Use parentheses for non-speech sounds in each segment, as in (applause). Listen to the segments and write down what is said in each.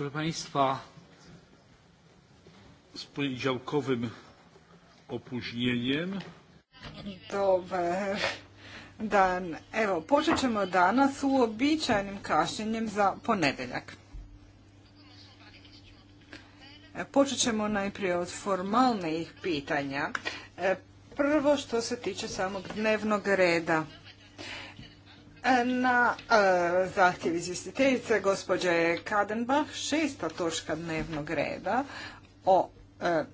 Proszę Państwa, z poniedziałkowym opóźnieniem. Dobar dan. Evo, počet ćemo danas uobičajenim kašnjenjem za ponedeljak. Počet ćemo najprije od formalnih pitanja. Prvo što se tiče samog dnevnog reda. Na e, zahtjev izvjestiteljice gospođe Kadenbach, šesta točka dnevnog reda o e,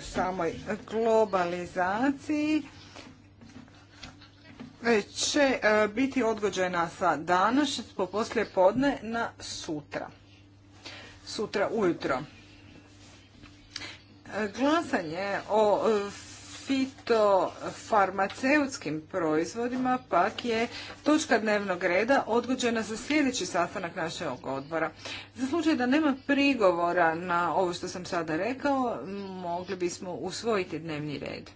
samoj globalizaciji e, će biti odgođena sa danas po poslije podne na sutra. Sutra ujutro. glasanje o fitofarmaceutskim proizvodima pak je točka dnevnog reda odgođena za sljedeći sastanak našeg odbora. Za slučaj da nema prigovora na ovo što sam sada rekao, mogli bismo usvojiti dnevni red.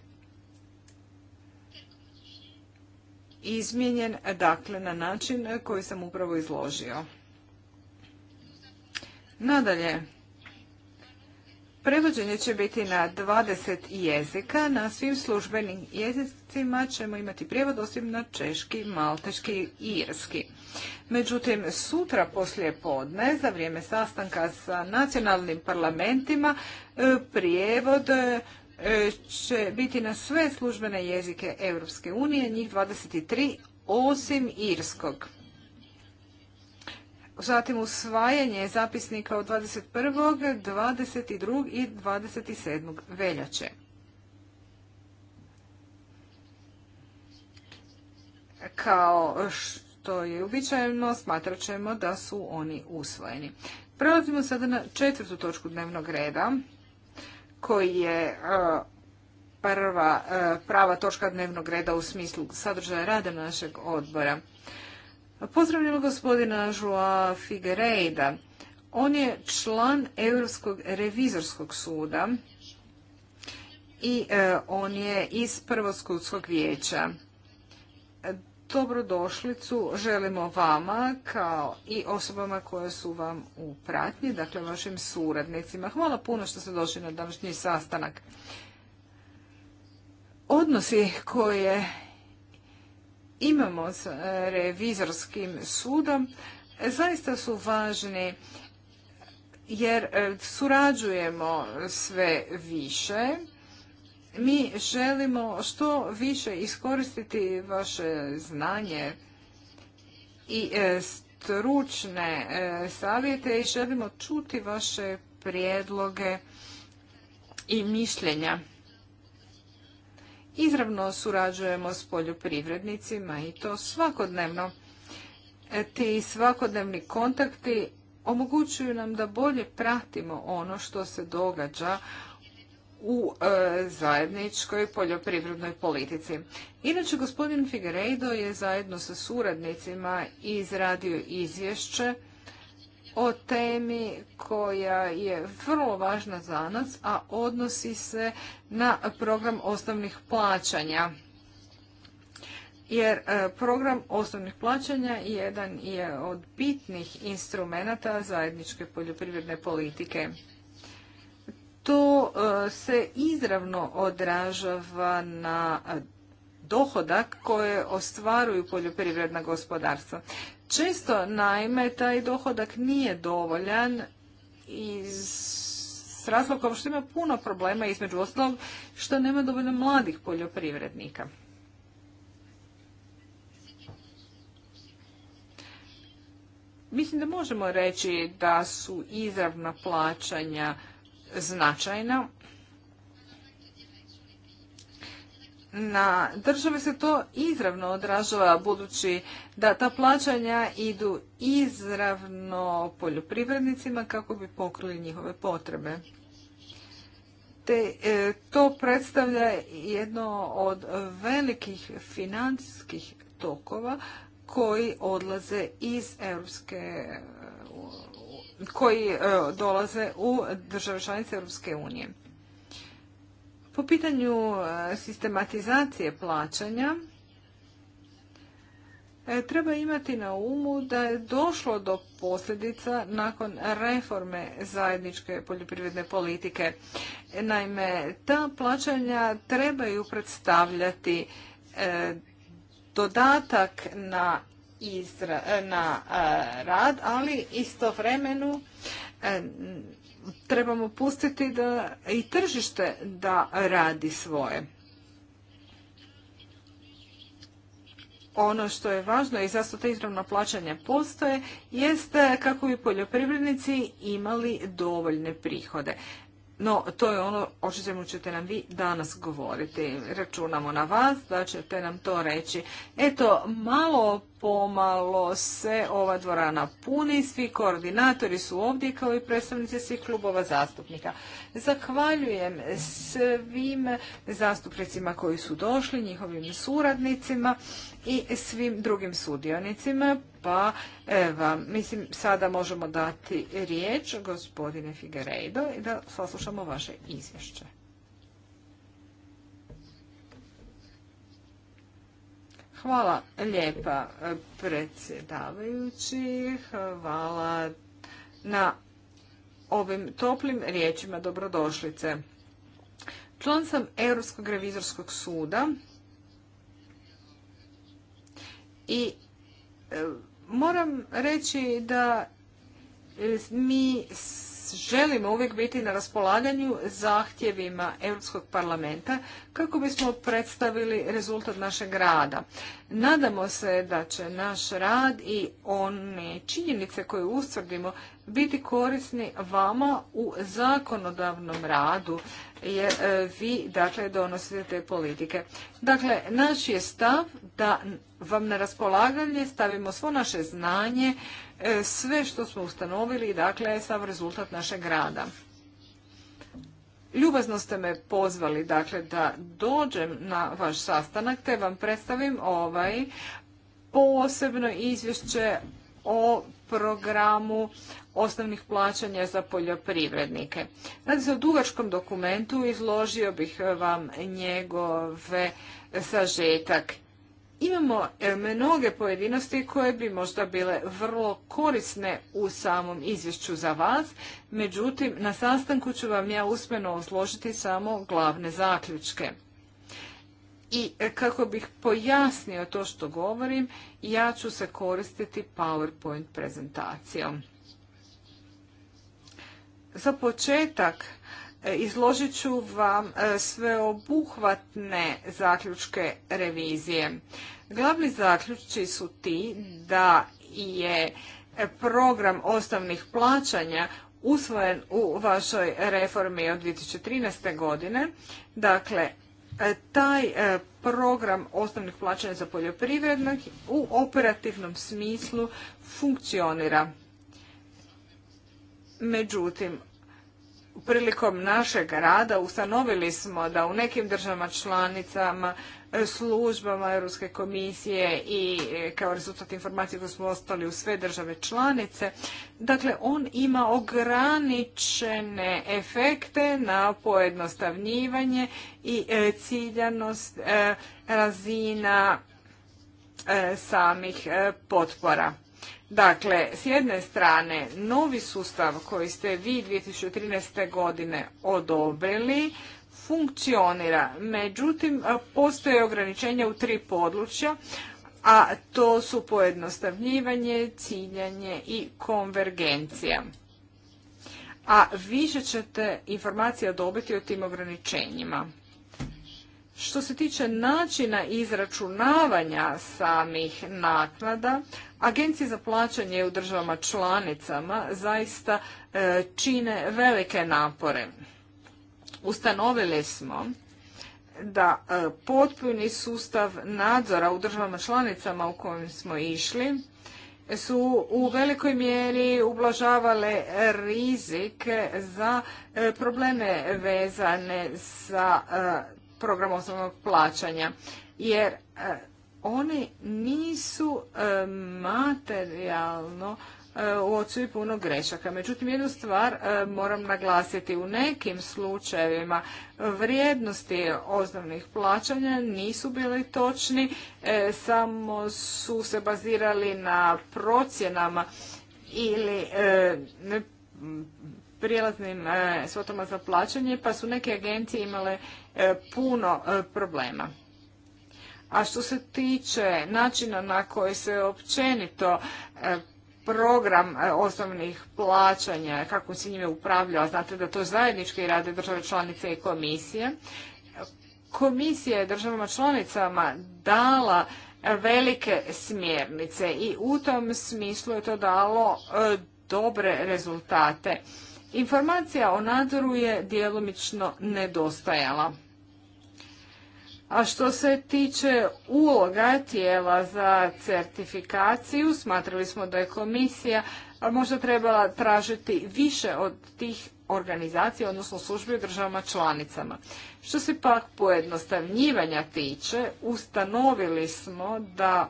Izmijenjen dakle na način koji sam upravo izložio. Nadalje, Prevođenje će biti na 20 jezika. Na svim službenim jezicima ćemo imati prijevod osim na češki, malteški i irski. Međutim, sutra poslije podne, za vrijeme sastanka sa nacionalnim parlamentima, e, prijevod e, će biti na sve službene jezike Europske unije, njih 23, osim irskog. Zatim usvajanje zapisnika od 21., 22. i 27. veljače. Kao što je uobičajeno, smatrat ćemo da su oni usvojeni. Prelazimo sada na četvrtu točku dnevnog reda, koji je e, prva e, prava točka dnevnog reda u smislu sadržaja rada našeg odbora. Pozdravljam gospodina Joa Figueireda. On je član Europskog revizorskog suda i e, on je iz prvoskutskog vijeća. Dobrodošlicu želimo vama kao i osobama koje su vam u pratnji, dakle vašim suradnicima. Hvala puno što ste došli na današnji sastanak. Odnosi koje imamo s e, revizorskim sudom zaista su važni jer e, surađujemo sve više. Mi želimo što više iskoristiti vaše znanje i e, stručne savjete i želimo čuti vaše prijedloge i mišljenja. Izravno surađujemo s poljoprivrednicima i to svakodnevno. E, ti svakodnevni kontakti omogućuju nam da bolje pratimo ono što se događa u e, zajedničkoj poljoprivrednoj politici. Inače, gospodin Figueiredo je zajedno sa suradnicima izradio izvješće o temi koja je vrlo važna za nas, a odnosi se na program osnovnih plaćanja. Jer e, program osnovnih plaćanja jedan je od bitnih instrumenata zajedničke poljoprivredne politike. To e, se izravno odražava na dohodak koje ostvaruju poljoprivredna gospodarstva. Često, naime, taj dohodak nije dovoljan iz s razlogom što ima puno problema, između ostalog što nema dovoljno mladih poljoprivrednika. Mislim da možemo reći da su izravna plaćanja značajna, na države se to izravno odražava budući da ta plaćanja idu izravno poljoprivrednicima kako bi pokrili njihove potrebe. Te, e, to predstavlja jedno od velikih financijskih tokova koji odlaze iz Europske koji e, dolaze u države članice Europske unije. Po pitanju e, sistematizacije plaćanja, e, treba imati na umu da je došlo do posljedica nakon reforme zajedničke poljoprivredne politike. Naime, ta plaćanja trebaju predstavljati e, dodatak na na rad, ali istovremeno trebamo pustiti da i tržište da radi svoje. Ono što je važno i zato te izravna plaćanja postoje, jeste kako bi poljoprivrednici imali dovoljne prihode. No, to je ono o čemu ćete nam vi danas govoriti. Računamo na vas da ćete nam to reći. Eto, malo pomalo se ova dvorana puni, svi koordinatori su ovdje kao i predstavnici svih klubova zastupnika. Zahvaljujem svim zastupnicima koji su došli, njihovim suradnicima i svim drugim sudionicima. Pa evo, mislim, sada možemo dati riječ gospodine Figueiredo i da saslušamo vaše izvješće. Hvala lijepa predsjedavajući, hvala na ovim toplim riječima dobrodošlice. Član sam Europskog revizorskog suda i e, moram reći da e, mi želimo uvijek biti na raspolaganju zahtjevima Europskog parlamenta kako bismo predstavili rezultat našeg rada. Nadamo se da će naš rad i one činjenice koje ustvrdimo biti korisni vama u zakonodavnom radu jer e, vi dakle donosite te politike. Dakle, naš je stav da vam na raspolaganje stavimo svo naše znanje, e, sve što smo ustanovili, dakle, sav rezultat našeg rada. Ljubazno ste me pozvali, dakle, da dođem na vaš sastanak, te vam predstavim ovaj posebno izvješće o programu osnovnih plaćanja za poljoprivrednike. Radi se o dugačkom dokumentu, izložio bih vam njegove sažetak. Imamo e, mnoge pojedinosti koje bi možda bile vrlo korisne u samom izvješću za vas, međutim na sastanku ću vam ja usmeno osložiti samo glavne zaključke. I e, kako bih pojasnio to što govorim, ja ću se koristiti PowerPoint prezentacijom. Za početak e, izložit ću vam e, sveobuhvatne zaključke revizije. Glavni zaključci su ti da je program osnovnih plaćanja usvojen u vašoj reformi od 2013. godine. Dakle, E, taj e, program osnovnih plaćanja za poljoprivrednog u operativnom smislu funkcionira. Međutim, prilikom našeg rada ustanovili smo da u nekim državama članicama službama Europske komisije i e, kao rezultat informacije koje smo ostali u sve države članice. Dakle, on ima ograničene efekte na pojednostavnjivanje i e, ciljanost e, razina samih potpora. Dakle, s jedne strane, novi sustav koji ste vi 2013. godine odobrili, funkcionira. Međutim, postoje ograničenja u tri područja, a to su pojednostavljivanje, ciljanje i konvergencija. A više ćete informacija dobiti o tim ograničenjima. Što se tiče načina izračunavanja samih naknada, agencije za plaćanje u državama članicama zaista e, čine velike napore. Ustanovili smo da e, potpuni sustav nadzora u državama članicama u kojim smo išli su u velikoj mjeri ublažavale rizik za e, probleme vezane sa e, programom osnovnog plaćanja. Jer oni nisu materijalno E, u ocu puno grešaka. Međutim, jednu stvar e, moram naglasiti. U nekim slučajevima vrijednosti osnovnih plaćanja nisu bili točni, e, samo su se bazirali na procjenama ili prijelaznim svotama za plaćanje, pa su neke agencije imale puno problema. A što se tiče načina na koji se općenito program e, osnovnih plaćanja, kako se njime upravlja, znate da to zajednički rade države članice i komisije. Komisija je državama članicama dala velike smjernice i u tom smislu je to dalo e, dobre rezultate. Informacija o nadzoru je djelomično nedostajala. A što se tiče uloga tijela za certifikaciju, smatrali smo da je komisija možda trebala tražiti više od tih organizacija, odnosno službi u državama članicama. Što se pak pojednostavnjivanja tiče, ustanovili smo da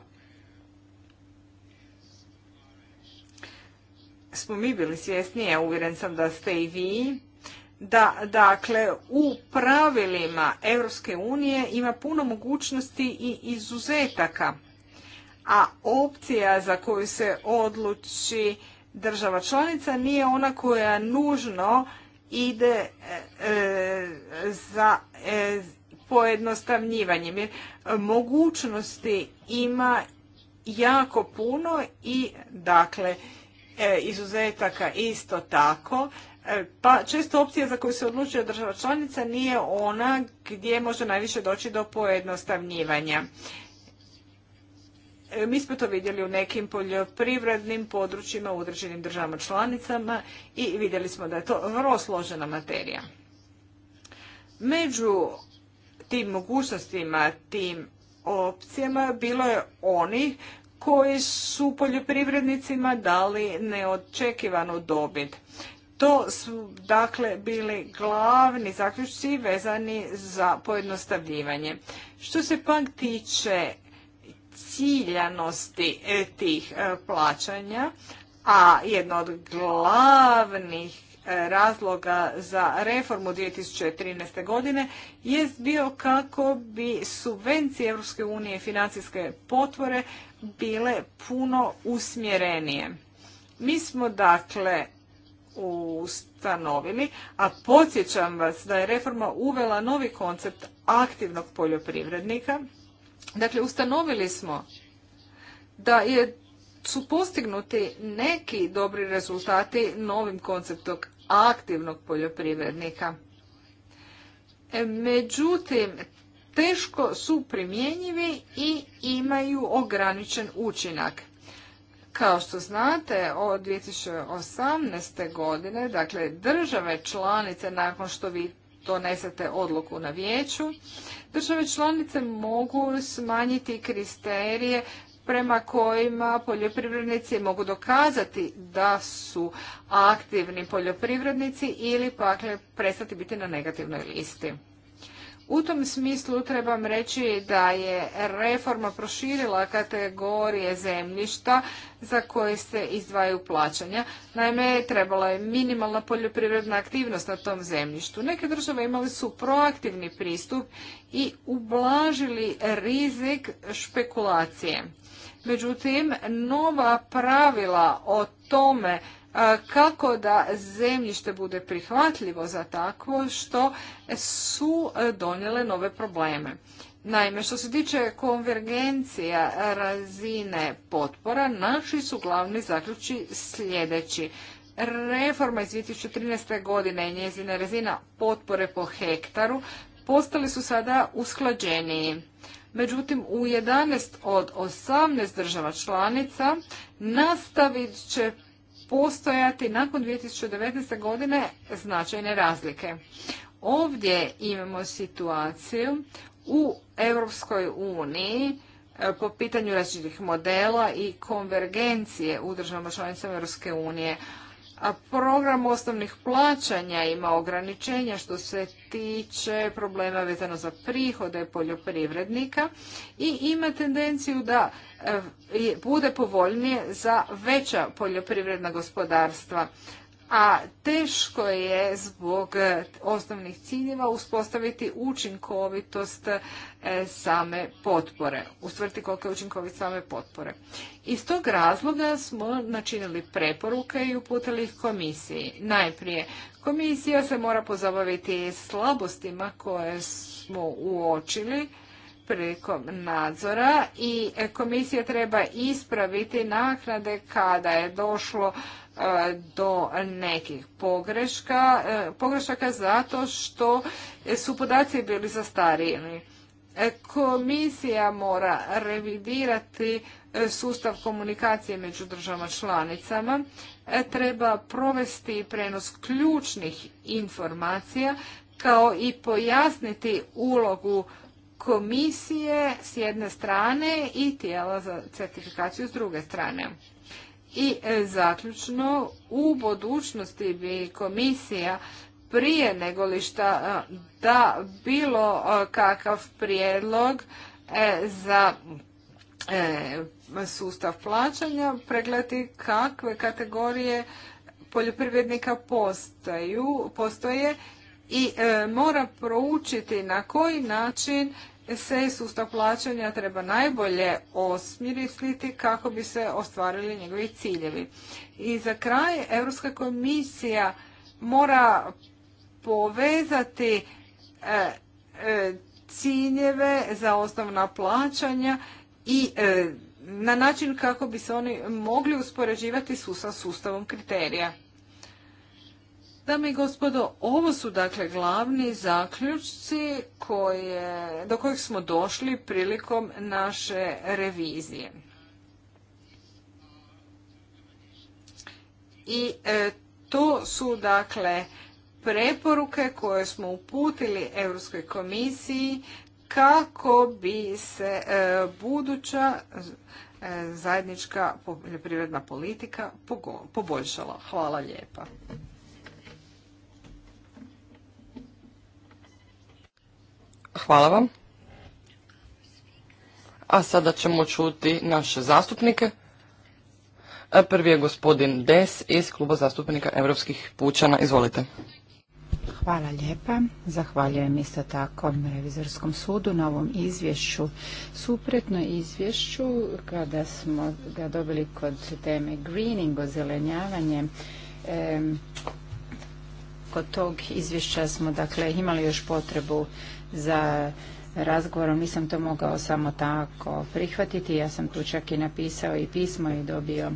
smo mi bili svjesni, ja uvjeren sam da ste i vi, da dakle u pravilima Europske unije ima puno mogućnosti i izuzetaka, a opcija za koju se odluči država članica nije ona koja nužno ide e, e, za e, pojednostavnjivanjem. mogućnosti ima jako puno i dakle e, izuzetaka isto tako E, pa često opcija za koju se odlučuje država članica nije ona gdje može najviše doći do pojednostavnjivanja. E, mi smo to vidjeli u nekim poljoprivrednim područjima u određenim državama članicama i vidjeli smo da je to vrlo složena materija. Među tim mogućnostima, tim opcijama bilo je onih koji su poljoprivrednicima dali neočekivanu dobit. To su dakle bili glavni zaključci vezani za pojednostavljivanje. Što se pak tiče ciljanosti e, tih e, plaćanja, a jedno od glavnih e, razloga za reformu 2013. godine je bio kako bi subvencije Europske unije i financijske potvore bile puno usmjerenije. Mi smo dakle ustanovili, a podsjećam vas da je reforma uvela novi koncept aktivnog poljoprivrednika. Dakle, ustanovili smo da je, su postignuti neki dobri rezultati novim konceptom aktivnog poljoprivrednika. E, međutim, teško su primjenjivi i imaju ograničen učinak. Kao što znate, od 2018. godine, dakle države članice nakon što vi donesete odluku na vijeću, države članice mogu smanjiti kriterije prema kojima poljoprivrednici mogu dokazati da su aktivni poljoprivrednici ili pak prestati biti na negativnoj listi. U tom smislu trebam reći da je reforma proširila kategorije zemljišta za koje se izdvaju plaćanja. Naime, trebala je minimalna poljoprivredna aktivnost na tom zemljištu. Neke države imali su proaktivni pristup i ublažili rizik špekulacije. Međutim, nova pravila o tome kako da zemljište bude prihvatljivo za takvo što su e, donijele nove probleme. Naime, što se tiče konvergencija razine potpora, naši su glavni zaključi sljedeći. Reforma iz 2013. godine i njezina razina potpore po hektaru postali su sada usklađeniji. Međutim, u 11 od 18 država članica nastavit će postojati nakon 2019. godine značajne razlike. Ovdje imamo situaciju u Europskoj uniji e, po pitanju različitih modela i konvergencije u državama članicama Europske unije, a program osnovnih plaćanja ima ograničenja što se tiče problema vezano za prihode poljoprivrednika i ima tendenciju da e, bude povoljnije za veća poljoprivredna gospodarstva a teško je zbog e, osnovnih ciljeva uspostaviti učinkovitost e, same potpore, ustvrti koliko je učinkovit same potpore. Iz tog razloga smo načinili preporuke i uputili ih komisiji. Najprije, komisija se mora pozabaviti slabostima koje smo uočili, prilikom nadzora i e, komisija treba ispraviti naknade kada je došlo do nekih pogreška, e, pogrešaka zato što su podaci bili zastarijeni. E, komisija mora revidirati e, sustav komunikacije među državama članicama, treba provesti prenos ključnih informacija kao i pojasniti ulogu komisije s jedne strane i tijela za certifikaciju s druge strane. I e, zaključno, u budućnosti bi komisija prije nego li šta e, da bilo e, kakav prijedlog za sustav plaćanja, pregledati kakve kategorije poljoprivrednika postoje i mora proučiti na koji način se sustav plaćanja treba najbolje osmisliti kako bi se ostvarili njegovi ciljevi. I za kraj, Europska komisija mora povezati e, e, ciljeve za osnovna plaćanja i e, na način kako bi se oni mogli uspoređivati su sa sustavom kriterija. Dame i gospodo, ovo su dakle glavni zaključci koje, do kojih smo došli prilikom naše revizije. I e, to su dakle preporuke koje smo uputili Europskoj komisiji kako bi se e, buduća e, zajednička poljoprivredna politika poboljšala. Hvala lijepa. Hvala vam. A sada ćemo čuti naše zastupnike. E, prvi je gospodin Des iz Kluba zastupnika Europskih pučana. Izvolite. Hvala lijepa. Zahvaljujem isto tako Revizorskom sudu na ovom izvješću. Supretno izvješću, kada smo ga dobili kod teme greening, ozelenjavanje, kod tog izvješća smo dakle imali još potrebu za razgovorom nisam to mogao samo tako prihvatiti. Ja sam tu čak i napisao i pismo i dobio e,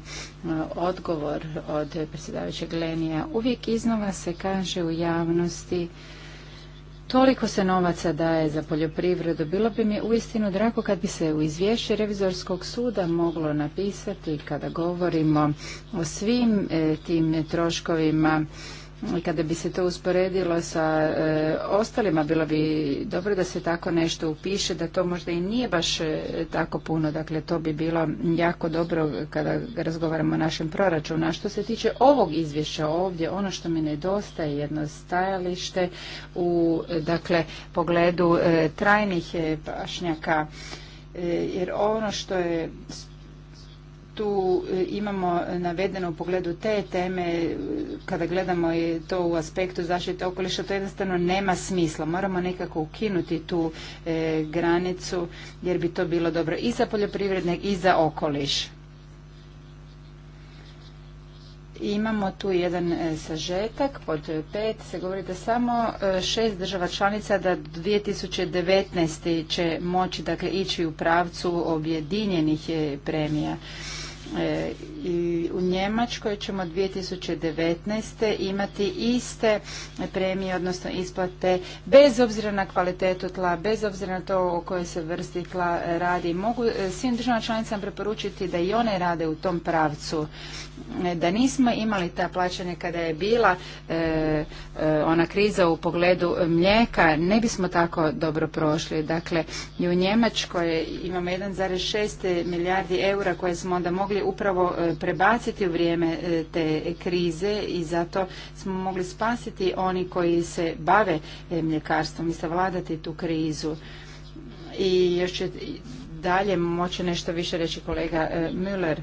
odgovor od predsjedavajućeg Lenija. Uvijek iznova se kaže u javnosti toliko se novaca daje za poljoprivredu. Bilo bi mi uistinu drago kad bi se u izvješće revizorskog suda moglo napisati kada govorimo o svim e, tim troškovima kada bi se to usporedilo sa e, ostalima, bilo bi dobro da se tako nešto upiše, da to možda i nije baš e, tako puno. Dakle, to bi bilo jako dobro kada razgovaramo o našem proračunu. A što se tiče ovog izvješća ovdje, ono što mi nedostaje jedno stajalište u dakle, pogledu e, trajnih pašnjaka, jer ono što je tu e, imamo navedeno u pogledu te teme, e, kada gledamo to u aspektu zaštite okoliša, to jednostavno nema smisla. Moramo nekako ukinuti tu e, granicu jer bi to bilo dobro i za poljoprivredne i za okoliš. Imamo tu jedan sažetak, pod pet se govori da samo šest država članica da 2019. će moći dakle, ići u pravcu objedinjenih premija e, i u Njemačkoj ćemo 2019. imati iste premije, odnosno isplate, bez obzira na kvalitetu tla, bez obzira na to o kojoj se vrsti tla radi. Mogu e, svim državama članicama preporučiti da i one rade u tom pravcu. E, da nismo imali ta plaćanja kada je bila e, ona kriza u pogledu mlijeka, ne bismo tako dobro prošli. Dakle, i u Njemačkoj imamo 1,6 milijardi eura koje smo onda mogli upravo prebaciti u vrijeme e, te krize i zato smo mogli spasiti oni koji se bave e, mljekarstvom i savladati tu krizu. I još će dalje moći nešto više reći kolega e, Müller.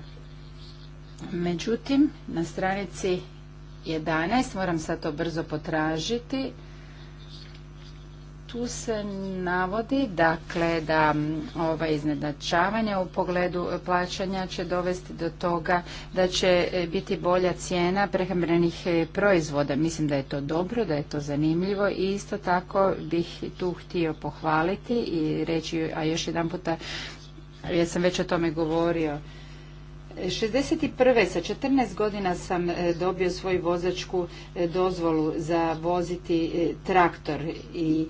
Međutim, na stranici 11, moram sad to brzo potražiti, tu se navodi dakle da ova iznenačavanja u pogledu e, plaćanja će dovesti do toga da će e, biti bolja cijena prehrambenih e, proizvoda. Mislim da je to dobro, da je to zanimljivo i isto tako bih tu htio pohvaliti i reći, a još jedan puta, jer sam već o tome govorio, 61. sa 14 godina sam e, dobio svoju vozačku e, dozvolu za voziti e, traktor i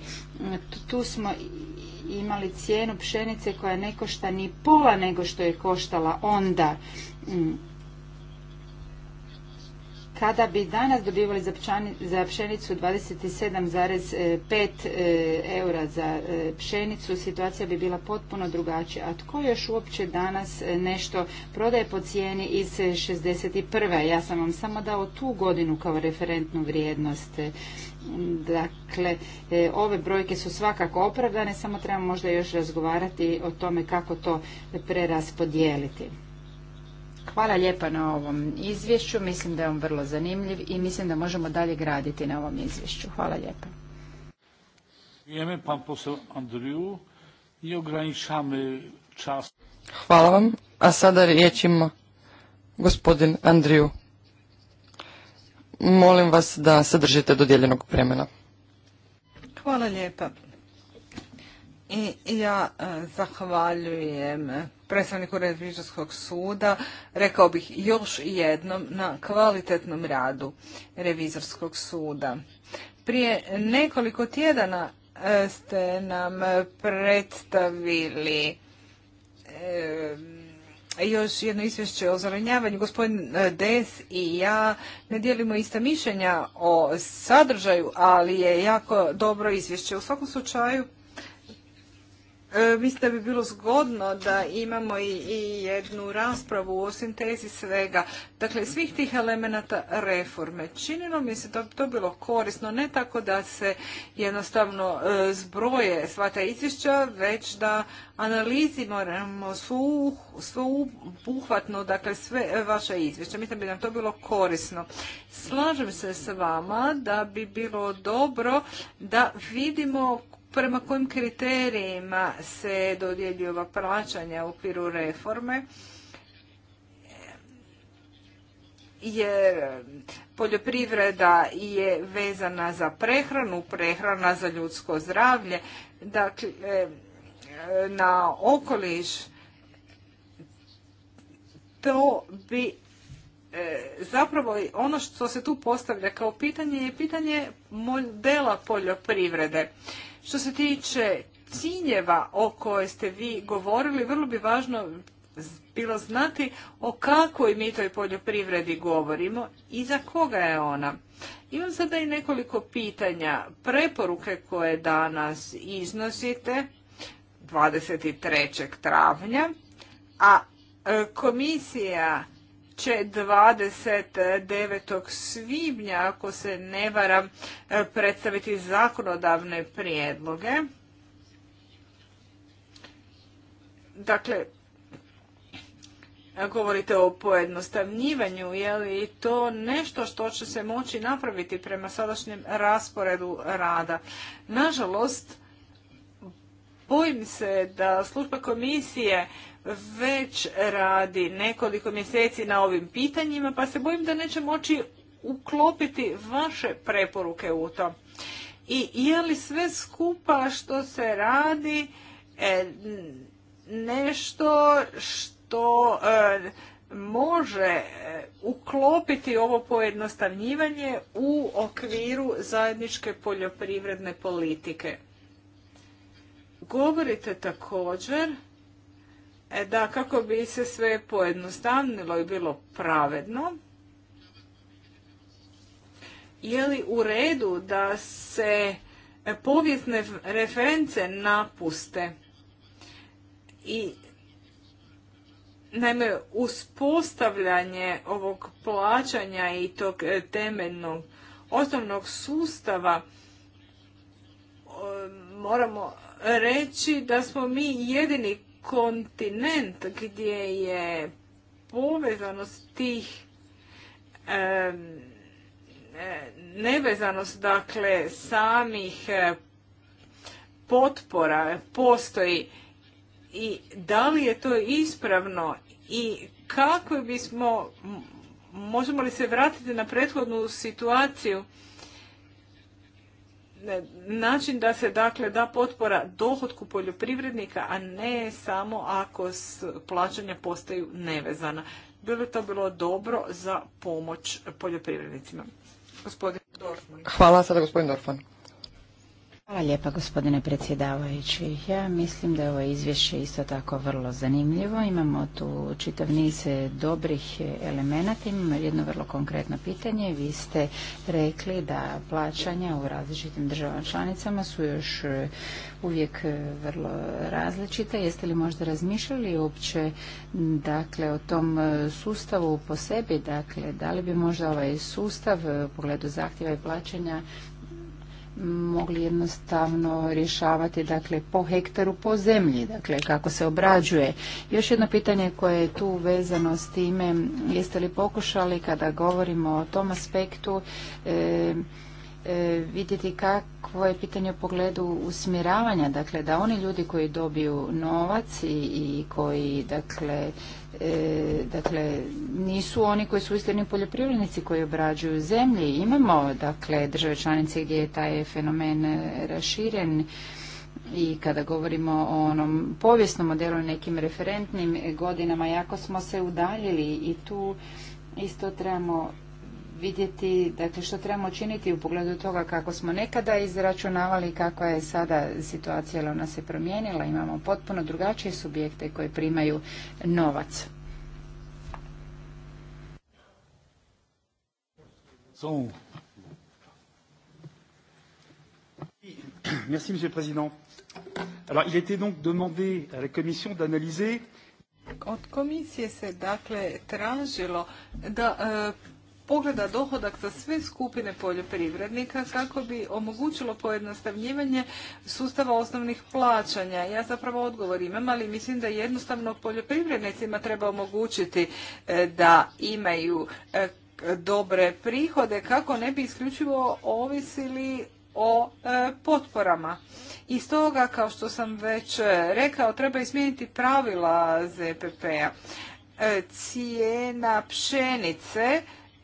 tu smo imali cijenu pšenice koja ne košta ni pola nego što je koštala onda mm. Kada bi danas dobivali za pšenicu 27,5 e, eura za e, pšenicu, situacija bi bila potpuno drugačija. A tko još uopće danas e, nešto prodaje po cijeni iz 61. Ja sam vam samo dao tu godinu kao referentnu vrijednost. Dakle, ove brojke su svakako opravdane, samo trebamo možda još razgovarati o tome kako to preraspodijeliti. Hvala lijepa na ovom izvješću. Mislim da je on vrlo zanimljiv i mislim da možemo dalje graditi na ovom izvješću. Hvala lijepa. Hvala vam. A sada riječ ima gospodin Andriju. Molim vas da sadržite držite dodijeljenog vremena. Hvala lijepa. I ja e, zahvaljujem predstavniku revizorskog suda, rekao bih još jednom na kvalitetnom radu revizorskog suda. Prije nekoliko tjedana e, ste nam predstavili e, još jedno izvješće o zaranjavanju. Gospodin Des i ja ne dijelimo ista mišljenja o sadržaju, ali je jako dobro izvješće. U svakom slučaju Mislim e, da bi bilo zgodno da imamo i jednu raspravu o sintezi svega, dakle svih tih elemenata reforme. Činilo mi se da bi to bilo korisno, ne tako da se jednostavno e, zbroje sva ta izvješća, već da analiziramo svu, svu dakle sve vaše izvješće. Mislim da bi nam to bilo korisno. Slažem se s vama da bi bilo dobro da vidimo prema kojim kriterijima se dodjeljuju ova plaćanja u okviru reforme, jer poljoprivreda je vezana za prehranu, prehrana za ljudsko zdravlje, dakle, e, na okoliš, to bi e, zapravo ono što se tu postavlja kao pitanje je pitanje modela poljoprivrede. Što se tiče ciljeva o koje ste vi govorili, vrlo bi važno bilo znati o kakvoj mi toj poljoprivredi govorimo i za koga je ona. Imam sada i nekoliko pitanja. Preporuke koje danas iznosite 23. travnja, a e, komisija će 29. svibnja, ako se ne varam, e, predstaviti zakonodavne prijedloge. Dakle, govorite o pojednostavnjivanju, je li to nešto što će se moći napraviti prema sadašnjem rasporedu rada? Nažalost, bojim se da služba komisije već radi nekoliko mjeseci na ovim pitanjima, pa se bojim da neće moći uklopiti vaše preporuke u to. I je li sve skupa što se radi e, nešto što e, može e, uklopiti ovo pojednostavnjivanje u okviru zajedničke poljoprivredne politike. Govorite također E, da kako bi se sve pojednostavnilo i bilo pravedno, je li u redu da se povijesne reference napuste i Naime, uspostavljanje ovog plaćanja i tog e, temeljnog osnovnog sustava e, moramo reći da smo mi jedini kontinent gdje je povezanost tih e, nevezanost dakle samih e, potpora postoji i da li je to ispravno i kako bismo možemo li se vratiti na prethodnu situaciju način da se dakle da potpora dohodku poljoprivrednika, a ne samo ako plaćanja postaju nevezana. Bilo to bilo dobro za pomoć poljoprivrednicima. Gospodin Hvala sada gospodin Dorfman. Hvala lijepa gospodine predsjedavajući. Ja mislim da je ovo izvješće isto tako vrlo zanimljivo. Imamo tu čitav niz e, dobrih e, elemenata. Imamo jedno vrlo konkretno pitanje. Vi ste rekli da plaćanja u različitim državama članicama su još e, uvijek vrlo različite. Jeste li možda razmišljali uopće dakle, o tom sustavu po sebi? Dakle, da li bi možda ovaj sustav u pogledu zahtjeva i plaćanja mogli jednostavno rješavati dakle po hektaru po zemlji, dakle kako se obrađuje. Još jedno pitanje koje je tu vezano s time, jeste li pokušali kada govorimo o tom aspektu e, E, vidjeti kakvo je pitanje u pogledu usmjeravanja, dakle da oni ljudi koji dobiju novac i, i koji dakle e, dakle, nisu oni koji su uistinu poljoprivrednici koji obrađuju zemlje. Imamo, dakle, države članice gdje je taj fenomen raširen i kada govorimo o onom povijesnom modelu nekim referentnim godinama, jako smo se udaljili i tu isto trebamo vidjeti dakle, što trebamo činiti u pogledu toga kako smo nekada izračunavali, kakva je sada situacija, jel ona se promijenila, imamo potpuno drugačije subjekte koje primaju novac. Merci, Monsieur le Président. Alors, il était donc demandé à la Commission d'analyser od komisije se dakle tražilo da e, pogleda dohodak za sve skupine poljoprivrednika kako bi omogućilo pojednostavljivanje sustava osnovnih plaćanja. Ja zapravo odgovor imam, ali mislim da jednostavno poljoprivrednicima treba omogućiti e, da imaju e, dobre prihode kako ne bi isključivo ovisili o e, potporama. I stoga, kao što sam već rekao, treba izmijeniti pravila ZPP-a. cijena pšenice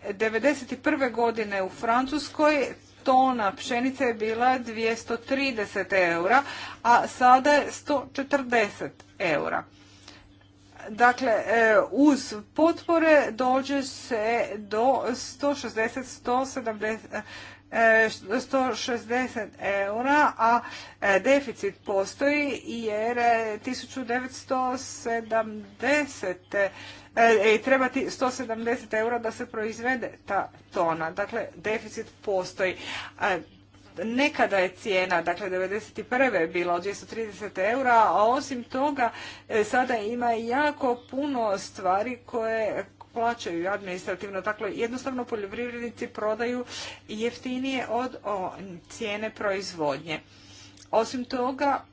1991. godine u Francuskoj tona pšenice je bila 230 eura, a sada je 140 eura. Dakle, e, uz potpore dođe se do 160, 160 e, eura, a e, deficit postoji jer 1970 i e, e, trebati 170 eura da se proizvede ta tona. Dakle, deficit postoji. Nekada je cijena, dakle 1991. je bila od 230 eura, a osim toga e, sada ima jako puno stvari koje plaćaju administrativno. Dakle, jednostavno poljoprivrednici prodaju jeftinije od cijene proizvodnje. Osim toga,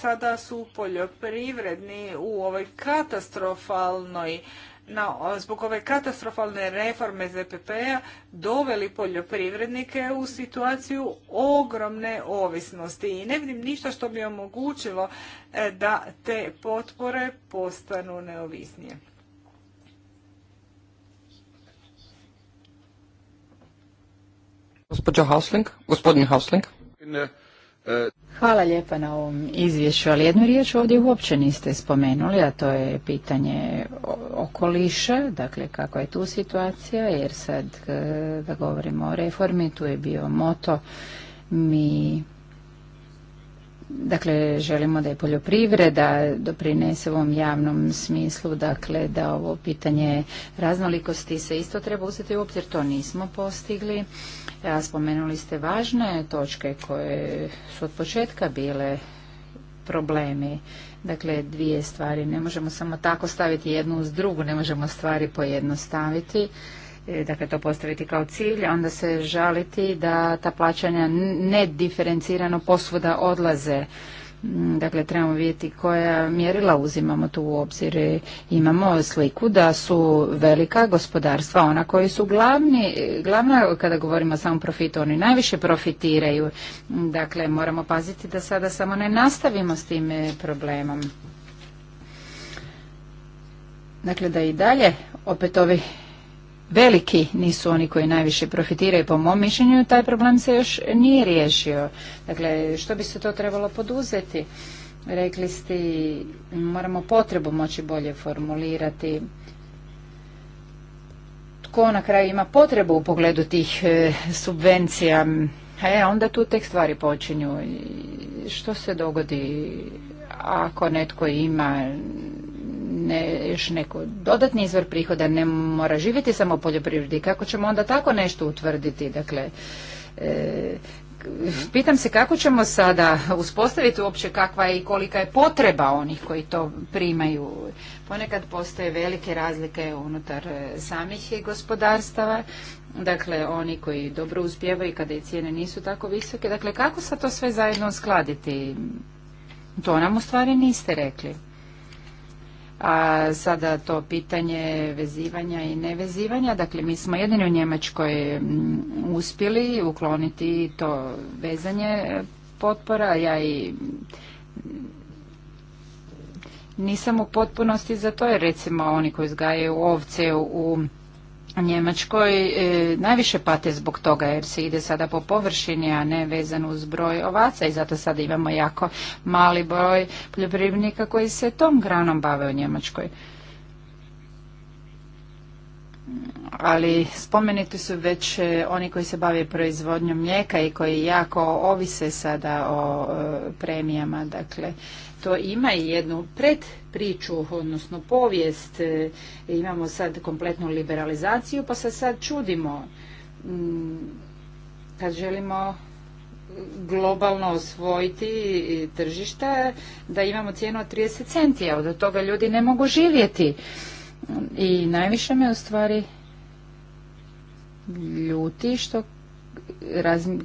sada su poljoprivredni u ovoj katastrofalnoj na, zbog ove katastrofalne reforme ZPP-a doveli poljoprivrednike u situaciju ogromne ovisnosti i ne vidim ništa što bi omogućilo e, da te potpore postanu neovisnije. Gospodin Hausling, gospodin e, Hvala lijepa na ovom izvješću, ali jednu riječ ovdje uopće niste spomenuli, a to je pitanje okoliša, dakle kako je tu situacija, jer sad eh, da govorimo o reformi, tu je bio moto, mi Dakle, želimo da je poljoprivreda doprinese ovom javnom smislu, dakle, da ovo pitanje raznolikosti se isto treba uzeti u obzir, to nismo postigli. Ja, spomenuli ste važne točke koje su od početka bile problemi. Dakle, dvije stvari. Ne možemo samo tako staviti jednu uz drugu, ne možemo stvari pojednostaviti. E, dakle to postaviti kao cilj, onda se žaliti da ta plaćanja nediferencirano posvuda odlaze. Mm, dakle, trebamo vidjeti koja mjerila uzimamo tu u obzir. E, imamo sliku da su velika gospodarstva, ona koji su glavni, glavna kada govorimo o samom profitu, oni najviše profitiraju. Mm, dakle, moramo paziti da sada samo ne nastavimo s tim e, problemom. Dakle, da i dalje opet ovi veliki nisu oni koji najviše profitiraju po mom mišljenju, taj problem se još nije riješio. Dakle, što bi se to trebalo poduzeti? Rekli ste, moramo potrebu moći bolje formulirati. Tko na kraju ima potrebu u pogledu tih e, subvencija? E, onda tu tek stvari počinju. što se dogodi ako netko ima ne, još neko dodatni izvor prihoda, ne mora živjeti samo u poljoprivredi. Kako ćemo onda tako nešto utvrditi? Dakle, e, pitam se kako ćemo sada uspostaviti uopće kakva je i kolika je potreba onih koji to primaju. Ponekad postoje velike razlike unutar e, samih gospodarstava, dakle oni koji dobro uspijevaju kada i cijene nisu tako visoke. Dakle, kako sad to sve zajedno uskladiti? To nam u stvari niste rekli. A sada to pitanje vezivanja i nevezivanja, dakle mi smo jedini u Njemačkoj mm, uspjeli ukloniti to vezanje potpora, ja i mm, nisam u potpunosti za to jer recimo oni koji zgajaju ovce u Njemačkoj e, najviše pate zbog toga jer se ide sada po površini, a ne vezano uz broj ovaca i zato sada imamo jako mali broj poljoprivrednika koji se tom granom bave u Njemačkoj. Ali spomenuti su već e, oni koji se bave proizvodnjom mlijeka i koji jako ovise sada o e, premijama, dakle to ima i jednu predpriču, odnosno povijest. E, imamo sad kompletnu liberalizaciju, pa se sad čudimo mm, kad želimo globalno osvojiti tržište da imamo cijenu od 30 centi, a od toga ljudi ne mogu živjeti. I najviše me u stvari ljuti što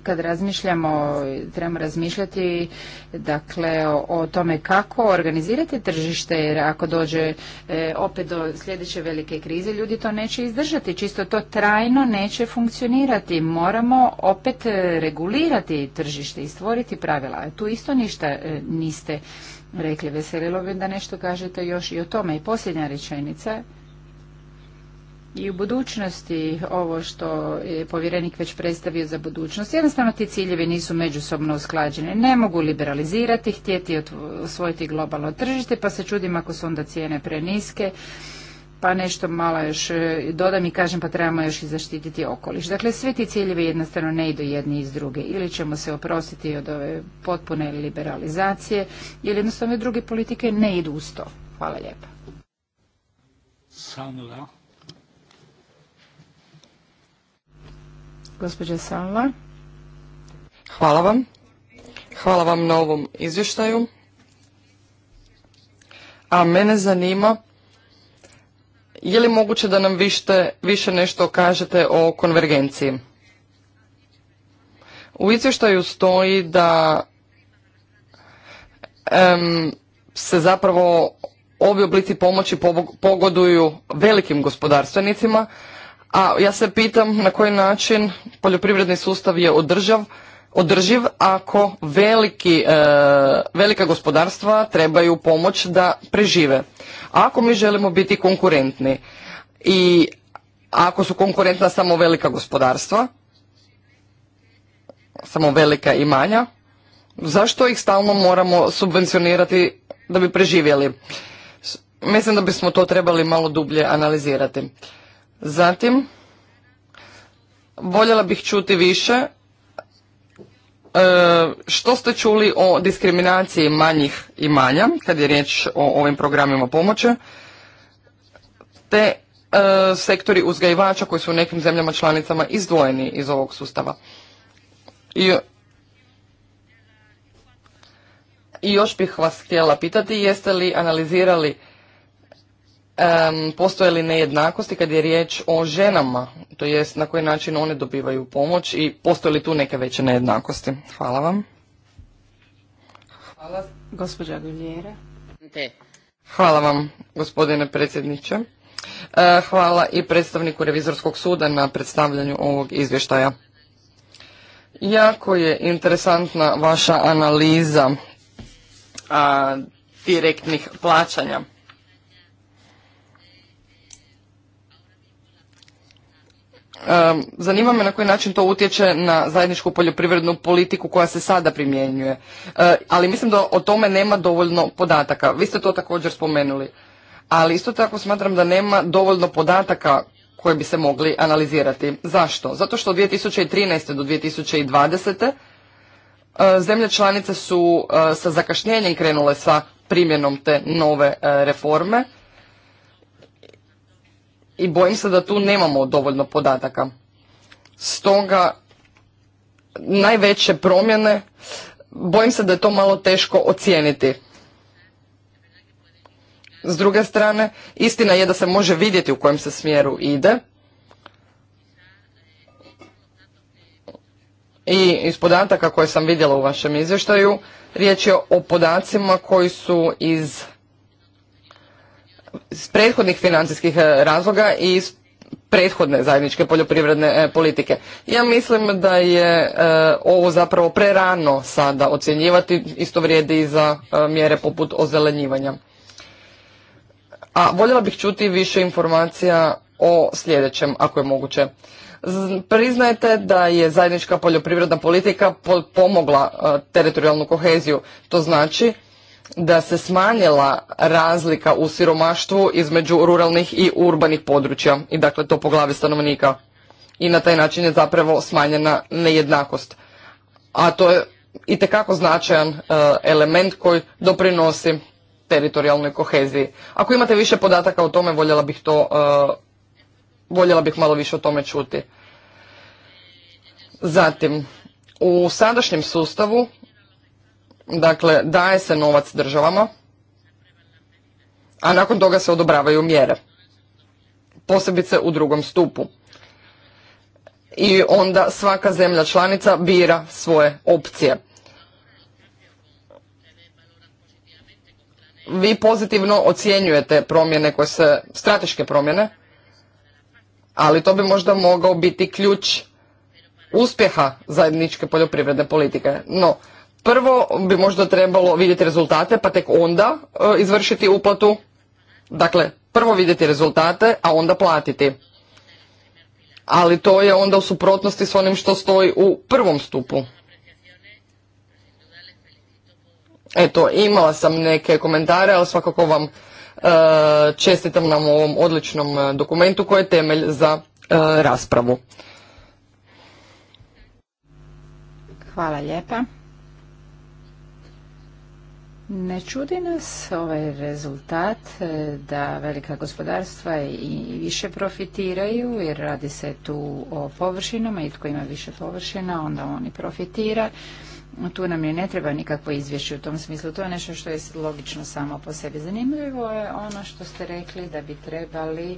kad razmišljamo, trebamo razmišljati dakle o, tome kako organizirati tržište jer ako dođe e, opet do sljedeće velike krize ljudi to neće izdržati, čisto to trajno neće funkcionirati. Moramo opet e, regulirati tržište i stvoriti pravila. Tu isto ništa e, niste rekli. Veselilo bi da nešto kažete još i o tome. I posljednja rečenica i u budućnosti ovo što je povjerenik već predstavio za budućnost. Jednostavno ti ciljevi nisu međusobno usklađeni. Ne mogu liberalizirati, htjeti osvojiti globalno tržište, pa se čudim ako su onda cijene preniske pa nešto malo još e, dodam i kažem pa trebamo još i zaštititi okoliš. Dakle, svi ti ciljevi jednostavno ne idu jedni iz druge. Ili ćemo se oprostiti od ove potpune liberalizacije, ili jednostavno druge politike ne idu uz to. Hvala lijepa. Gospođa Salva. Hvala vam. Hvala vam na ovom izvještaju. A mene zanima je li moguće da nam vište, više nešto kažete o konvergenciji? U izvještaju stoji da se zapravo ovi oblici pomoći pogoduju velikim gospodarstvenicima, a ja se pitam na koji način poljoprivredni sustav je održav, održiv ako veliki, e, velika gospodarstva trebaju pomoć da prežive. ako mi želimo biti konkurentni i ako su konkurentna samo velika gospodarstva, samo velika i manja, zašto ih stalno moramo subvencionirati da bi preživjeli? Mislim da bismo to trebali malo dublje analizirati. Zatim, voljela bih čuti više e, što ste čuli o diskriminaciji manjih i manja, kad je riječ o ovim programima pomoći, te e, sektori uzgajivača koji su u nekim zemljama članicama izdvojeni iz ovog sustava. I, i još bih vas htjela pitati, jeste li analizirali postoje li nejednakosti kad je riječ o ženama, to jest na koji način one dobivaju pomoć i postoje li tu neke veće nejednakosti. Hvala vam. Hvala. Gospođa Guljera. Hvala vam, gospodine predsjedniče. E, hvala i predstavniku Revizorskog suda na predstavljanju ovog izvještaja. Jako je interesantna vaša analiza a, direktnih plaćanja. Zanima me na koji način to utječe na zajedničku poljoprivrednu politiku koja se sada primjenjuje. E, ali mislim da o tome nema dovoljno podataka. Vi ste to također spomenuli. Ali isto tako smatram da nema dovoljno podataka koje bi se mogli analizirati. Zašto? Zato što od 2013. do 2020. E, zemlje članice su e, sa zakašnjenjem krenule sa primjenom te nove reforme i bojim se da tu nemamo dovoljno podataka. Stoga najveće promjene, bojim se da je to malo teško ocijeniti. S druge strane, istina je da se može vidjeti u kojem se smjeru ide. I iz podataka koje sam vidjela u vašem izvještaju, riječ je o podacima koji su iz iz prethodnih financijskih e, razloga i iz prethodne zajedničke poljoprivredne e, politike. Ja mislim da je e, ovo zapravo prerano sada ocjenjivati, isto vrijedi i za mjere poput ozelenjivanja. A voljela bih čuti više informacija o sljedećem, ako je moguće. Priznajte da je zajednička poljoprivredna politika pomogla teritorijalnu koheziju. To znači da se smanjila razlika u siromaštvu između ruralnih i urbanih područja i dakle to po glavi stanovnika. I na taj način je zapravo smanjena nejednakost. A to je itekako značajan e, element koji doprinosi teritorijalnoj koheziji. Ako imate više podataka o tome, voljela bih to, e, voljela bih malo više o tome čuti. Zatim, u sadašnjem sustavu Dakle, daje se novac državama, a nakon toga se odobravaju mjere. Posebice u drugom stupu. I onda svaka zemlja članica bira svoje opcije. Vi pozitivno ocjenjujete promjene koje se, strateške promjene, ali to bi možda mogao biti ključ uspjeha zajedničke poljoprivredne politike. No, prvo bi možda trebalo vidjeti rezultate pa tek onda e, izvršiti uplatu. Dakle, prvo vidjeti rezultate, a onda platiti. Ali to je onda u suprotnosti s onim što stoji u prvom stupu. Eto, imala sam neke komentare, ali svakako vam e, čestitam na ovom odličnom e, dokumentu koji je temelj za raspravu. Hvala lijepa. Ne čudi nas ovaj rezultat e, da velika gospodarstva i više profitiraju jer radi se tu o površinama i tko ima više površina onda on i profitira. Tu nam je ne treba nikakvo izvješće u tom smislu. To je nešto što je logično samo po sebi. Zanimljivo je ono što ste rekli da bi trebali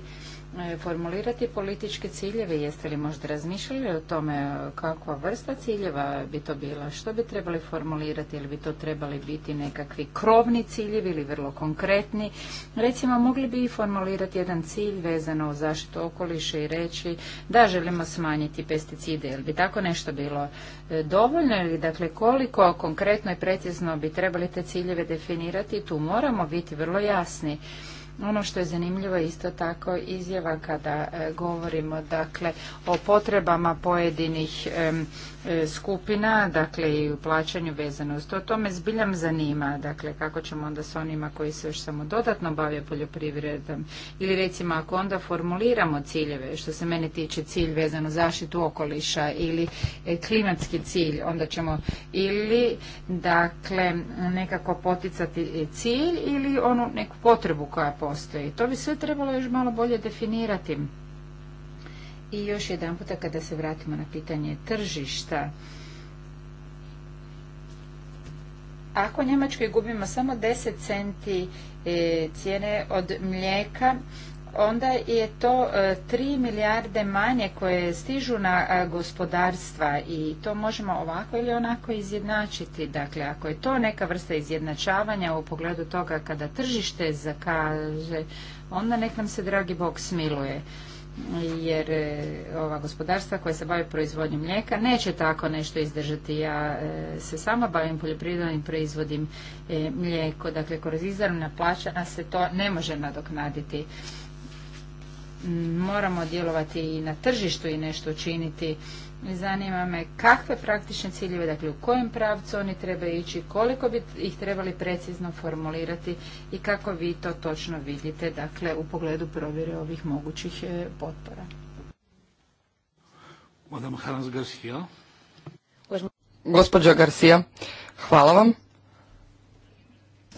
E, formulirati političke ciljeve? Jeste li možda razmišljali o tome e, kakva vrsta ciljeva bi to bila? Što bi trebali formulirati? Ili bi to trebali biti nekakvi krovni ciljevi ili vrlo konkretni? Recimo, mogli bi i formulirati jedan cilj vezano u zaštitu okoliša i reći da želimo smanjiti pesticide. Ili bi tako nešto bilo e, dovoljno? Ili dakle, koliko konkretno i precizno bi trebali te ciljeve definirati? Tu moramo biti vrlo jasni. Ono što je zanimljivo je isto tako izjava kada e, govorimo dakle o potrebama pojedinih e, skupina, dakle i u plaćanju vezano O to. To me zbiljam zanima, dakle kako ćemo onda s onima koji se još samo dodatno bave poljoprivredom ili recimo ako onda formuliramo ciljeve, što se mene tiče cilj vezano zaštitu okoliša ili e, klimatski cilj, onda ćemo ili dakle nekako poticati cilj ili onu neku potrebu koja postoji. To bi sve trebalo još malo bolje definirati. I još jedan puta kada se vratimo na pitanje tržišta, ako Njemačkoj gubimo samo 10 centi e, cijene od mlijeka, onda je to e, tri milijarde manje koje stižu na e, gospodarstva i to možemo ovako ili onako izjednačiti. Dakle, ako je to neka vrsta izjednačavanja u pogledu toga kada tržište zakaže, onda nek nam se dragi Bog smiluje jer e, ova gospodarstva koja se bave proizvodnjom mlijeka neće tako nešto izdržati. Ja se sama bavim poljoprivredom i proizvodim mlijeko. Dakle, kroz izravna plaćana se to ne može nadoknaditi moramo djelovati i na tržištu i nešto učiniti. Zanima me kakve praktične ciljeve, dakle u kojem pravcu oni trebaju ići, koliko bi ih trebali precizno formulirati i kako vi to točno vidite, dakle u pogledu provjere ovih mogućih e, potpora. Gospodža Garcia. hvala vam.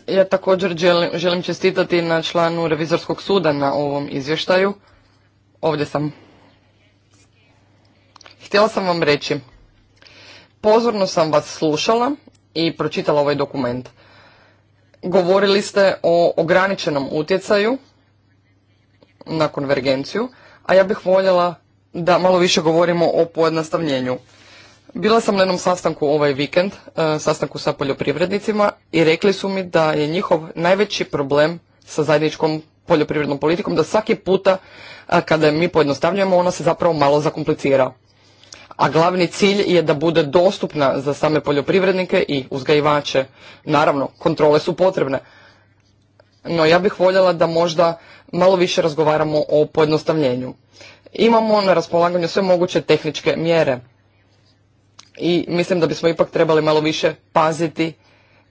Ja također želim čestitati na članu Revizorskog suda na ovom izvještaju. Ovdje sam. Htjela sam vam reći, pozorno sam vas slušala i pročitala ovaj dokument. Govorili ste o ograničenom utjecaju na konvergenciju, a ja bih voljela da malo više govorimo o pojednostavljenju. Bila sam na jednom sastanku ovaj vikend, e, sastanku sa poljoprivrednicima i rekli su mi da je njihov najveći problem sa zajedničkom poljoprivrednom politikom da svaki puta kada mi pojednostavljujemo ona se zapravo malo zakomplicira. A glavni cilj je da bude dostupna za same poljoprivrednike i uzgajivače. Naravno, kontrole su potrebne. No ja bih voljela da možda malo više razgovaramo o pojednostavljenju. Imamo na raspolaganju sve moguće tehničke mjere i mislim da bismo ipak trebali malo više paziti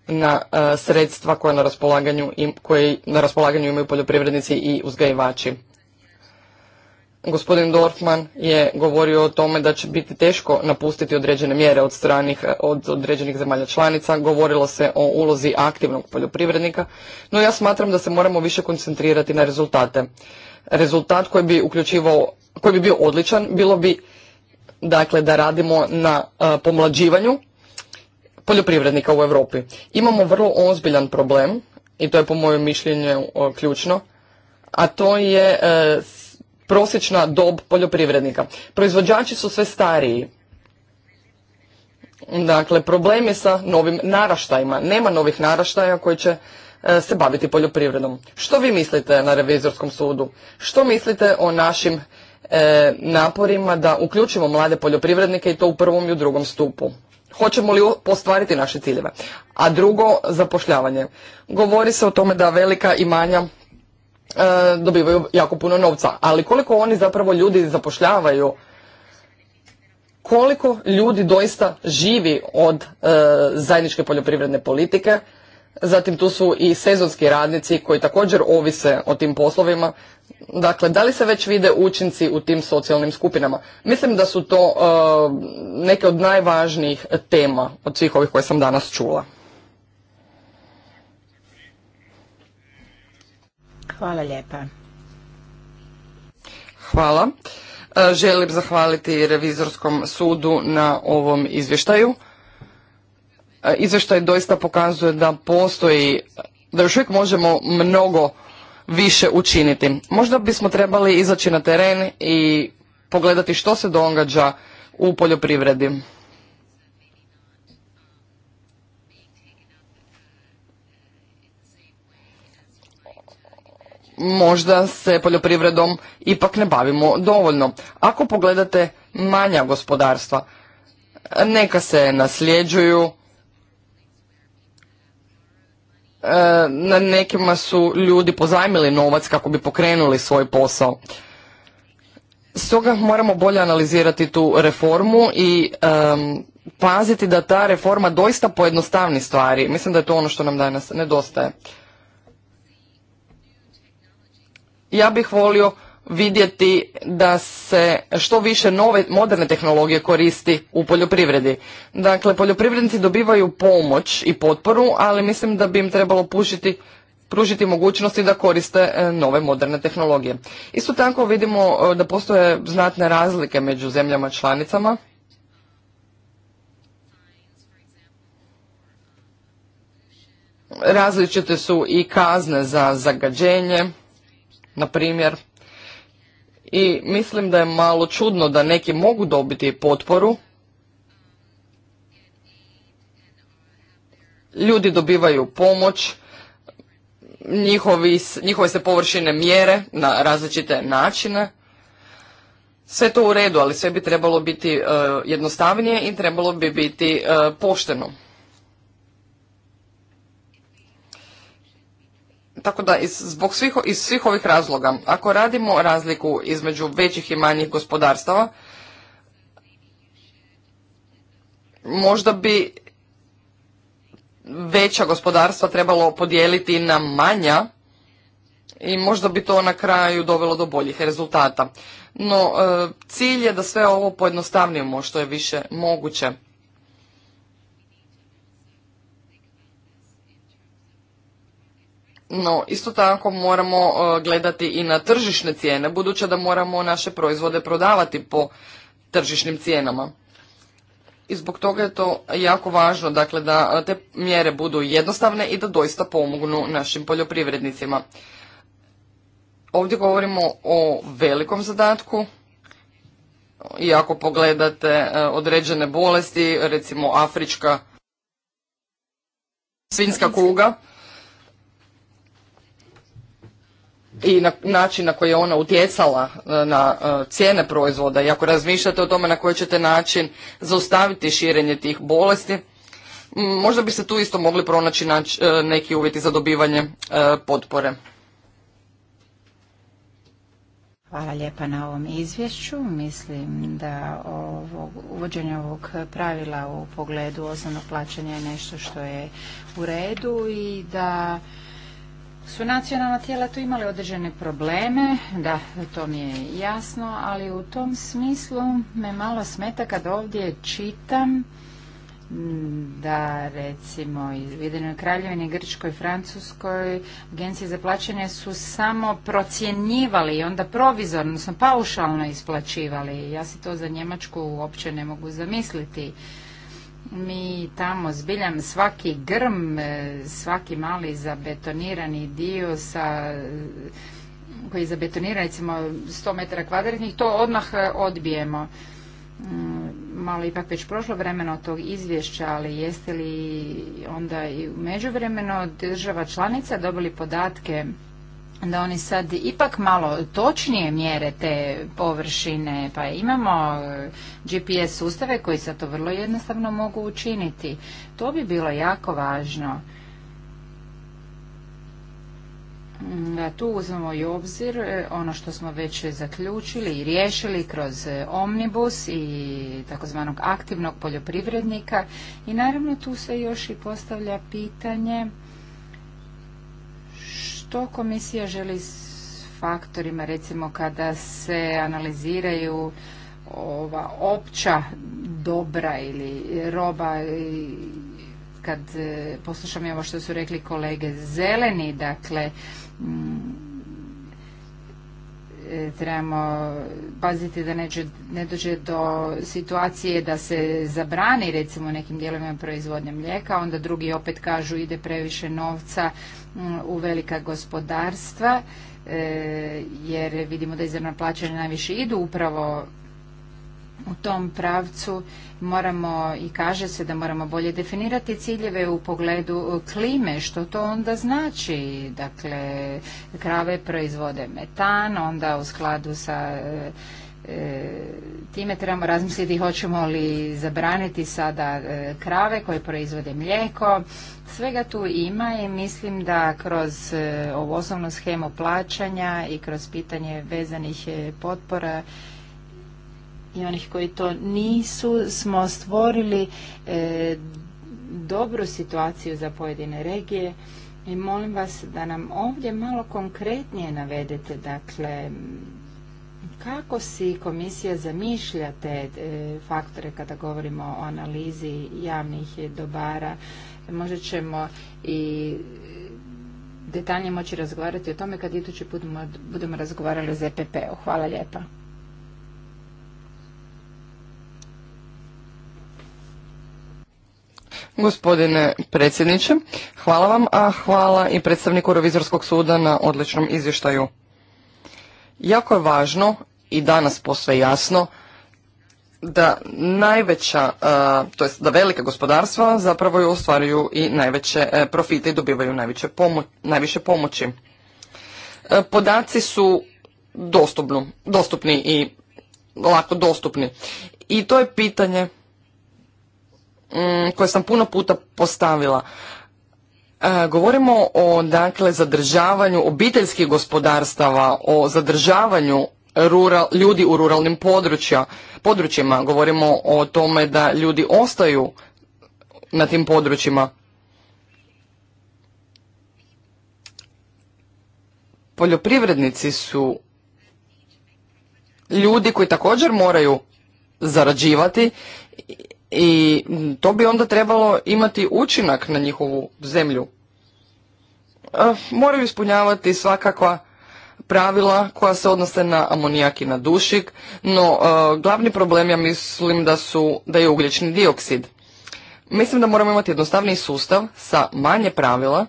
na e, sredstva koja na raspolaganju, koje na raspolaganju imaju poljoprivrednici i uzgajivači. Gospodin Dorfman je govorio o tome da će biti teško napustiti određene mjere od stranih, e, od određenih zemalja članica, govorilo se o ulozi aktivnog poljoprivrednika, no ja smatram da se moramo više koncentrirati na rezultate. Rezultat koji bi uključivao, koji bi bio odličan, bilo bi dakle da radimo na e, pomlađivanju poljoprivrednika u Europi. Imamo vrlo ozbiljan problem i to je po mojem mišljenju e, ključno, a to je e, prosječna dob poljoprivrednika. Proizvođači su sve stariji. Dakle, problem je sa novim naraštajima. Nema novih naraštaja koji će e, se baviti poljoprivredom. Što vi mislite na revizorskom sudu? Što mislite o našim naporima da uključimo mlade poljoprivrednike i to u prvom i u drugom stupu? hoćemo li postvariti naše ciljeve. A drugo, zapošljavanje. Govori se o tome da velika i manja e, dobivaju jako puno novca, ali koliko oni zapravo ljudi zapošljavaju, koliko ljudi doista živi od e, zajedničke poljoprivredne politike, Zatim tu su i sezonski radnici koji također ovise o tim poslovima. Dakle, da li se već vide učinci u tim socijalnim skupinama? Mislim da su to e, neke od najvažnijih tema od svih ovih koje sam danas čula. Hvala lijepa. Hvala. E, želim zahvaliti revizorskom sudu na ovom izvještaju. E, izvještaj doista pokazuje da postoji, da još uvijek možemo mnogo više učiniti. Možda bismo trebali izaći na teren i pogledati što se događa u poljoprivredi. možda se poljoprivredom ipak ne bavimo dovoljno. Ako pogledate manja gospodarstva, neka se nasljeđuju, E, na nekima su ljudi pozajmili novac kako bi pokrenuli svoj posao. Stoga moramo bolje analizirati tu reformu i paziti da ta reforma doista pojednostavni stvari. Mislim da je to ono što nam danas nedostaje. Ja bih volio vidjeti da se što više nove moderne tehnologije koristi u poljoprivredi. Dakle, poljoprivrednici dobivaju pomoć i potporu, ali mislim da bi im trebalo pušiti pružiti mogućnosti da koriste e, nove moderne tehnologije. Isto tako vidimo e, da postoje znatne razlike među zemljama članicama. Različite su i kazne za zagađenje, na primjer i mislim da je malo čudno da neki mogu dobiti potporu. Ljudi dobivaju pomoć, njihovi, njihove se površine mjere na različite načine. Sve to u redu, ali sve bi trebalo biti e, jednostavnije i trebalo bi biti e, pošteno. Tako da iz, zbog svih, iz svih ovih razloga, ako radimo razliku između većih i manjih gospodarstava, možda bi veća gospodarstva trebalo podijeliti na manja i možda bi to na kraju dovelo do boljih rezultata. No, e, cilj je da sve ovo pojednostavnimo što je više moguće. No, isto tako moramo e, gledati i na tržišne cijene, budući da moramo naše proizvode prodavati po tržišnim cijenama. I zbog toga je to jako važno, dakle, da e, te mjere budu jednostavne i da doista pomognu našim poljoprivrednicima. Ovdje govorimo o velikom zadatku, i ako pogledate e, određene bolesti, recimo afrička svinska kuga, i na način na koji je ona utjecala e, na e, cijene proizvoda i ako razmišljate o tome na koji ćete način zaustaviti širenje tih bolesti, možda bi se tu isto mogli pronaći e, neki uvjeti za dobivanje potpore. Hvala lijepa na ovom izvješću. Mislim da uvođenje ovog pravila u pogledu osnovnog plaćanja je nešto što je u redu i da su nacionalna tijela tu imali određene probleme, da, to mi je jasno, ali u tom smislu me malo smeta kad ovdje čitam mm, da recimo u Jedinoj Kraljevini, Grčkoj, Francuskoj agencije za plaćanje su samo procjenjivali i onda provizorno, odnosno paušalno isplaćivali. Ja si to za Njemačku uopće ne mogu zamisliti. Mi tamo zbiljam svaki grm, e, svaki mali zabetonirani dio sa e, koji je zabetoniran recimo 100 metara kvadratnih, to odmah e, odbijemo. Malo ipak već prošlo vremeno tog izvješća, ali jeste li onda i u međuvremeno država članica dobili podatke da oni sad ipak malo točnije mjere te površine, pa imamo e, GPS sustave koji sad to vrlo jednostavno mogu učiniti. To bi bilo jako važno. Mm, da tu uzmemo i obzir e, ono što smo već zaključili i riješili kroz e, omnibus i takozvanog aktivnog poljoprivrednika i naravno tu se još i postavlja pitanje što komisija želi s faktorima, recimo kada se analiziraju ova opća dobra ili roba kad e, poslušam i ovo što su rekli kolege zeleni, dakle trebamo paziti da ne dođe do situacije da se zabrani recimo nekim dijelovima proizvodnje mlijeka, onda drugi opet kažu ide previše novca mm, u velika gospodarstva, e, jer vidimo da izravna plaćanja najviše idu upravo u tom pravcu moramo i kaže se da moramo bolje definirati ciljeve u pogledu e, klime, što to onda znači. Dakle, krave proizvode metan, onda u skladu sa e, e, time trebamo razmisliti hoćemo li zabraniti sada krave koje proizvode mlijeko. Svega tu ima i mislim da kroz ovu osnovnu schemu plaćanja i kroz pitanje vezanih potpora i onih koji to nisu, smo stvorili e, dobru situaciju za pojedine regije i molim vas da nam ovdje malo konkretnije navedete, dakle, kako si komisija zamišlja te e, faktore kada govorimo o analizi javnih dobara? Možda ćemo i detaljnije moći razgovarati o tome kad idući put budemo razgovarali o ZPP-u. Hvala lijepa. Gospodine predsjedniče, hvala vam, a hvala i predstavniku Revizorskog suda na odličnom izvještaju. Jako je važno i danas posve jasno da najveća, e, to jest da velika gospodarstva zapravo i ostvaruju i najveće e, profite i dobivaju najviše pomoći. E, podaci su dostupni i lako dostupni. I to je pitanje Mm, koje sam puno puta postavila. E, govorimo o dakle zadržavanju obiteljskih gospodarstava, o zadržavanju rural, ljudi u ruralnim područja, područjima, govorimo o tome da ljudi ostaju na tim područjima. Poljoprivrednici su ljudi koji također moraju zarađivati i to bi onda trebalo imati učinak na njihovu zemlju. E, moraju ispunjavati svakakva pravila koja se odnose na amonijak i na dušik, no e, glavni problem ja mislim da, su, da je ugljični dioksid. Mislim da moramo imati jednostavniji sustav sa manje pravila,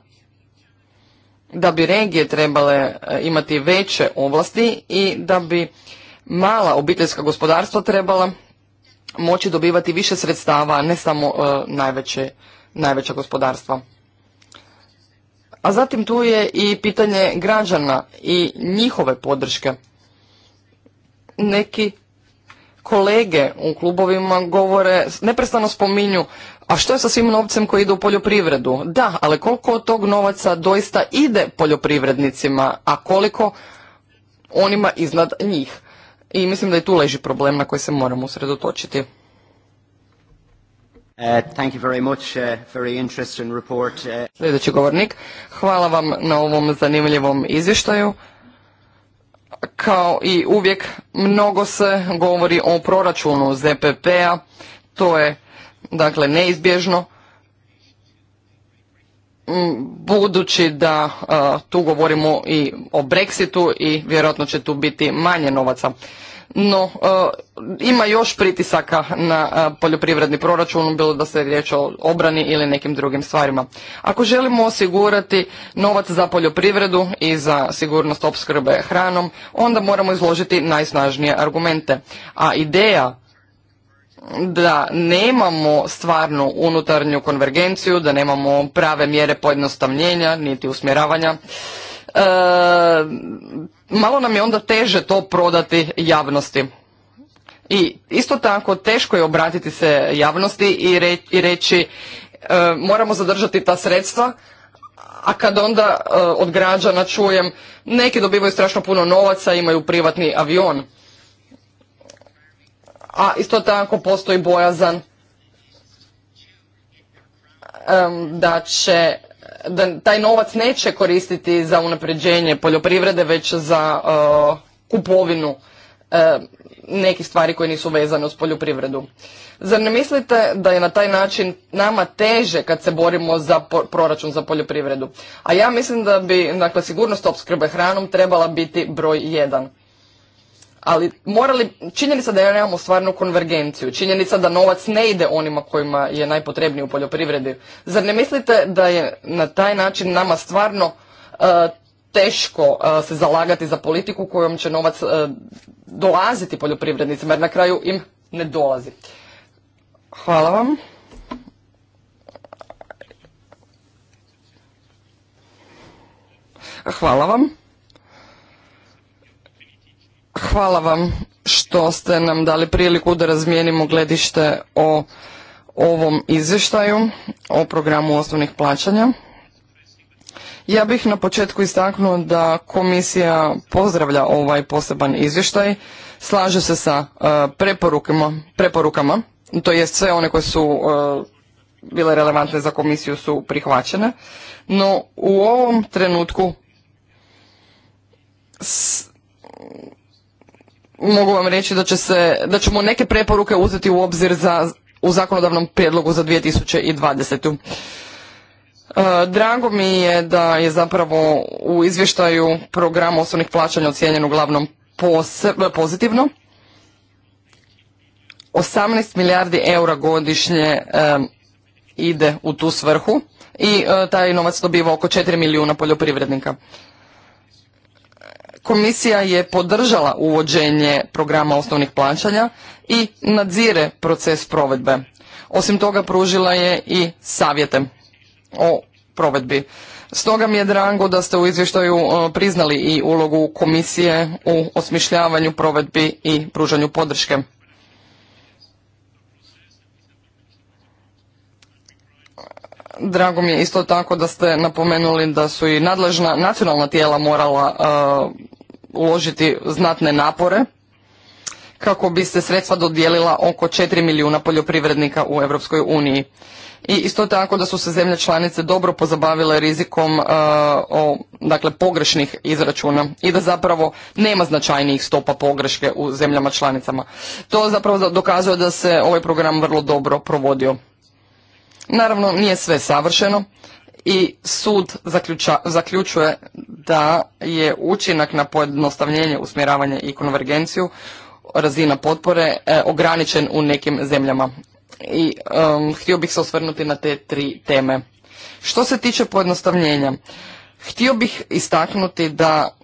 da bi regije trebale e, imati veće ovlasti i da bi mala obiteljska gospodarstva trebala moći dobivati više sredstava, ne samo e, najveće, najveća gospodarstva. A zatim tu je i pitanje građana i njihove podrške. Neki kolege u klubovima govore, neprestano spominju, a što je sa svim novcem koji ide u poljoprivredu? Da, ali koliko od tog novaca doista ide poljoprivrednicima, a koliko onima iznad njih? I mislim da i tu leži problem na koji se moramo usredotočiti. Sljedeći govornik, hvala vam na ovom zanimljivom izvještaju. Kao i uvijek, mnogo se govori o proračunu ZPP-a, to je dakle neizbježno budući da tu govorimo i o Brexitu i vjerojatno će tu biti manje novaca. No, ima još pritisaka na poljoprivredni proračun, bilo da se riječ o obrani ili nekim drugim stvarima. Ako želimo osigurati novac za poljoprivredu i za sigurnost opskrbe hranom, onda moramo izložiti najsnažnije argumente. A ideja da nemamo stvarnu unutarnju konvergenciju, da nemamo prave mjere pojednostavljenja, niti usmjeravanja. E, malo nam je onda teže to prodati javnosti. I isto tako teško je obratiti se javnosti i, reći e, moramo zadržati ta sredstva, a kad onda e, od građana čujem neki dobivaju strašno puno novaca, imaju privatni avion a isto tako postoji bojazan da će da taj novac neće koristiti za unapređenje poljoprivrede već za kupovinu uh, nekih stvari koje nisu vezane uz poljoprivredu zar ne mislite da je na taj način nama teže kad se borimo za proračun za poljoprivredu a ja mislim da bi dakle sigurnost opskrbe hranom trebala biti broj jedan ali morali, činjenica da nemamo stvarnu konvergenciju, činjenica da novac ne ide onima kojima je najpotrebniji u poljoprivredi. Zar ne mislite da je na taj način nama stvarno e, teško e, se zalagati za politiku kojom će novac e, dolaziti poljoprivrednicima jer na kraju im ne dolazi. Hvala vam. Hvala vam. Hvala vam što ste nam dali priliku da razmijenimo gledište o ovom izvještaju, o programu osnovnih plaćanja. Ja bih na početku istaknuo da komisija pozdravlja ovaj poseban izvještaj, slaže se sa e, preporukama, preporukama to jest sve one koje su e, bile relevantne za komisiju su prihvaćene, no u ovom trenutku s mogu vam reći da, će se, da ćemo neke preporuke uzeti u obzir za, u zakonodavnom prijedlogu za 2020. E, drago mi je da je zapravo u izvještaju program osobnih plaćanja ocijenjen uglavnom pozitivno. 18 milijardi eura godišnje e, ide u tu svrhu i e, taj novac dobiva oko 4 milijuna poljoprivrednika. Komisija je podržala uvođenje programa osnovnih plaćanja i nadzire proces provedbe. Osim toga pružila je i savjete o provedbi. Stoga mi je drago da ste u izvještaju e, priznali i ulogu komisije u osmišljavanju provedbi i pružanju podrške. Drago mi je isto tako da ste napomenuli da su i nadležna nacionalna tijela morala e, uložiti znatne napore kako bi se sredstva dodijelila oko 4 milijuna poljoprivrednika u Europskoj uniji. I isto tako da su se zemlje članice dobro pozabavile rizikom e, o, dakle, pogrešnih izračuna i da zapravo nema značajnijih stopa pogreške u zemljama članicama. To zapravo dokazuje da se ovaj program vrlo dobro provodio. Naravno, nije sve savršeno i sud zaključuje da je učinak na pojednostavljenje, usmjeravanje i konvergenciju razina potpore e, ograničen u nekim zemljama. I htio bih se osvrnuti na te tri teme. Što se tiče pojednostavljenja, htio bih istaknuti da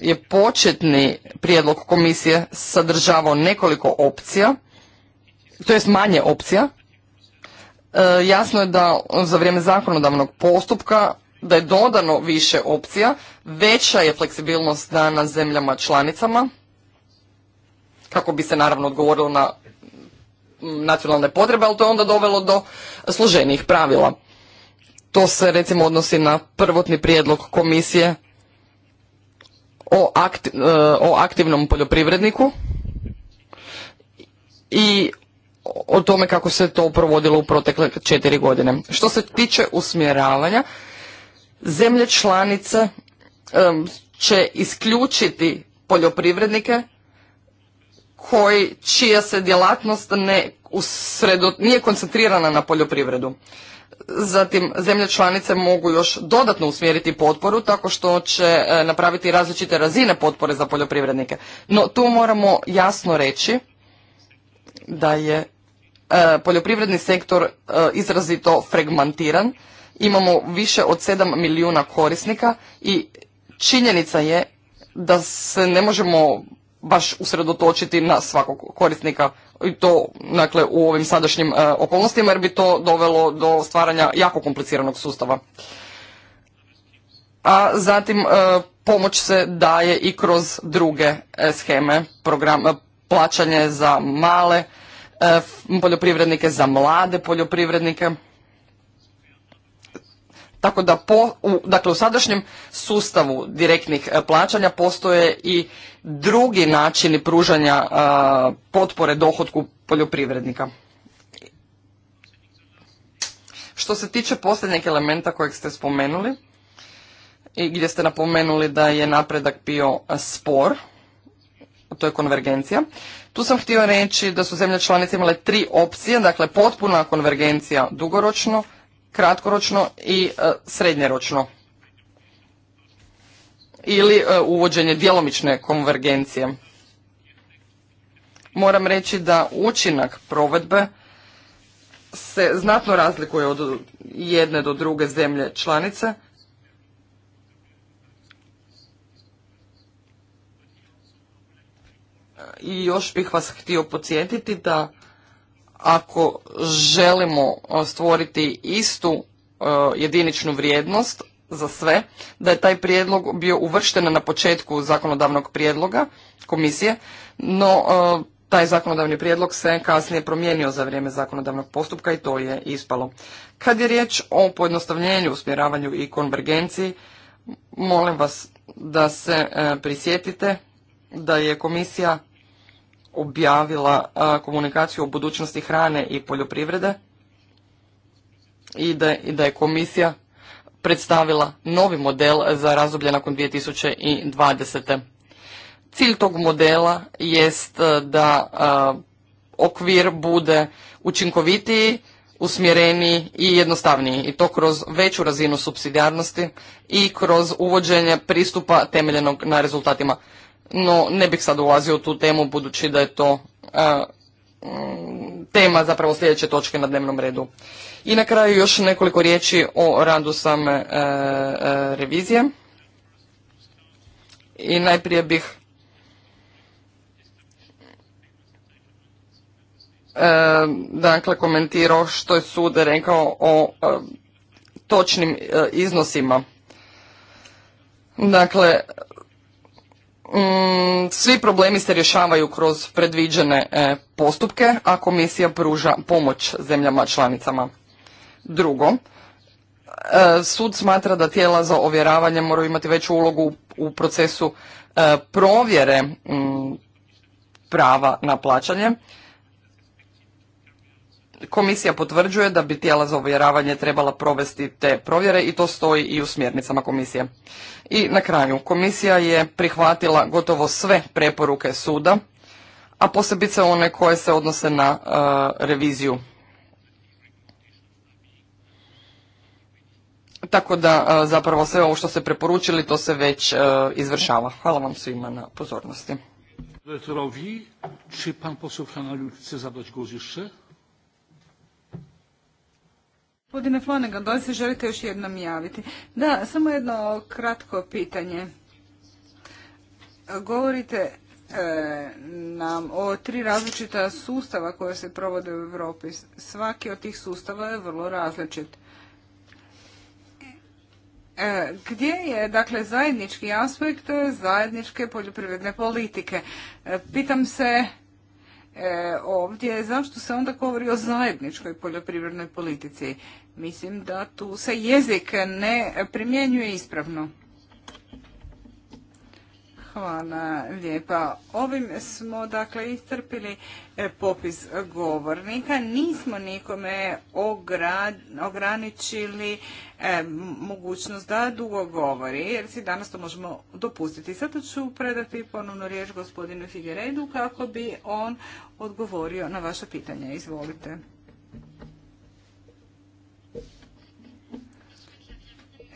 je početni prijedlog komisije sadržavao nekoliko opcija, to jest manje opcija, E, jasno je da za vrijeme zakonodavnog postupka da je dodano više opcija, veća je fleksibilnost dana zemljama članicama, kako bi se naravno odgovorilo na nacionalne potrebe, ali to je onda dovelo do složenijih pravila. To se recimo odnosi na prvotni prijedlog komisije o e, aktivnom poljoprivredniku i o tome kako se to provodilo u protekle četiri godine. Što se tiče usmjeravanja, zemlje članice će isključiti poljoprivrednike koji, čija se djelatnost ne usredo, nije koncentrirana na poljoprivredu. Zatim, zemlje članice mogu još dodatno usmjeriti potporu tako što će e, napraviti različite razine potpore za poljoprivrednike. No, tu moramo jasno reći da je e, poljoprivredni sektor e, izrazito fragmentiran. Imamo više od 7 milijuna korisnika i činjenica je da se ne možemo baš usredotočiti na svakog korisnika i to dakle, u ovim sadašnjim e, okolnostima jer bi to dovelo do stvaranja jako kompliciranog sustava. A zatim pomoć se daje i kroz druge scheme, program, plaćanje za male e, poljoprivrednike, za mlade poljoprivrednike. Tako da po, dakle, u sadašnjem sustavu direktnih e, plaćanja postoje i drugi načini pružanja e, potpore dohodku poljoprivrednika. Što se tiče posljednjeg elementa kojeg ste spomenuli i gdje ste napomenuli da je napredak bio spor, to je konvergencija. Tu sam htio reći da su zemlje članice imale tri opcije, dakle potpuna konvergencija dugoročno, kratkoročno i e, srednjeročno. Ili e, uvođenje djelomične konvergencije. Moram reći da učinak provedbe se znatno razlikuje od jedne do druge zemlje članice i još bih vas htio podsjetiti da ako želimo e, stvoriti istu e, jediničnu vrijednost za sve, da je taj prijedlog bio uvršten na početku zakonodavnog prijedloga komisije, no e, taj zakonodavni prijedlog se kasnije promijenio za vrijeme zakonodavnog postupka i to je ispalo. Kad je riječ o pojednostavljenju, usmjeravanju i konvergenciji, molim vas da se prisjetite da je komisija objavila komunikaciju o budućnosti hrane i poljoprivrede i da, je komisija predstavila novi model za razdoblje nakon 2020. Cilj tog modela jest da okvir bude učinkovitiji, usmjereniji i jednostavniji i to kroz veću razinu subsidijarnosti i kroz uvođenje pristupa temeljenog na rezultatima no ne bih sad ulazio u tu temu budući da je to e, mm, tema zapravo sljedeće točke na dnevnom redu. I na kraju još nekoliko riječi o radu same e, e, revizije. I najprije bih dakle komentirao što je sud rekao o točnim iznosima. Dakle, Mm, svi problemi se rješavaju kroz predviđene e, postupke, a komisija pruža pomoć zemljama članicama. Drugo, e, sud smatra da tijela za ovjeravanje moraju imati veću ulogu u procesu e, provjere mm, prava na plaćanje Komisija potvrđuje da bi tijela za ovjeravanje trebala provesti te provjere i to stoji i u smjernicama komisije. I na kraju, komisija je prihvatila gotovo sve preporuke suda, a posebice one koje se odnose na e, reviziju. Tako da e, zapravo sve ovo što ste preporučili to se već e, izvršava. Hvala vam svima na pozornosti. pan Gospodine Flanagan, da li se želite još jednom javiti? Da, samo jedno kratko pitanje. Govorite e, nam o tri različita sustava koja se provode u Europi. Svaki od tih sustava je vrlo različit. E, gdje je dakle zajednički aspekt zajedničke poljoprivredne politike? E, pitam se ovdje zašto se onda govori o zajedničkoj poljoprivrednoj politici. Mislim da tu se jezik ne primjenjuje ispravno. Hvala lijepa. Ovim smo dakle istrpili e, popis govornika. Nismo nikome ograničili e, mogućnost da dugo govori, jer si danas to možemo dopustiti. Sada ću predati ponovno riječ gospodinu Figeredu kako bi on odgovorio na vaše pitanje. Izvolite.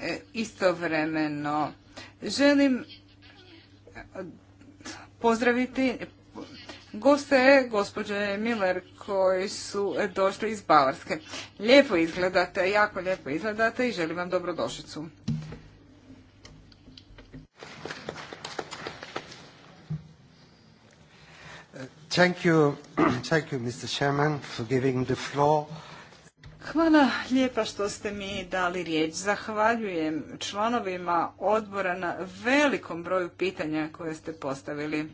E, istovremeno želim pozdraviti goste, gospođe Miller, koji su došli iz Bavarske. Lijepo izgledate, jako lijepo izgledate i želim vam dobrodošlicu. Thank you, (clears throat) thank you, Mr. Chairman, for giving the floor. Hvala lijepa što ste mi dali riječ. Zahvaljujem članovima odbora na velikom broju pitanja koje ste postavili.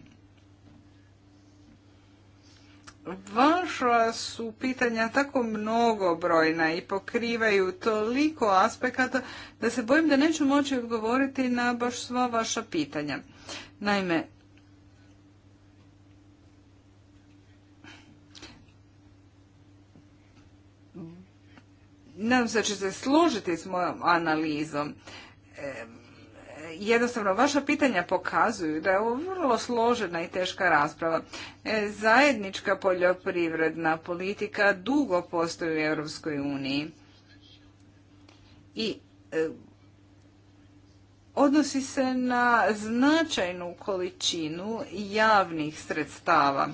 Vaša su pitanja tako mnogobrojna i pokrivaju toliko aspekata da se bojim da neću moći odgovoriti na baš sva vaša pitanja. Naime, nadam se da se složiti s mojom analizom. E, jednostavno, vaša pitanja pokazuju da je ovo vrlo složena i teška rasprava. E, zajednička poljoprivredna politika dugo postoji u Europskoj uniji i e, odnosi se na značajnu količinu javnih sredstava.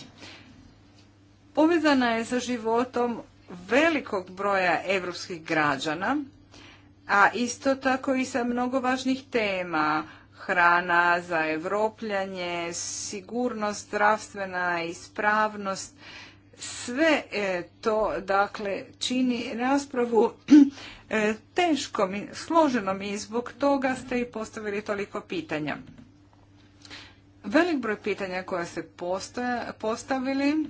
Povezana je sa životom velikog broja europskih građana, a isto tako i sa mnogo važnih tema, hrana za evropljanje, sigurnost, zdravstvena ispravnost, sve e, to dakle čini raspravu e, teškom i složenom i zbog toga ste i postavili toliko pitanja. Velik broj pitanja koja ste postavili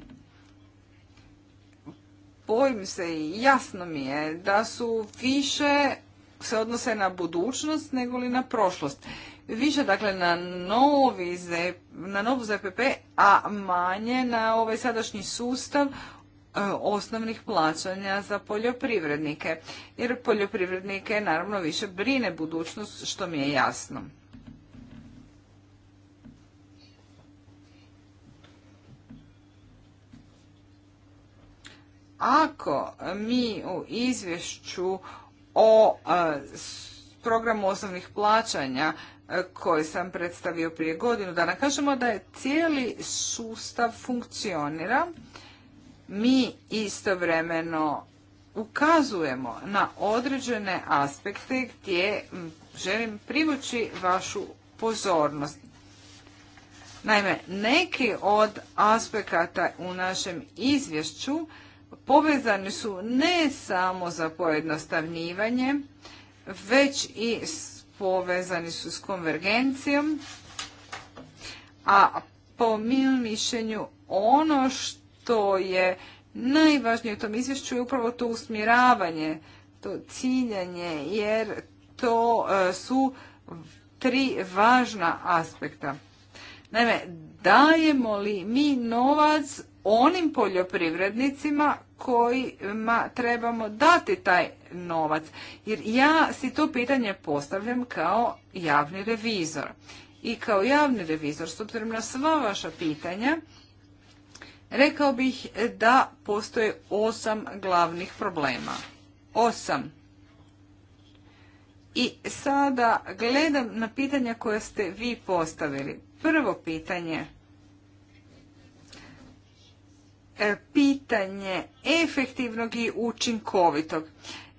bojim se i jasno mi je da su više se odnose na budućnost nego li na prošlost. Više dakle na, novi na novu ZPP, a manje na ovaj sadašnji sustav e, osnovnih plaćanja za poljoprivrednike. Jer poljoprivrednike naravno više brine budućnost što mi je jasno. Ako mi u izvješću o e, programu osnovnih plaćanja e, koji sam predstavio prije godinu dana, kažemo da je cijeli sustav funkcionira, mi istovremeno ukazujemo na određene aspekte gdje želim privući vašu pozornost. Naime, neki od aspekata u našem izvješću povezani su ne samo za pojednostavnivanje, već i povezani su s konvergencijom, a po mojom mišljenju ono što je najvažnije u tom izvješću je upravo to usmjeravanje, to ciljanje, jer to e, su tri važna aspekta. Naime, dajemo li mi novac onim poljoprivrednicima kojima trebamo dati taj novac. Jer ja si to pitanje postavljam kao javni revizor. I kao javni revizor, s obzirom na sva vaša pitanja, rekao bih da postoje osam glavnih problema. Osam. I sada gledam na pitanja koje ste vi postavili. Prvo pitanje E, pitanje efektivnog i učinkovitog.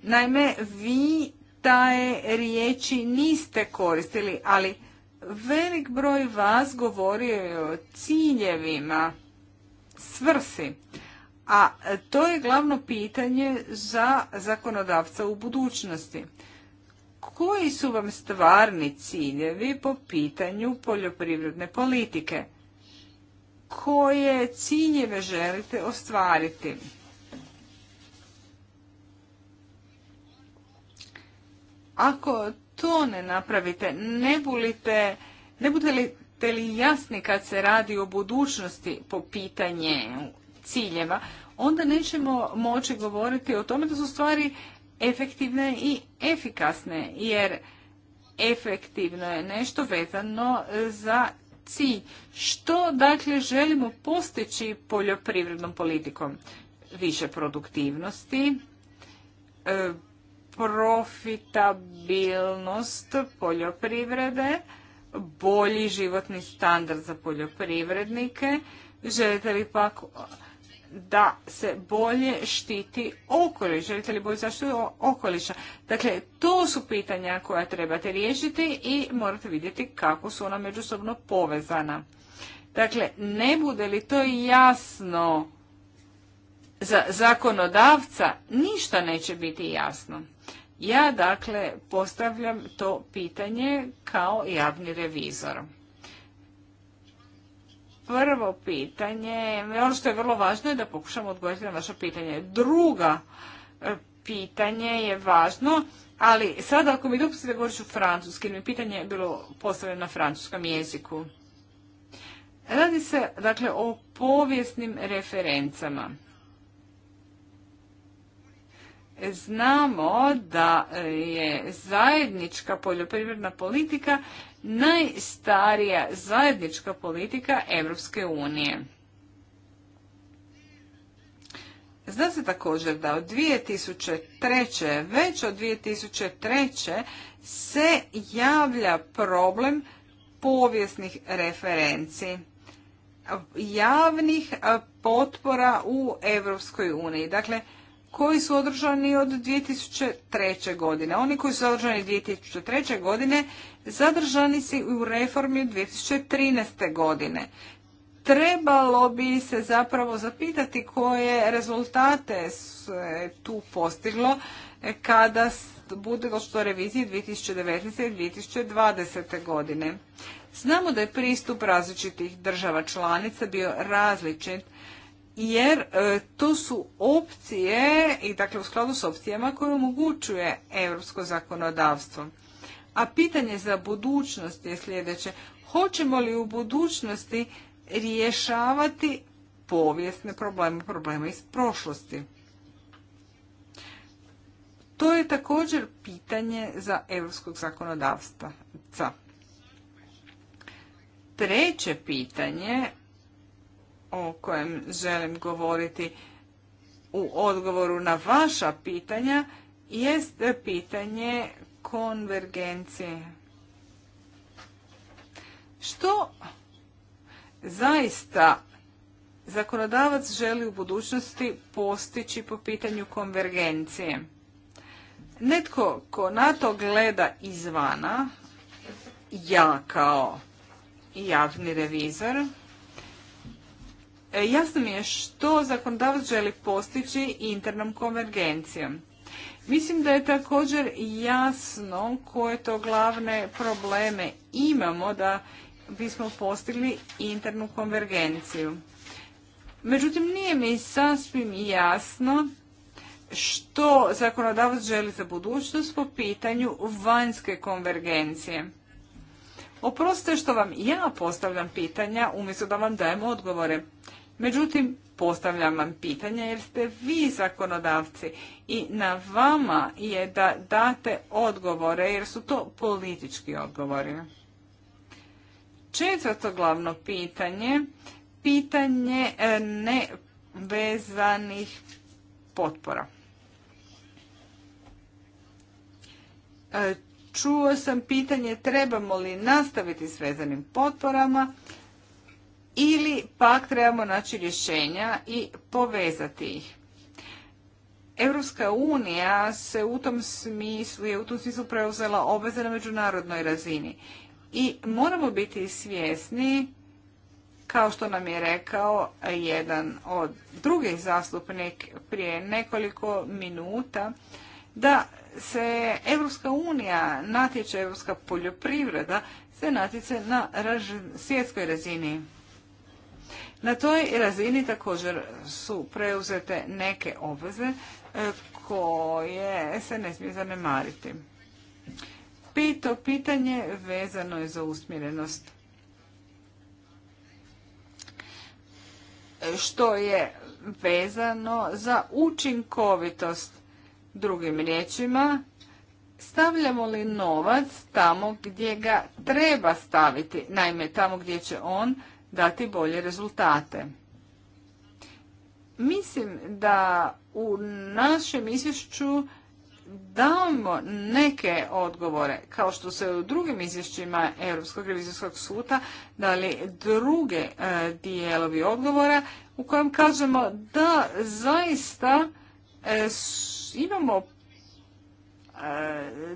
Naime, vi taj riječi niste koristili, ali velik broj vas govorio je o ciljevima, svrsi, a to je glavno pitanje za zakonodavca u budućnosti. Koji su vam stvarni ciljevi po pitanju poljoprivredne politike? koje ciljeve želite ostvariti. Ako to ne napravite, ne, bulite, ne budete li jasni kad se radi o budućnosti po pitanje ciljeva, onda nećemo moći govoriti o tome da su stvari efektivne i efikasne, jer efektivno je nešto vezano za cilj. Što dakle želimo postići poljoprivrednom politikom? Više produktivnosti, e, profitabilnost poljoprivrede, bolji životni standard za poljoprivrednike. Želite li pak da se bolje štiti okoliš, želite li bolje zaštitu okoliša. Dakle, to su pitanja koja trebate riješiti i morate vidjeti kako su ona međusobno povezana. Dakle, ne bude li to jasno za zakonodavca, ništa neće biti jasno. Ja, dakle, postavljam to pitanje kao javni revizor prvo pitanje, ono što je vrlo važno je da pokušamo odgovoriti na vaše pitanje. Druga e, pitanje je važno, ali sada ako mi dopustite govorit ću francuski, jer mi pitanje je bilo postavljeno na francuskom jeziku. Radi se dakle o povijesnim referencama znamo da je zajednička poljoprivredna politika najstarija zajednička politika Europske unije. Zna se također da od 2003. već od 2003. se javlja problem povijesnih referenci javnih potpora u Europskoj uniji. Dakle, koji su održani od 2003. godine. Oni koji su održani 2003. godine zadržani su u reformi 2013. godine. Trebalo bi se zapravo zapitati koje rezultate tu postiglo kada bude došlo do revizije 2019. i 2020. godine. Znamo da je pristup različitih država članica bio različit jer e, to su opcije i dakle u skladu s opcijama koje omogućuje europsko zakonodavstvo. A pitanje za budućnost je sljedeće. Hoćemo li u budućnosti rješavati povijesne probleme, probleme iz prošlosti? To je također pitanje za europskog zakonodavstva. Treće pitanje o kojem želim govoriti u odgovoru na vaša pitanja jest pitanje konvergencije. Što zaista zakonodavac želi u budućnosti postići po pitanju konvergencije? Netko ko na to gleda izvana, ja kao javni revizor, E, jasno mi je što zakonodavac želi postići internom konvergencijom. Mislim da je također jasno koje to glavne probleme imamo da bismo postigli internu konvergenciju. Međutim, nije mi sasvim jasno što zakonodavac želi za budućnost po pitanju vanjske konvergencije. Oprostite što vam ja postavljam pitanja umjesto da vam dajem odgovore. Međutim, postavljam vam pitanje jer ste vi zakonodavci i na vama je da date odgovore jer su to politički odgovori. Četvrto glavno pitanje, pitanje e, nevezanih potpora. E, čuo sam pitanje trebamo li nastaviti s vezanim potporama ili pak trebamo naći rješenja i povezati ih. Europska unija se u tom smislu je u tom smislu preuzela obveze na međunarodnoj razini i moramo biti svjesni kao što nam je rekao jedan od drugih zastupnik prije nekoliko minuta da se Europska unija natječe, europska poljoprivreda se natječe na svjetskoj razini. Na toj razini također su preuzete neke obveze e, koje se ne smije zanemariti. Pito pitanje vezano je za usmjerenost. E, što je vezano za učinkovitost. Drugim riječima, stavljamo li novac tamo gdje ga treba staviti, naime tamo gdje će on dati bolje rezultate. Mislim da u našem izvješću damo neke odgovore, kao što se u drugim izvješćima Europskog revizijskog suda dali druge e, dijelovi odgovora u kojem kažemo da zaista e, imamo e,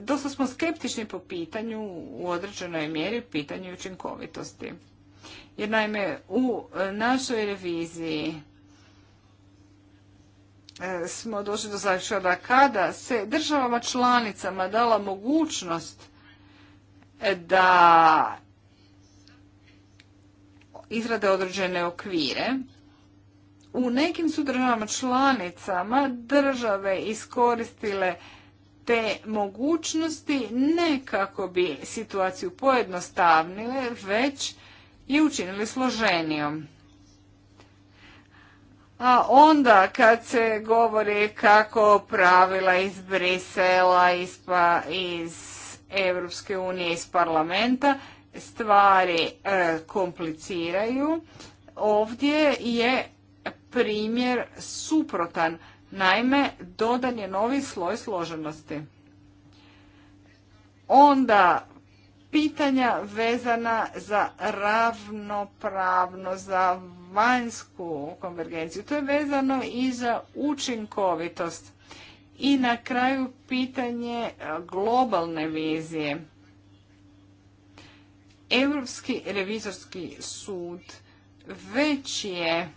dosta smo skeptični po pitanju u određenoj mjeri pitanju učinkovitosti. Jer naime u e, našoj reviziji e, smo došli do zaključka da kada se državama članicama dala mogućnost e, da izrade određene okvire, u nekim su državama članicama države iskoristile te mogućnosti ne kako bi situaciju pojednostavnile, već i učinili složenijom. A onda kad se govori kako pravila iz Brisela, iz, pa, iz Europske unije, iz parlamenta, stvari e, kompliciraju, ovdje je primjer suprotan. Naime, dodan je novi sloj složenosti. Onda pitanja vezana za ravnopravno, za vanjsku konvergenciju. To je vezano i za učinkovitost. I na kraju pitanje e, globalne vizije. Europski revizorski sud već je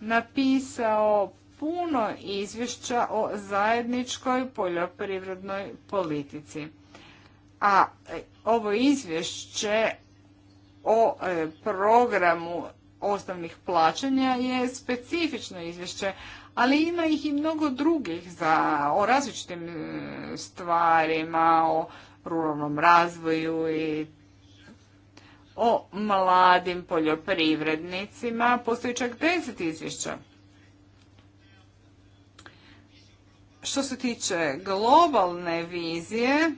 napisao puno izvješća o zajedničkoj poljoprivrednoj politici a e, ovo izvješće o e, programu osnovnih plaćanja je specifično izvješće, ali ima ih i mnogo drugih za, o različitim e, stvarima, o ruralnom razvoju i o mladim poljoprivrednicima. Postoji čak deset izvješća. Što se tiče globalne vizije,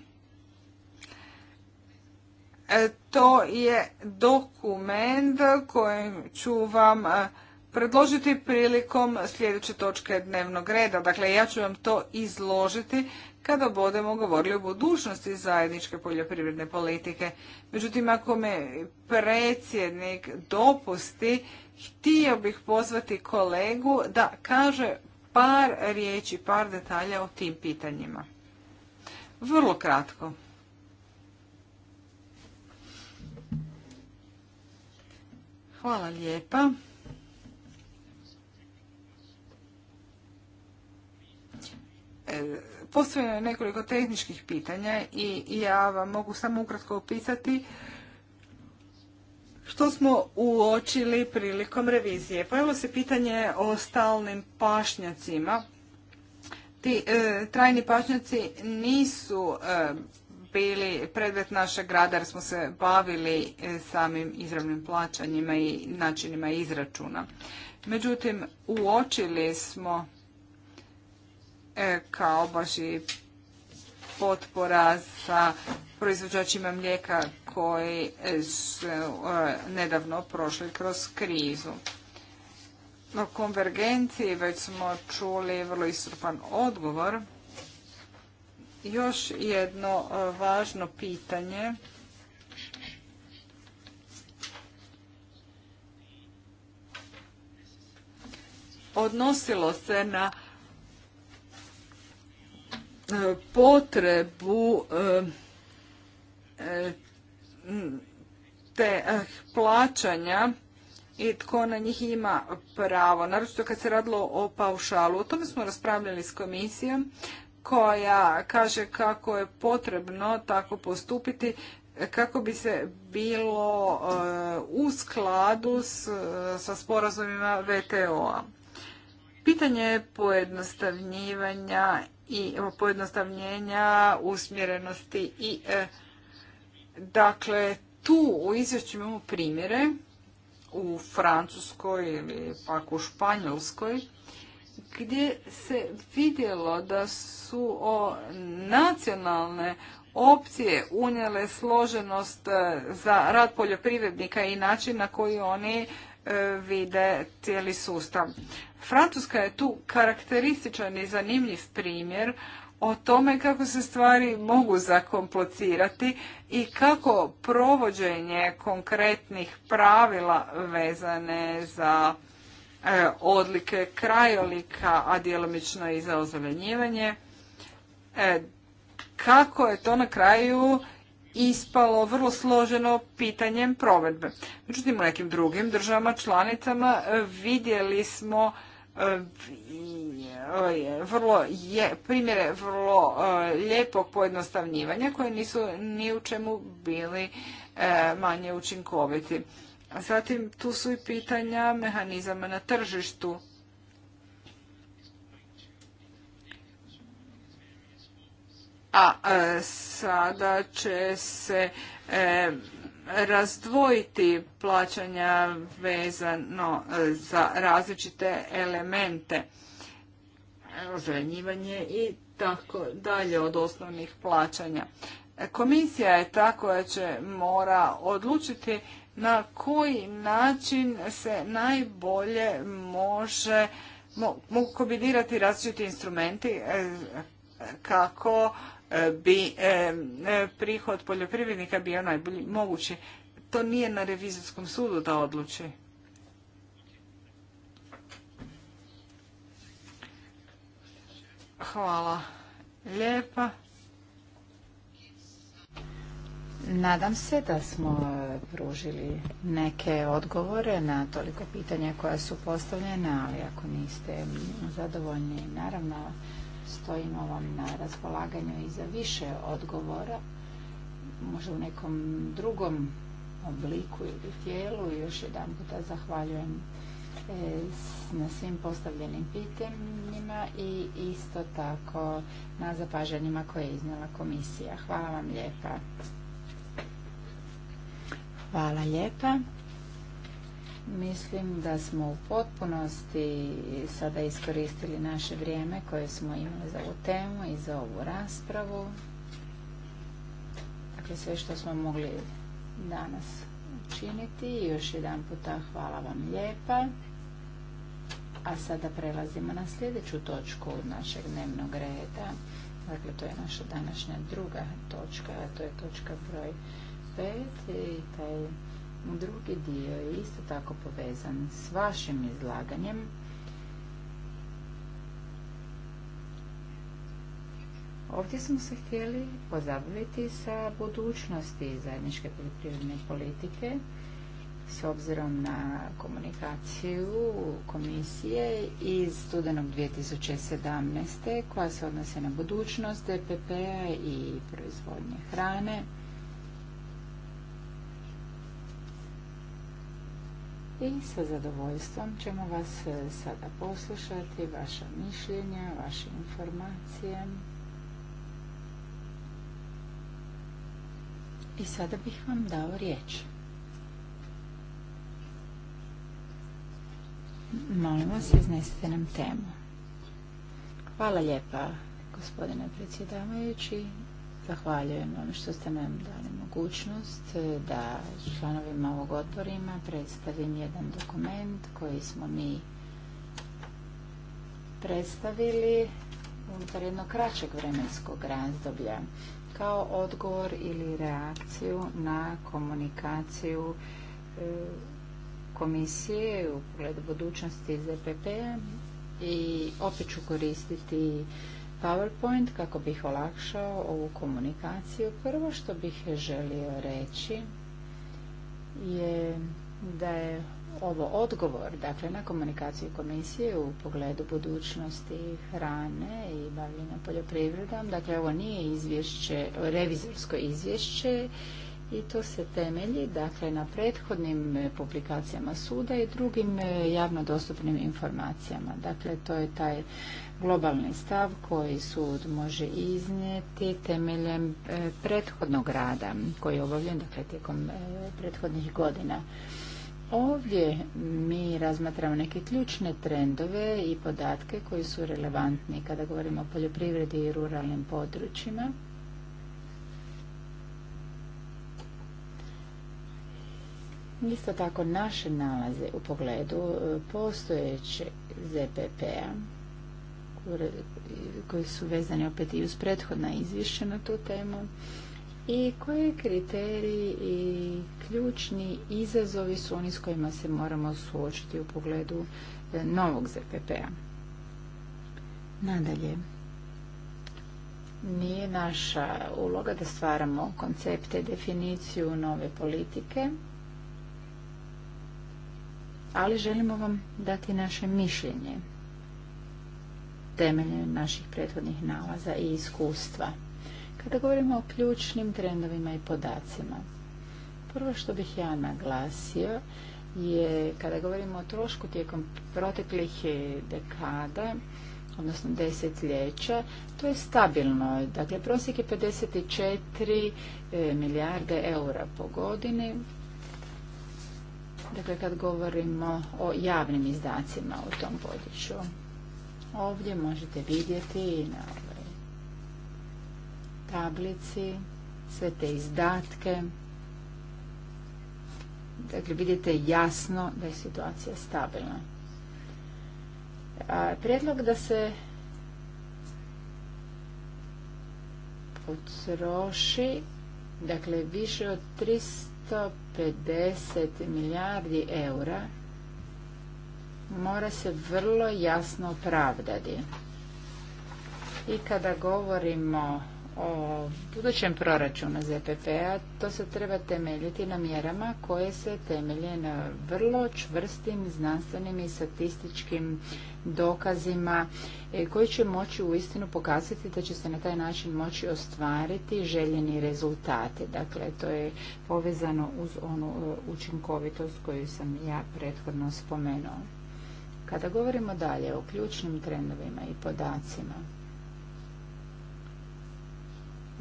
E, to je dokument kojim ću vam e, predložiti prilikom sljedeće točke dnevnog reda. Dakle, ja ću vam to izložiti kada budemo govorili o budućnosti zajedničke poljoprivredne politike. Međutim, ako me predsjednik dopusti, htio bih pozvati kolegu da kaže par riječi, par detalja o tim pitanjima. Vrlo kratko. Hvala lijepa. E, Postojeno je nekoliko tehničkih pitanja i ja vam mogu samo ukratko opisati što smo uočili prilikom revizije. Pojavilo se pitanje o stalnim pašnjacima. Ti e, trajni pašnjaci nisu e, bili predmet našeg rada jer smo se bavili e, samim izravnim plaćanjima i načinima izračuna. Međutim, uočili smo e, kao baš i potpora sa proizvođačima mlijeka koji su e, nedavno prošli kroz krizu. O konvergenciji već smo čuli vrlo istrupan odgovor još jedno e, važno pitanje. Odnosilo se na e, potrebu e, te plaćanja i tko na njih ima pravo, naročito kad se radilo o paušalu. O tome smo raspravljali s komisijom, koja kaže kako je potrebno tako postupiti kako bi se bilo e, u skladu s, e, sa sporazumima VTO-a. Pitanje je pojednostavnjivanja i pojednostavnjenja usmjerenosti i e, dakle tu u izvješću imamo primjere u Francuskoj ili pak u Španjolskoj gdje se vidjelo da su o nacionalne opcije unijele složenost e, za rad poljoprivrednika i način na koji oni e, vide cijeli sustav. Francuska je tu karakterističan i zanimljiv primjer o tome kako se stvari mogu zakomplicirati i kako provođenje konkretnih pravila vezane za E, odlike krajolika, a djelomično i za ozelenjivanje. E, kako je to na kraju ispalo vrlo složeno pitanjem provedbe. Međutim, u nekim drugim državama članicama vidjeli smo e, vrlo je, primjere vrlo lijepog pojednostavnjivanja koje nisu ni u čemu bili manje učinkoviti. Zatim tu su i pitanja mehanizama na tržištu. A e, sada će se e, razdvojiti plaćanja vezano e, za različite elemente, ozranjivanje i tako dalje od osnovnih plaćanja. Komisija je ta koja će mora odlučiti na koji način se najbolje može mogu kombinirati različiti instrumenti e, kako e, bi e, prihod poljoprivrednika bio najbolji mogući. To nije na revizijskom sudu da odluči. Hvala lijepa. Nadam se da smo e, pružili neke odgovore na toliko pitanja koja su postavljena, ali ako niste zadovoljni, naravno stojimo vam na raspolaganju i za više odgovora, možda u nekom drugom obliku ili tijelu. Još jedan puta zahvaljujem e, na svim postavljenim pitanjima i isto tako na zapažanjima koje je iznijela komisija. Hvala vam lijepa. Hvala lijepa. Mislim da smo u potpunosti sada iskoristili naše vrijeme koje smo imali za ovu temu i za ovu raspravu. Dakle, sve što smo mogli danas učiniti. još jedan puta hvala vam lijepa. A sada prelazimo na sljedeću točku našeg dnevnog reda. Dakle, to je naša današnja druga točka, a to je točka broj i taj drugi dio je isto tako povezan s vašim izlaganjem. Ovdje smo se htjeli pozabaviti sa budućnosti zajedničke poljoprivredne politike s obzirom na komunikaciju komisije iz studenog 2017. koja se odnose na budućnost DPP-a i proizvodnje hrane. i sa zadovoljstvom ćemo vas e, sada poslušati, vaša mišljenja, vaše informacije. I sada bih vam dao riječ. Molim vas, iznesite nam temu. Hvala lijepa, gospodine predsjedavajući. Zahvaljujem vam što ste nam dali mogućnost e, da članovima ovog odborima predstavim jedan dokument koji smo mi predstavili unutar jednog kraćeg vremenskog razdoblja kao odgovor ili reakciju na komunikaciju e, komisije u pogledu budućnosti ZPP p-a i opet ću koristiti PowerPoint kako bih olakšao ovu komunikaciju. Prvo što bih želio reći je da je ovo odgovor dakle, na komunikaciju komisije u pogledu budućnosti hrane i bavljenja poljoprivredom. Dakle, ovo nije izvješće, revizorsko izvješće i to se temelji dakle na prethodnim e, publikacijama suda i drugim e, javno dostupnim informacijama. Dakle, to je taj globalni stav koji sud može iznijeti temeljem e, prethodnog rada koji je obavljen dakle, tijekom prethodnih godina. Ovdje mi razmatramo neke ključne trendove i podatke koji su relevantni kada govorimo o poljoprivredi i ruralnim područjima Isto tako naše nalaze u pogledu e, postojećeg ZPP-a koji su vezani opet i uz prethodna izvješća na tu temu i koji kriteriji i ključni izazovi su oni s kojima se moramo suočiti u pogledu e, novog ZPP-a. Nadalje, nije naša uloga da stvaramo koncepte, definiciju nove politike, ali želimo vam dati naše mišljenje temeljem naših prethodnih nalaza i iskustva. Kada govorimo o ključnim trendovima i podacima, prvo što bih ja naglasio je kada govorimo o trošku tijekom proteklih e, dekada, odnosno desetljeća, to je stabilno. Dakle, prosjek je 54 e, milijarde eura po godini, dakle kad govorimo o javnim izdacima u tom području. Ovdje možete vidjeti na ovoj tablici sve te izdatke. Dakle, vidite jasno da je situacija stabilna. prijedlog da se potroši dakle više od 300 50 milijardi eura mora se vrlo jasno opravdati. I kada govorimo o budućem proračunu ZPP-a, to se treba temeljiti na mjerama koje se temelje na vrlo čvrstim znanstvenim i statističkim dokazima e, koji će moći uistinu pokazati da će se na taj način moći ostvariti željeni rezultati. Dakle, to je povezano uz onu e, učinkovitost koju sam ja prethodno spomenuo. Kada govorimo dalje o ključnim trendovima i podacima,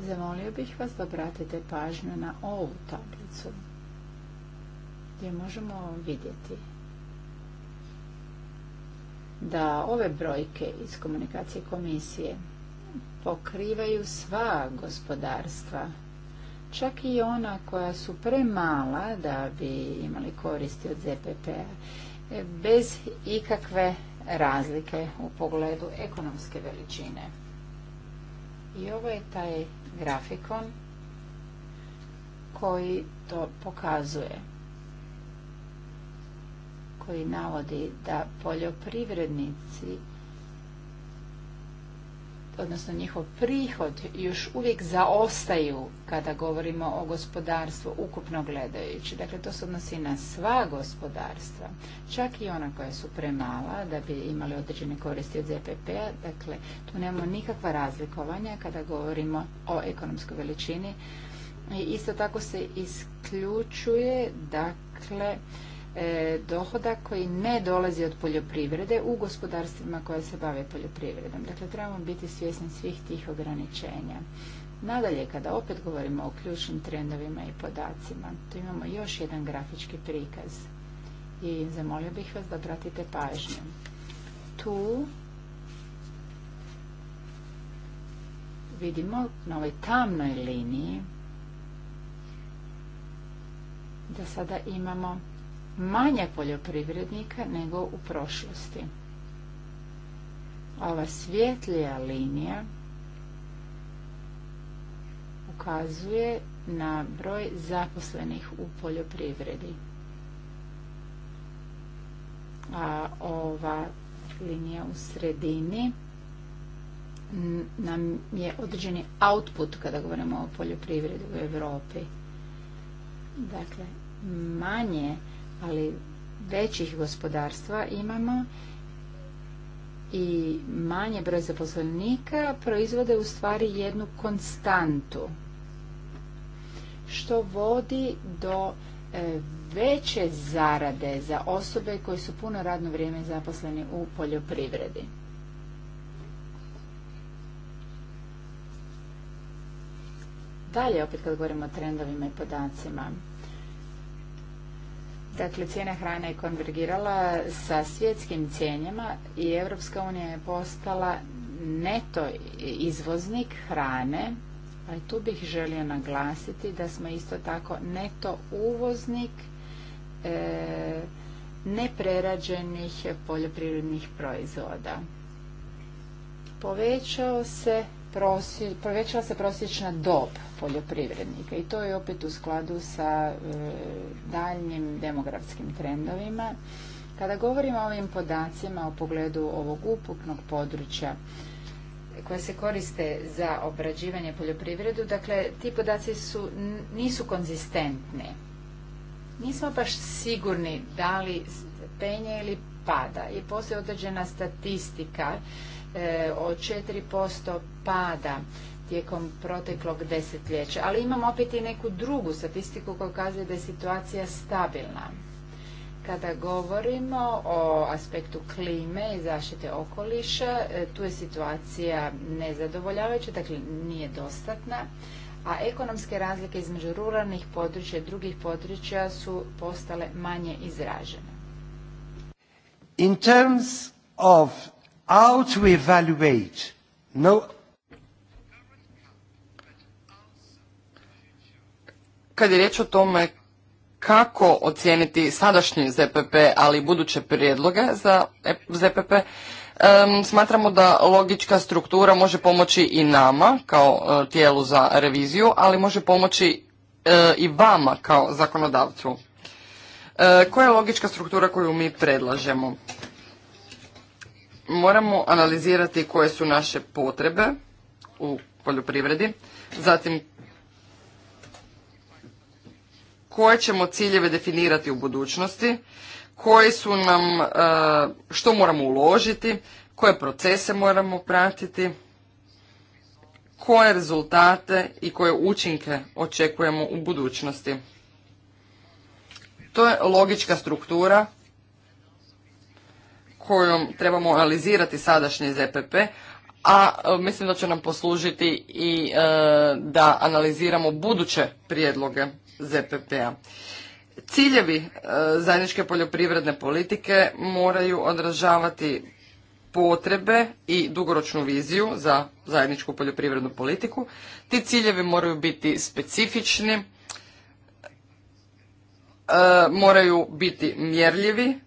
Zamolio bih vas da obratite pažnju na ovu tablicu gdje možemo vidjeti da ove brojke iz komunikacije komisije pokrivaju sva gospodarstva, čak i ona koja su premala da bi imali koristi od ZPP-a, bez ikakve razlike u pogledu ekonomske veličine. I ovo je taj grafikon koji to pokazuje koji navodi da poljoprivrednici odnosno njihov prihod još uvijek zaostaju kada govorimo o gospodarstvu ukupno gledajući. Dakle, to se odnosi na sva gospodarstva, čak i ona koja su premala da bi imali određene koristi od ZPP-a. Dakle, tu nemamo nikakva razlikovanja kada govorimo o ekonomskoj veličini. I isto tako se isključuje, dakle, E, dohodak koji ne dolazi od poljoprivrede u gospodarstvima koje se bave poljoprivredom. Dakle, trebamo biti svjesni svih tih ograničenja. Nadalje, kada opet govorimo o ključnim trendovima i podacima, tu imamo još jedan grafički prikaz i zamolio bih vas da pratite pažnju. Tu vidimo na ovoj tamnoj liniji da sada imamo manje poljoprivrednika nego u prošlosti. Ova svjetlija linija ukazuje na broj zaposlenih u poljoprivredi. A ova linija u sredini nam je određeni output kada govorimo o poljoprivredi u Europi. Dakle, manje ali većih gospodarstva imamo i manje broj zaposlenika proizvode u stvari jednu konstantu što vodi do e, veće zarade za osobe koji su puno radno vrijeme zaposleni u poljoprivredi. Dalje, opet kad govorimo o trendovima i podacima, Dakle, cijena hrane je konvergirala sa svjetskim cijenjama i Europska unija je postala neto izvoznik hrane, ali tu bih želio naglasiti da smo isto tako neto uvoznik e, neprerađenih poljoprivrednih proizvoda. Povećao se povećala se prosječna dob poljoprivrednika i to je opet u skladu sa e, daljnjim demografskim trendovima. Kada govorimo o ovim podacima o pogledu ovog upuknog područja koje se koriste za obrađivanje poljoprivredu, dakle ti podaci nisu konzistentni. Nismo baš sigurni da li penje ili pada i postoji određena statistika e, od 4% pada tijekom proteklog desetljeća. Ali imamo opet i neku drugu statistiku koja kaže da je situacija stabilna. Kada govorimo o aspektu klime i zaštite okoliša, e, tu je situacija nezadovoljavajuća, dakle nije dostatna, a ekonomske razlike između ruralnih područja i drugih područja su postale manje izražene. In terms of how to kad je riječ o tome kako ocijeniti sadašnji ZPP, ali i buduće prijedloge za ZPP, smatramo da logička struktura može pomoći i nama kao e, tijelu za reviziju, ali može pomoći e, i vama kao zakonodavcu. E, koja je logička struktura koju mi predlažemo? moramo analizirati koje su naše potrebe u poljoprivredi, zatim koje ćemo ciljeve definirati u budućnosti, koji su nam, e, što moramo uložiti, koje procese moramo pratiti, koje rezultate i koje učinke očekujemo u budućnosti. To je logička struktura kojom trebamo analizirati sadašnje ZPP, a e, mislim da će nam poslužiti i e, da analiziramo buduće prijedloge ZPP-a. Ciljevi e, zajedničke poljoprivredne politike moraju odražavati potrebe i dugoročnu viziju za zajedničku poljoprivrednu politiku. Ti ciljevi moraju biti specifični, moraju biti mjerljivi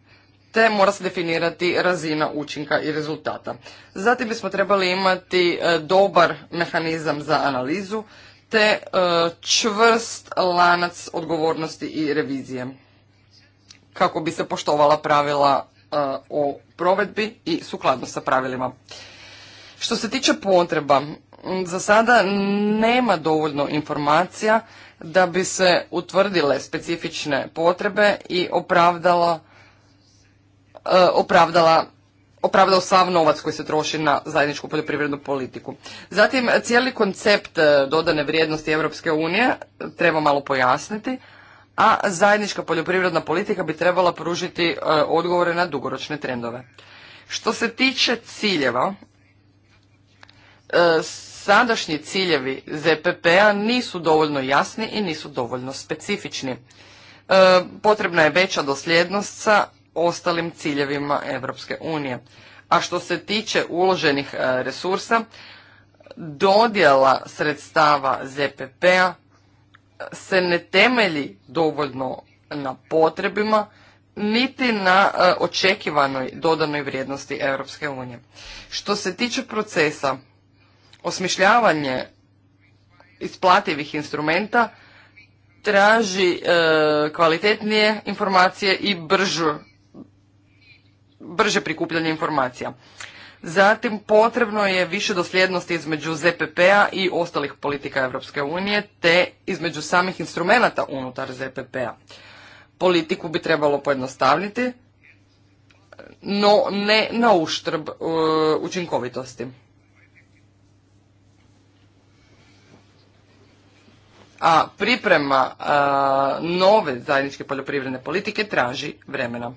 te mora se definirati razina učinka i rezultata. Zatim bismo trebali imati e, dobar mehanizam za analizu te e, čvrst lanac odgovornosti i revizije kako bi se poštovala pravila e, o provedbi i sukladno sa pravilima. Što se tiče potreba, za sada nema dovoljno informacija da bi se utvrdile specifične potrebe i opravdala E, opravdala opravdao sav novac koji se troši na zajedničku poljoprivrednu politiku. Zatim, cijeli koncept e, dodane vrijednosti Europske unije treba malo pojasniti, a zajednička poljoprivredna politika bi trebala pružiti e, odgovore na dugoročne trendove. Što se tiče ciljeva, sadašnji ciljevi ZPP-a nisu dovoljno jasni i nisu dovoljno specifični. Potrebna je veća dosljednost sa ostalim ciljevima Europske unije. A što se tiče uloženih e, resursa, dodjela sredstava ZPP-a e, se ne temelji dovoljno na potrebima, niti na e, očekivanoj dodanoj vrijednosti Europske unije. Što se tiče procesa, osmišljavanje isplativih instrumenta traži kvalitetnije informacije i bržu brže prikupljanje informacija. Zatim potrebno je više dosljednosti između ZPP-a i ostalih politika Europske unije te između samih instrumenata unutar ZPP-a. Politiku bi trebalo pojednostavniti, no ne na uštrb e, učinkovitosti. A priprema e, nove zajedničke poljoprivredne politike traži vremena.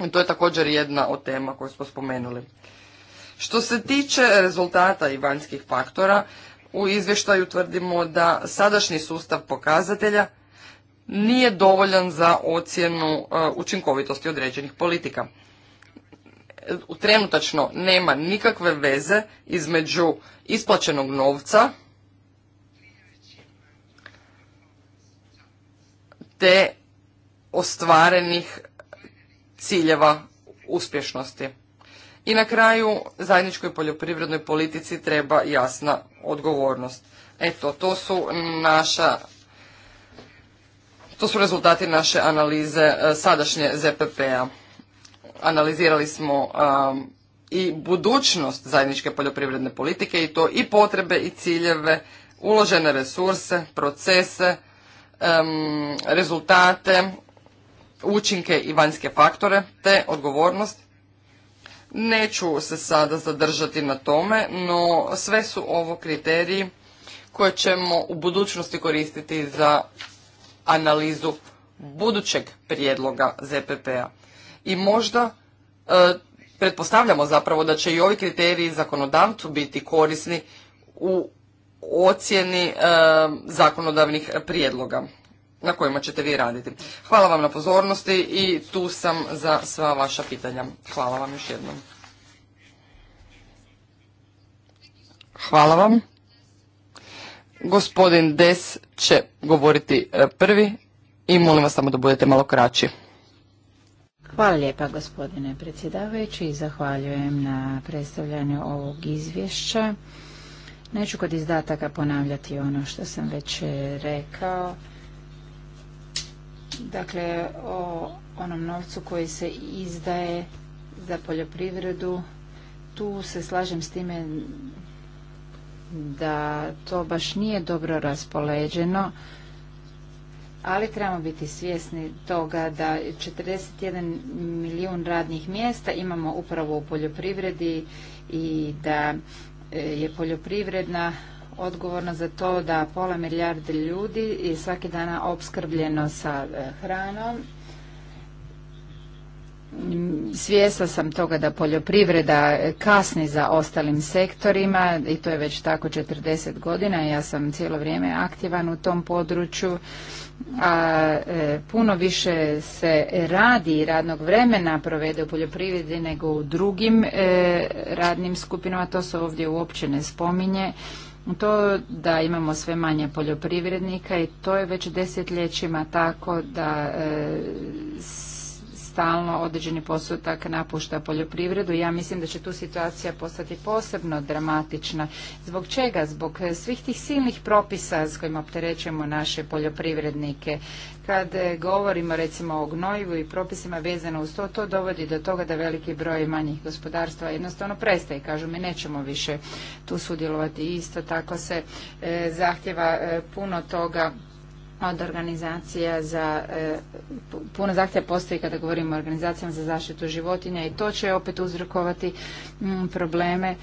I to je također jedna od tema koju smo spomenuli. Što se tiče rezultata i vanjskih faktora, u izvještaju tvrdimo da sadašnji sustav pokazatelja nije dovoljan za ocjenu e, učinkovitosti određenih politika. E, trenutačno nema nikakve veze između isplaćenog novca te ostvarenih ciljeva uspješnosti. I na kraju zajedničkoj poljoprivrednoj politici treba jasna odgovornost. Eto, to su naša to su rezultati naše analize e, sadašnje ZPP-a. Analizirali smo i budućnost zajedničke poljoprivredne politike i to i potrebe i ciljeve, uložene resurse, procese, rezultate, učinke i vanjske faktore te odgovornost. Neću se sada zadržati na tome, no sve su ovo kriteriji koje ćemo u budućnosti koristiti za analizu budućeg prijedloga ZPP-a. I možda e, pretpostavljamo zapravo da će i ovi kriteriji zakonodavcu biti korisni u ocjeni e, zakonodavnih prijedloga na kojima ćete vi raditi. Hvala vam na pozornosti i tu sam za sva vaša pitanja. Hvala vam još jednom. Hvala vam. Gospodin Des će govoriti e, prvi i molim vas samo da budete malo kraći. Hvala lijepa gospodine predsjedavajući i zahvaljujem na predstavljanju ovog izvješća. Neću kod izdataka ponavljati ono što sam već e, rekao. Dakle, o onom novcu koji se izdaje za poljoprivredu, tu se slažem s time da to baš nije dobro raspoleđeno, ali trebamo biti svjesni toga da 41 milijun radnih mjesta imamo upravo u poljoprivredi i da e, je poljoprivredna odgovorno za to da pola milijarde ljudi je svaki dana opskrbljeno sa e, hranom. Svjesna sam toga da poljoprivreda e, kasni za ostalim sektorima i to je već tako 40 godina. Ja sam cijelo vrijeme aktivan u tom području a e, puno više se radi i radnog vremena provede u poljoprivredi nego u drugim radnim skupinama, to se ovdje uopće ne spominje to da imamo sve manje poljoprivrednika i to je već desetljećima tako da e, stalno određeni postotak napušta poljoprivredu. Ja mislim da će tu situacija postati posebno dramatična. Zbog čega? Zbog svih tih silnih propisa s kojima opterećujemo naše poljoprivrednike. Kad govorimo recimo o gnojivu i propisima vezano uz to, to dovodi do toga da veliki broj manjih gospodarstva jednostavno prestaje. Kažu mi nećemo više tu sudjelovati. Isto tako se eh, zahtjeva eh, puno toga od organizacija za, e, puno zahtjeva postoji kada govorimo o organizacijama za zaštitu životinja i to će opet uzrokovati mm, probleme.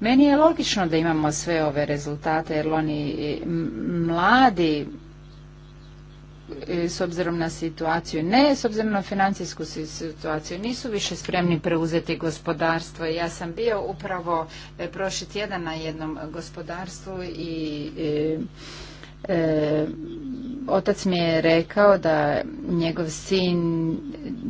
Meni je logično da imamo sve ove rezultate jer oni mladi e, s obzirom na situaciju, ne s obzirom na financijsku situaciju, nisu više spremni preuzeti gospodarstvo. Ja sam bio upravo e, prošli tjedan na jednom gospodarstvu i E, otac mi je rekao da njegov sin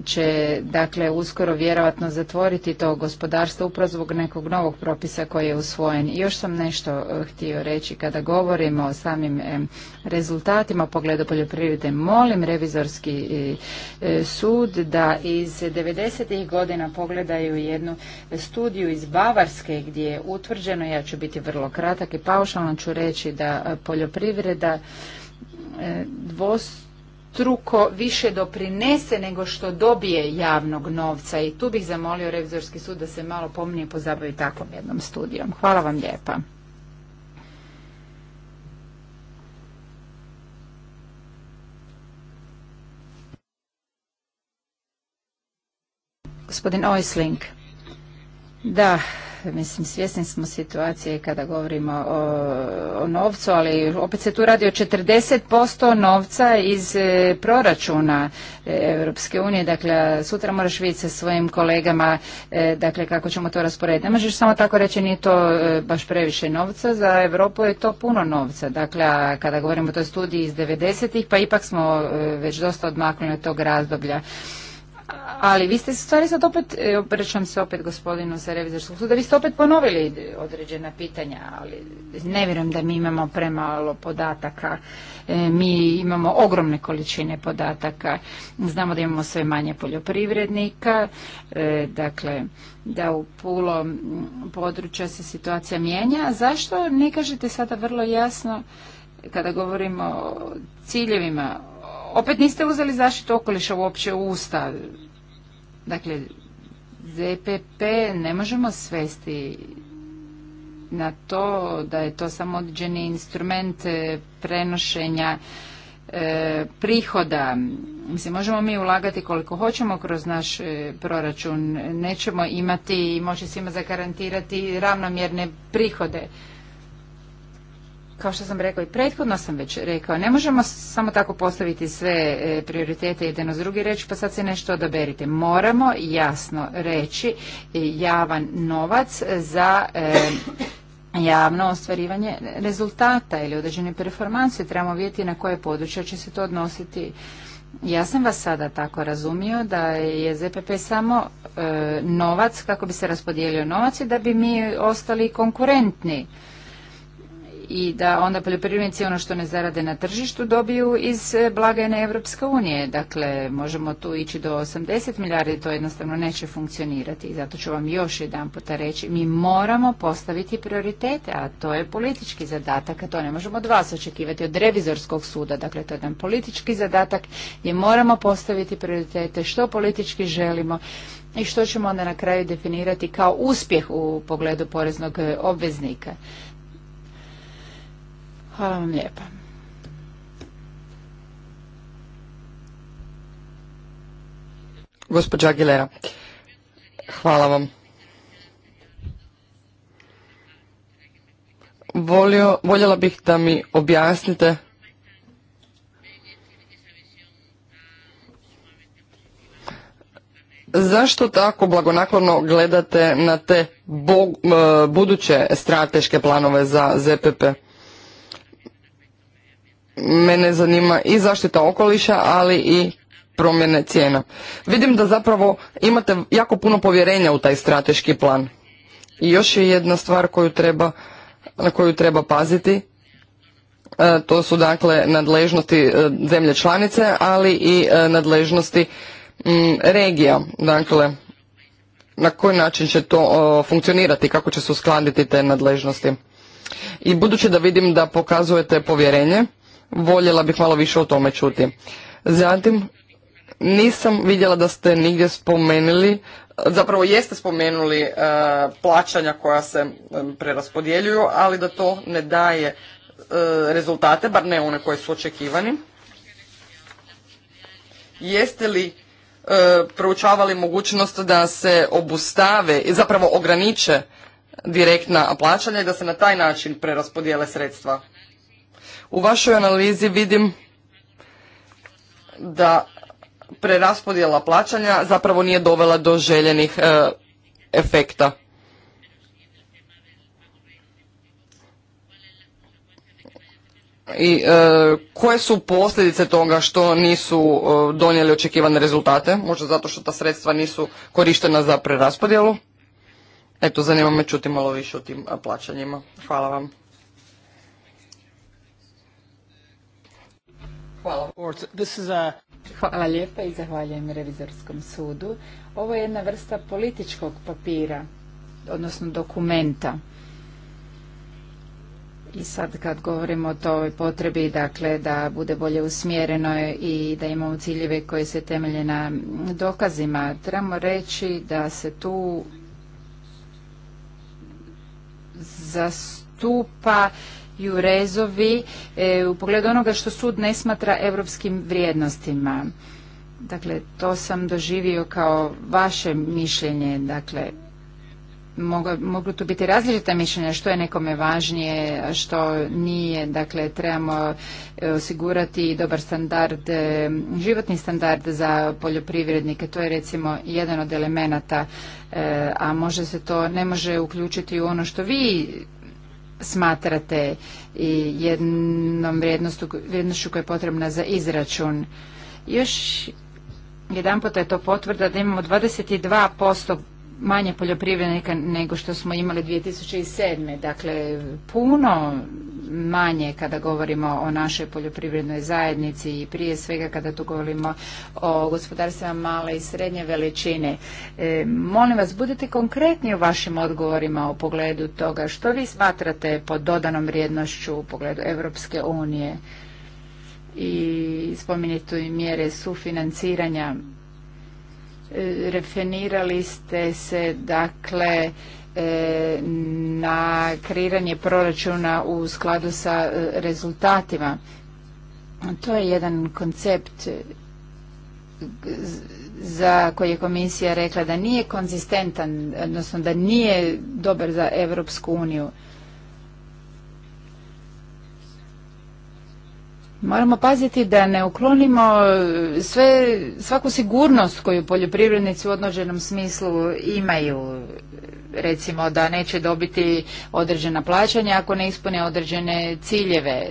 će dakle uskoro vjerojatno zatvoriti to gospodarstvo upravo zbog nekog novog propisa koji je usvojen. I još sam nešto e, htio reći kada govorimo o samim e, rezultatima u pogledu poljoprivrede. Molim revizorski sud da iz 90. godina pogledaju jednu studiju iz Bavarske gdje je utvrđeno, ja ću biti vrlo kratak i paušalno ću reći da poljoprivreda da e, dvostruko više doprinese nego što dobije javnog novca i tu bih zamolio Revizorski sud da se malo pomnije pozabavi takvom jednom studijom. Hvala vam lijepa. Gospodin Oisling. Da, mislim, svjesni smo situacije kada govorimo o, novcu, ali opet se tu radi o 40% novca iz e, proračuna e, Europske unije, dakle, sutra moraš vidjeti sa svojim kolegama, e, dakle, kako ćemo to rasporediti. Ne možeš samo tako reći, nije to baš previše novca, za Europu je to puno novca, dakle, kada govorimo o toj studiji iz 90-ih, pa ipak smo već dosta odmaknuli od tog razdoblja ali vi ste stvari sad opet, e, obraćam se opet gospodinu sa revizorskog suda, vi ste opet ponovili određena pitanja, ali ne vjerujem da mi imamo premalo podataka. E, mi imamo ogromne količine podataka. Znamo da imamo sve manje poljoprivrednika, e, dakle da u pulo područja se situacija mijenja. Zašto ne kažete sada vrlo jasno kada govorimo o ciljevima opet niste uzeli zaštitu okoliša uopće u usta. Dakle, ZPP ne možemo svesti na to da je to samo određeni instrument e, prenošenja e, prihoda. Mislim, možemo mi ulagati koliko hoćemo kroz naš e, proračun. Nećemo imati i moći svima zagarantirati ravnomjerne prihode. Kao što sam rekao i prethodno sam već rekao, ne možemo samo tako postaviti sve e, prioritete jedan uz drugi reći pa sad se nešto odaberite. Moramo jasno reći e, javan novac za e, javno ostvarivanje rezultata ili određene performanse. Trebamo vidjeti na koje područje će se to odnositi. Ja sam vas sada tako razumio da je ZPP samo novac kako bi se raspodijelio novac i da bi mi ostali konkurentni i da onda poljoprivrednici ono što ne zarade na tržištu dobiju iz e, blagajne Evropske unije. Dakle, možemo tu ići do 80 milijardi, to jednostavno neće funkcionirati. I zato ću vam još jedan puta reći, mi moramo postaviti prioritete, a to je politički zadatak, a to ne možemo od vas očekivati, od revizorskog suda. Dakle, to je jedan politički zadatak gdje moramo postaviti prioritete, što politički želimo, i što ćemo onda na kraju definirati kao uspjeh u pogledu poreznog e, obveznika. Hvala vam lijepa. Aguilera, hvala vam. Volio, voljela bih da mi objasnite Zašto tako blagonaklono gledate na te e, buduće strateške planove za ZPP? mene zanima i zaštita okoliša, ali i promjene cijena. Vidim da zapravo imate jako puno povjerenja u taj strateški plan. I još je jedna stvar koju treba, na koju treba paziti, e, to su dakle nadležnosti e, zemlje članice, ali i e, nadležnosti regija. Dakle, na koji način će to funkcionirati, kako će se uskladiti te nadležnosti. I budući da vidim da pokazujete povjerenje, voljela bih malo više o tome čuti. Zatim, nisam vidjela da ste nigdje spomenuli, zapravo jeste spomenuli e, plaćanja koja se e, preraspodjeljuju, ali da to ne daje e, rezultate, bar ne one koje su očekivani. Jeste li proučavali mogućnost da se obustave, zapravo ograniče direktna plaćanja i da se na taj način preraspodijele sredstva? U vašoj analizi vidim da preraspodjela plaćanja zapravo nije dovela do željenih e, efekta. I e, koje su posljedice toga što nisu e, donijeli očekivane rezultate? Možda zato što ta sredstva nisu korištena za preraspodjelu? Eto, zanima me čuti malo više o tim plaćanjima. Hvala vam. Hvala. Hvala lijepa i zahvaljujem Revizorskom sudu. Ovo je jedna vrsta političkog papira, odnosno dokumenta. I sad kad govorimo o toj potrebi, dakle, da bude bolje usmjereno i da imamo ciljeve koje se temelje na dokazima, trebamo reći da se tu zastupa ju rezovi e, u pogledu onoga što sud ne smatra europskim vrijednostima. Dakle, to sam doživio kao vaše mišljenje, dakle, mogu tu biti različita mišljenja što je nekome važnije, što nije. Dakle, trebamo e, osigurati dobar standard, e, životni standard za poljoprivrednike. To je recimo jedan od elemenata, a može se to, ne može uključiti u ono što vi smatrate i jednom vrijednošću koja je potrebna za izračun. Još jedan je to potvrda da imamo 22% manje poljoprivrednika nego što smo imali 2007. Dakle, puno manje kada govorimo o našoj poljoprivrednoj zajednici i prije svega kada tu govorimo o gospodarstvima male i srednje veličine. E, molim vas, budite konkretni u vašim odgovorima u pogledu toga što vi smatrate pod dodanom vrijednošću u pogledu Europske unije i spominjete i mjere sufinanciranja E, referirali ste se dakle e, na kreiranje proračuna u skladu sa e, rezultatima. To je jedan koncept za koji je komisija rekla da nije konzistentan, odnosno da nije dobar za Europsku uniju. Moramo paziti da ne uklonimo e, sve, svaku sigurnost koju poljoprivrednici u odnođenom smislu imaju. Recimo da neće dobiti određena plaćanja ako ne ispune određene ciljeve.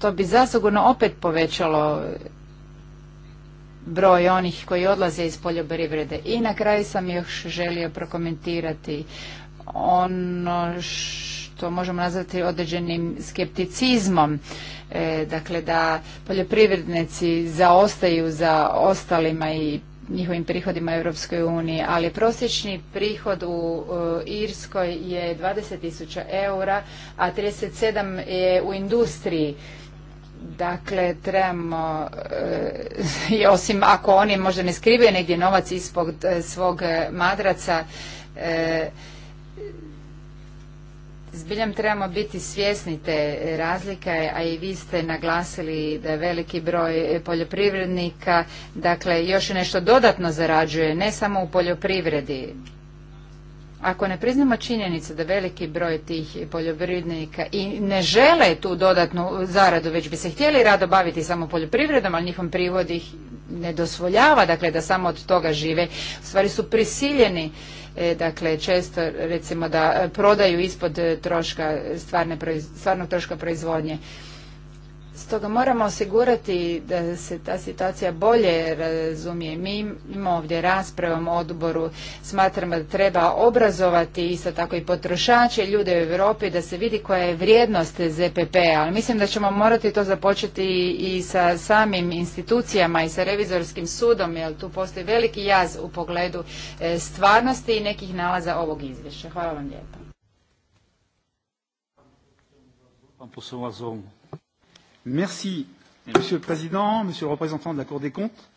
To bi zasigurno opet povećalo broj onih koji odlaze iz poljoprivrede. I na kraju sam još želio prokomentirati ono što to možemo nazvati određenim skepticizmom, e, dakle da poljoprivrednici zaostaju za ostalima i njihovim prihodima Europskoj uniji, ali prosječni prihod u e, Irskoj je 20.000 eura, a 37 je u industriji. Dakle, trebamo, e, (laughs) i osim ako oni možda ne skrivaju negdje novac ispod svog madraca, Zbiljam trebamo biti svjesni te razlike, a i vi ste naglasili da je veliki broj poljoprivrednika, dakle još i nešto dodatno zarađuje, ne samo u poljoprivredi. Ako ne priznamo činjenice da veliki broj tih poljoprivrednika i ne žele tu dodatnu zaradu, već bi se htjeli rado baviti samo poljoprivredom, ali njihov privod ih ne dosvoljava, dakle da samo od toga žive, u stvari su prisiljeni E, dakle često recimo da prodaju ispod troška, stvarne, stvarnog troška proizvodnje. Stoga moramo osigurati da se ta situacija bolje razumije. Mi imamo ovdje raspravom odboru, smatramo da treba obrazovati isto tako i potrošače, ljude u Europi da se vidi koja je vrijednost zpp ali mislim da ćemo morati to započeti i sa samim institucijama i sa revizorskim sudom, jer tu postoji veliki jaz u pogledu e, stvarnosti i nekih nalaza ovog izvješća. Hvala vam lijepa. Merci, Monsieur le Président, Monsieur le représentant de la Cour des comptes.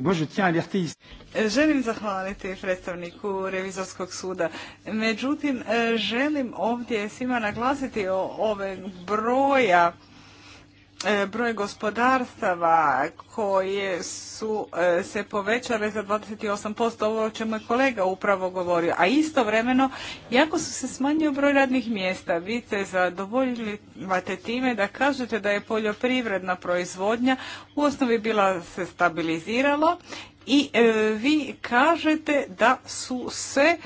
Moi, je tiens alerter ici. E, želim zahvaliti predstavniku revizorskog suda. Međutim, e, želim ovdje svima naglasiti ove broja E, broj gospodarstava koje su e, se povećale za 28%, ovo o čemu je kolega upravo govorio, a istovremeno jako su se smanjio broj radnih mjesta. Vi se zadovoljivate time da kažete da je poljoprivredna proizvodnja u osnovi bila se stabiliziralo i e, vi kažete da su se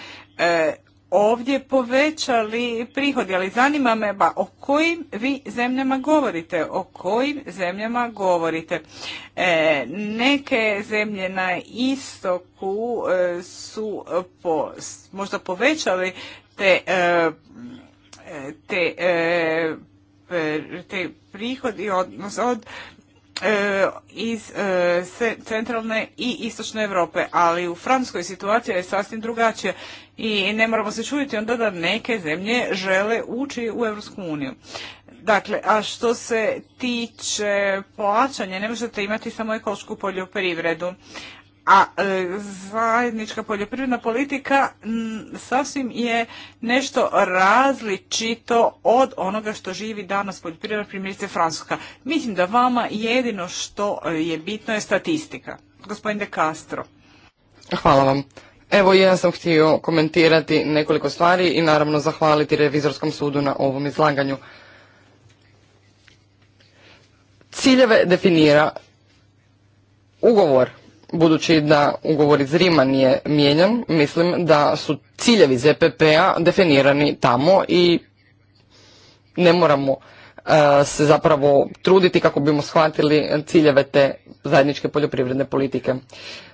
ovdje povećali prihodi, ali zanima me ba, o kojim vi zemljama govorite, o kojim zemljama govorite. E, neke zemlje na istoku e, su po, možda povećali te, e, e te, te prihodi odnosno od iz centralne i istočne Europe, ali u Francuskoj situacija je sasvim drugačija i ne moramo se čuditi onda da neke zemlje žele ući u Europsku uniju. Dakle, a što se tiče plaćanja, ne možete imati samo ekološku poljoprivredu. A e, zajednička poljoprivredna politika sasvim je nešto različito od onoga što živi danas poljoprivredna primjerice Francuska. Mislim da vama jedino što je bitno je statistika. Gospodin De Castro. Hvala vam. Evo ja sam htio komentirati nekoliko stvari i naravno zahvaliti revizorskom sudu na ovom izlaganju. Ciljeve definira ugovor. Budući da ugovor iz Rima nije mijenjan, mislim da su ciljevi ZPP-a definirani tamo i ne moramo e, se zapravo truditi kako bismo shvatili ciljeve te zajedničke poljoprivredne politike.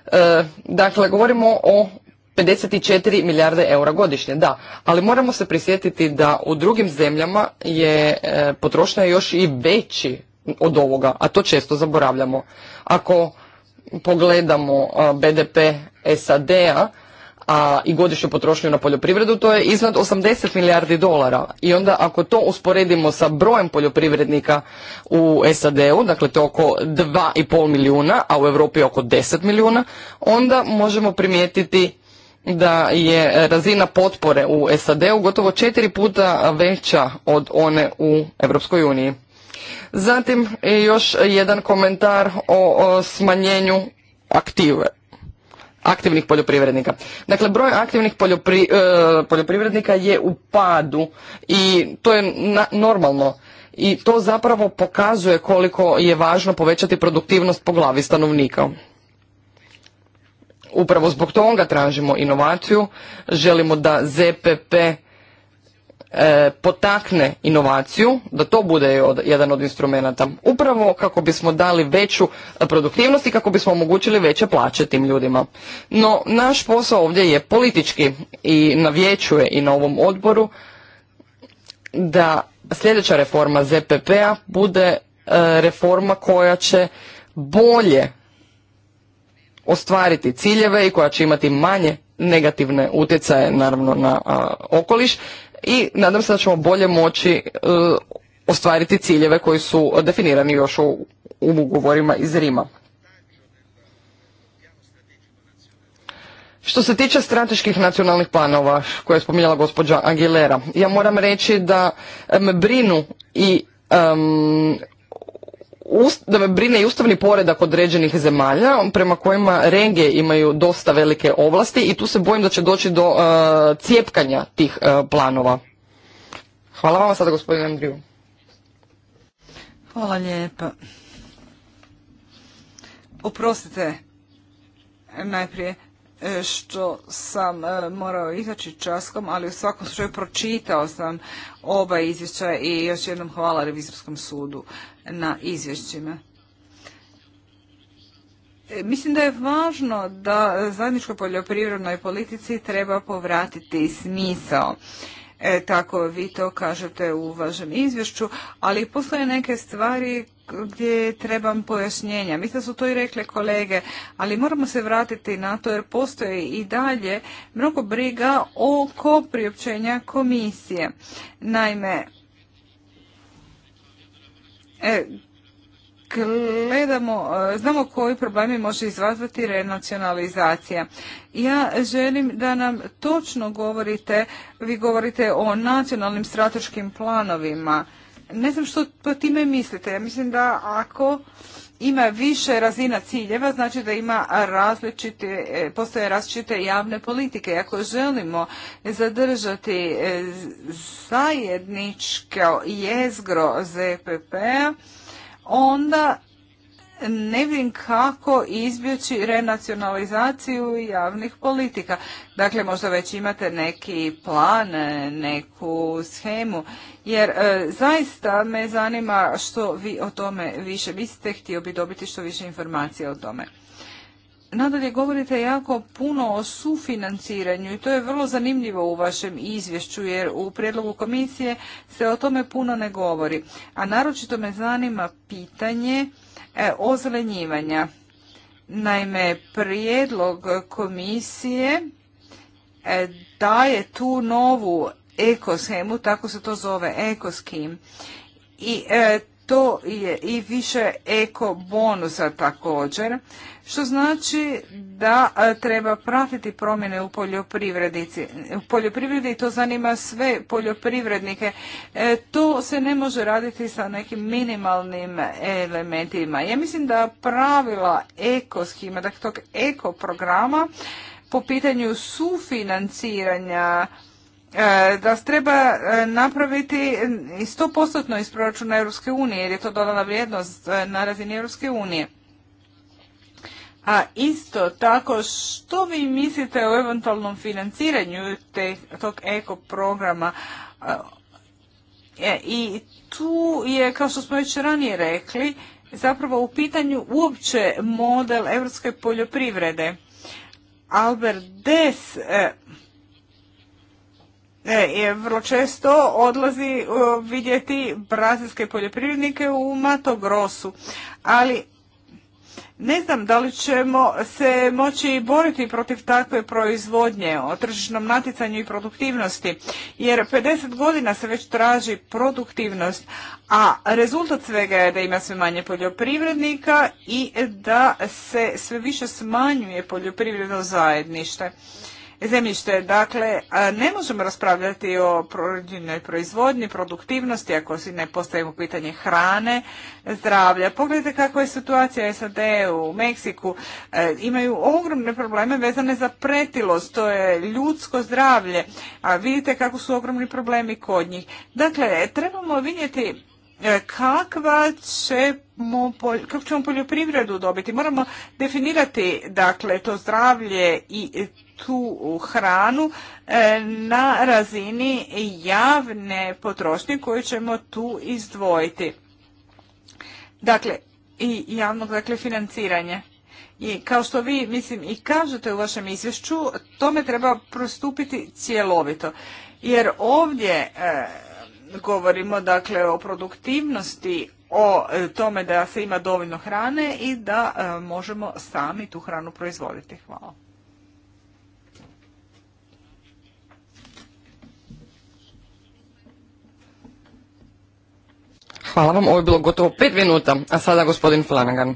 E, dakle, govorimo o 54 milijarde eura godišnje, da. Ali moramo se prisjetiti da u drugim zemljama je e, potrošnja još i veći od ovoga, a to često zaboravljamo. Ako pogledamo e, BDP SAD-a a, i godišnju potrošnju na poljoprivredu, to je iznad 80 milijardi dolara. I onda ako to usporedimo sa brojem poljoprivrednika u SAD-u, dakle to je oko 2,5 milijuna, a u Europi oko 10 milijuna, onda možemo primijetiti da je razina potpore u SAD-u gotovo četiri puta veća od one u EU. Zatim e, još jedan komentar o, smanjenju aktive aktivnih poljoprivrednika. Dakle, broj aktivnih e, poljoprivrednika je u padu i to je normalno i to zapravo pokazuje koliko je važno povećati produktivnost po glavi stanovnika. Upravo zbog toga tražimo inovaciju, želimo da ZPP e, potakne inovaciju, da to bude jedan od instrumenata. Upravo kako bismo dali veću produktivnost i kako bismo omogućili veće plaće tim ljudima. No, naš posao ovdje je politički i je i na ovom odboru da sljedeća reforma ZPP-a bude e, reforma koja će bolje ostvariti ciljeve i koja će imati manje negativne utjecaje naravno na okoliš i nadam se da ćemo bolje moći e, ostvariti ciljeve koji su definirani još u, ugovorima iz Rima. Što se tiče strateških nacionalnih planova koje je spominjala gospođa Aguilera, ja moram reći da me brinu i da me brine i ustavni poredak određenih zemalja prema kojima renge imaju dosta velike ovlasti i tu se bojim da će doći do uh, cijepkanja tih uh, planova. Hvala vam sada gospodine Andriju. Hvala lijepa. Oprostite najprije E, što sam e, morao izaći časkom, ali u svakom slučaju pročitao sam oba izvješća i još jednom hvala Revizorskom sudu na izvješćima. E, mislim da je važno da zajedničkoj poljoprivrednoj politici treba povratiti smisao. tako vi to kažete u vašem izvješću, ali postoje neke stvari gdje trebam pojašnjenja. Mislim da su to i rekle kolege, ali moramo se vratiti na to jer postoji i dalje mnogo briga oko priopćenja komisije. Naime, e, gledamo, e, znamo koji problemi može izazvati renacionalizacija. Ja želim da nam točno govorite, vi govorite o nacionalnim strateškim planovima ne znam što po time mislite. Ja mislim da ako ima više razina ciljeva, znači da ima različite, e, postoje različite javne politike. Ako želimo zadržati e, zajedničko jezgro ZPP-a, onda ne vidim kako izbjeći renacionalizaciju javnih politika. Dakle, možda već imate neki plan, neku schemu, jer e, zaista me zanima što vi o tome više mislite, htio bi dobiti što više informacija o tome. Nadalje, govorite jako puno o sufinanciranju i to je vrlo zanimljivo u vašem izvješću jer u prijedlogu komisije se o tome puno ne govori. A naročito me zanima pitanje E, Ozlenjivanja. Naime, prijedlog komisije e, daje tu novu ekoshemu, tako se to zove ekoskim. I e, to je i više eko bonusa također, što znači da e, treba pratiti promjene u poljoprivrednici. U poljoprivredi to zanima sve poljoprivrednike. E, to se ne može raditi sa nekim minimalnim elementima. Ja mislim da pravila eko schema, dakle tog eko programa po pitanju sufinanciranja E, da se treba e, napraviti i postotno iz proračuna Europske unije, jer je to dodana vrijednost e, na razini Europske unije. A isto tako, što vi mislite o eventualnom financiranju te, tog eko programa? I tu je, kao što smo već ranije rekli, zapravo u pitanju uopće model europske poljoprivrede. Albert Des E, je vrlo često odlazi e, vidjeti brazilske poljoprivrednike u Mato Grosu. Ali ne znam da li ćemo se moći boriti protiv takve proizvodnje o tržišnom natjecanju i produktivnosti, jer 50 godina se već traži produktivnost, a rezultat svega je da ima sve manje poljoprivrednika i da se sve više smanjuje poljoprivredno zajednište zemljište. Dakle, ne možemo raspravljati o prođenoj proizvodnji, produktivnosti, ako si ne postavimo pitanje hrane, zdravlja. Pogledajte kako je situacija SAD u Meksiku. E, imaju ogromne probleme vezane za pretilost, to je ljudsko zdravlje, a vidite kako su ogromni problemi kod njih. Dakle, trebamo vidjeti e, kakva ćemo, kako ćemo poljoprivredu dobiti. Moramo definirati dakle to zdravlje i tu hranu e, na razini javne potrošnje koju ćemo tu izdvojiti. Dakle, i javnog dakle, financiranje. I kao što vi mislim i kažete u vašem izvješću, tome treba prostupiti cjelovito. Jer ovdje e, govorimo dakle o produktivnosti, o e, tome da se ima dovoljno hrane i da možemo sami tu hranu proizvoditi. Hvala. Hvala vam, ovo je bilo gotovo pet minuta, a sada gospodin Flanagan.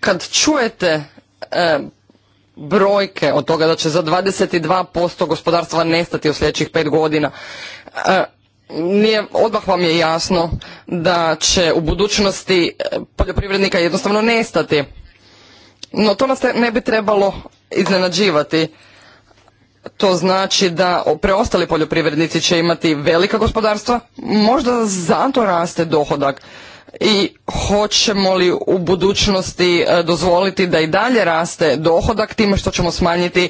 Kad čujete e, brojke od toga da će za 22% gospodarstva nestati u sljedećih pet godina, e, nije, odmah vam je jasno da će u budućnosti e, poljoprivrednika jednostavno nestati. No to nas ne bi trebalo iznenađivati to znači da preostali poljoprivrednici će imati velika gospodarstva, možda zato raste dohodak i hoćemo li u budućnosti e, dozvoliti da i dalje raste dohodak time što ćemo smanjiti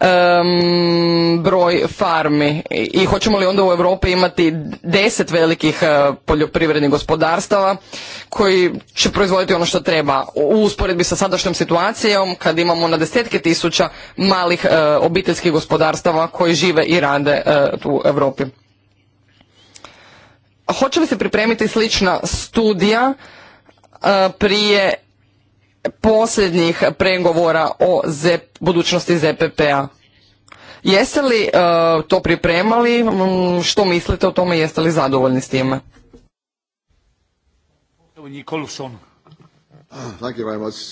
um, broj farmi i hoćemo li onda u Europi imati deset velikih e, poljoprivrednih gospodarstava koji će proizvoditi ono što treba u usporedbi sa sadašnjom situacijom kad imamo na desetke tisuća malih uh, obiteljskih gospodarstava koji žive i rade e, u Europi. Hoće li se pripremiti slična studija prije posljednjih pregovora o budućnosti ZPP-a. Jeste li e, to pripremali? Mm, što mislite o tome? Jeste li zadovoljni s time?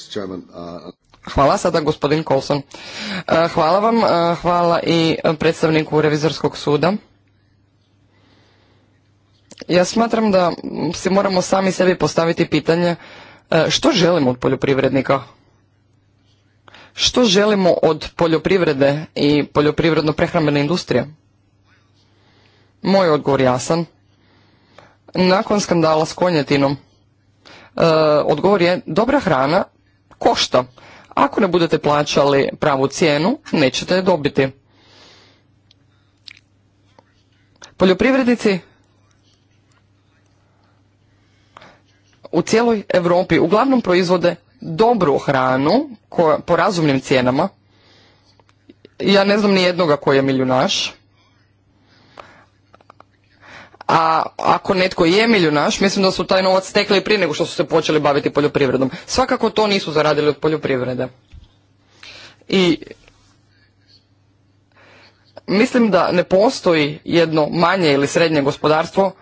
Uh, hvala sada gospodin Kolson. E, hvala vam, e, hvala i predstavniku Revizorskog suda. Ja smatram da si moramo sami sebi postaviti pitanje E, što želimo od poljoprivrednika? Što želimo od poljoprivrede i poljoprivredno-prehrambene industrije? Moj odgovor jasan. Nakon skandala s konjetinom, e, odgovor je dobra hrana košta. Ako ne budete plaćali pravu cijenu, nećete je dobiti. Poljoprivrednici u cijeloj Europi uglavnom proizvode dobru hranu po razumnim cijenama. Ja ne znam ni jednoga koji je milijunaš. A ako netko je milijunaš, mislim da su taj novac stekli prije nego što su se počeli baviti poljoprivredom. Svakako to nisu zaradili od poljoprivrede. I mislim da ne postoji jedno manje ili srednje gospodarstvo,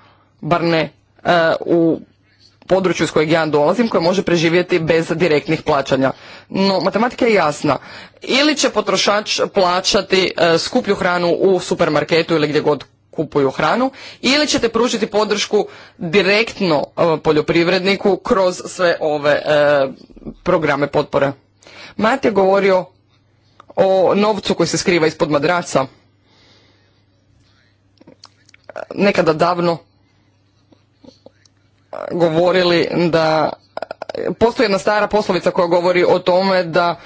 bar ne e, u području iz kojeg ja dolazim koje može preživjeti bez direktnih plaćanja. No, matematika je jasna. Ili će potrošač plaćati e, skuplju hranu u supermarketu ili gdje god kupuju hranu ili ćete pružiti podršku direktno e, poljoprivredniku kroz sve ove e, programe potpore. Mat je govorio o novcu koji se skriva ispod madraca. Nekada davno govorili da postoji jedna stara poslovica koja govori o tome da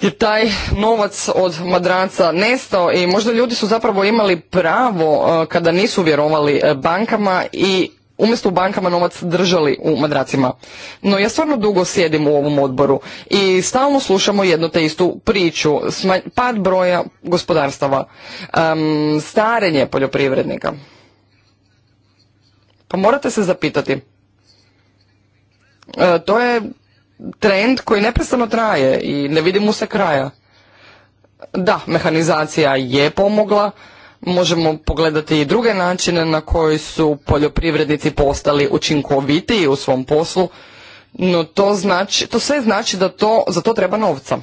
je taj novac od madranca nestao i možda ljudi su zapravo imali pravo e, kada nisu vjerovali e, bankama i umjesto bankama novac držali u madracima. No ja stvarno dugo sjedim u ovom odboru i stalno slušamo jednu te istu priču, pad broja gospodarstava, starenje poljoprivrednika. Pa morate se zapitati. E, to je trend koji neprestano traje i ne vidi mu se kraja. Da, mehanizacija je pomogla, možemo pogledati i druge načine na koji su poljoprivrednici postali učinkovitiji u svom poslu, no to, znači, to sve znači da to, za to treba novca.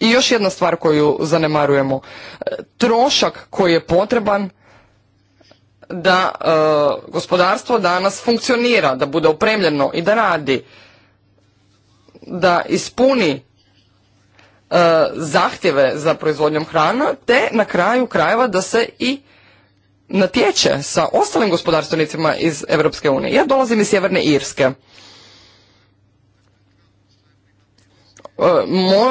I još jedna stvar koju zanemarujemo. E, trošak koji je potreban da e, gospodarstvo danas funkcionira, da bude opremljeno i da radi, da ispuni e, zahtjeve za proizvodnjom hrana, te na kraju krajeva da se i natječe sa ostalim gospodarstvenicima iz Europske unije. Ja dolazim iz Sjeverne Irske. E,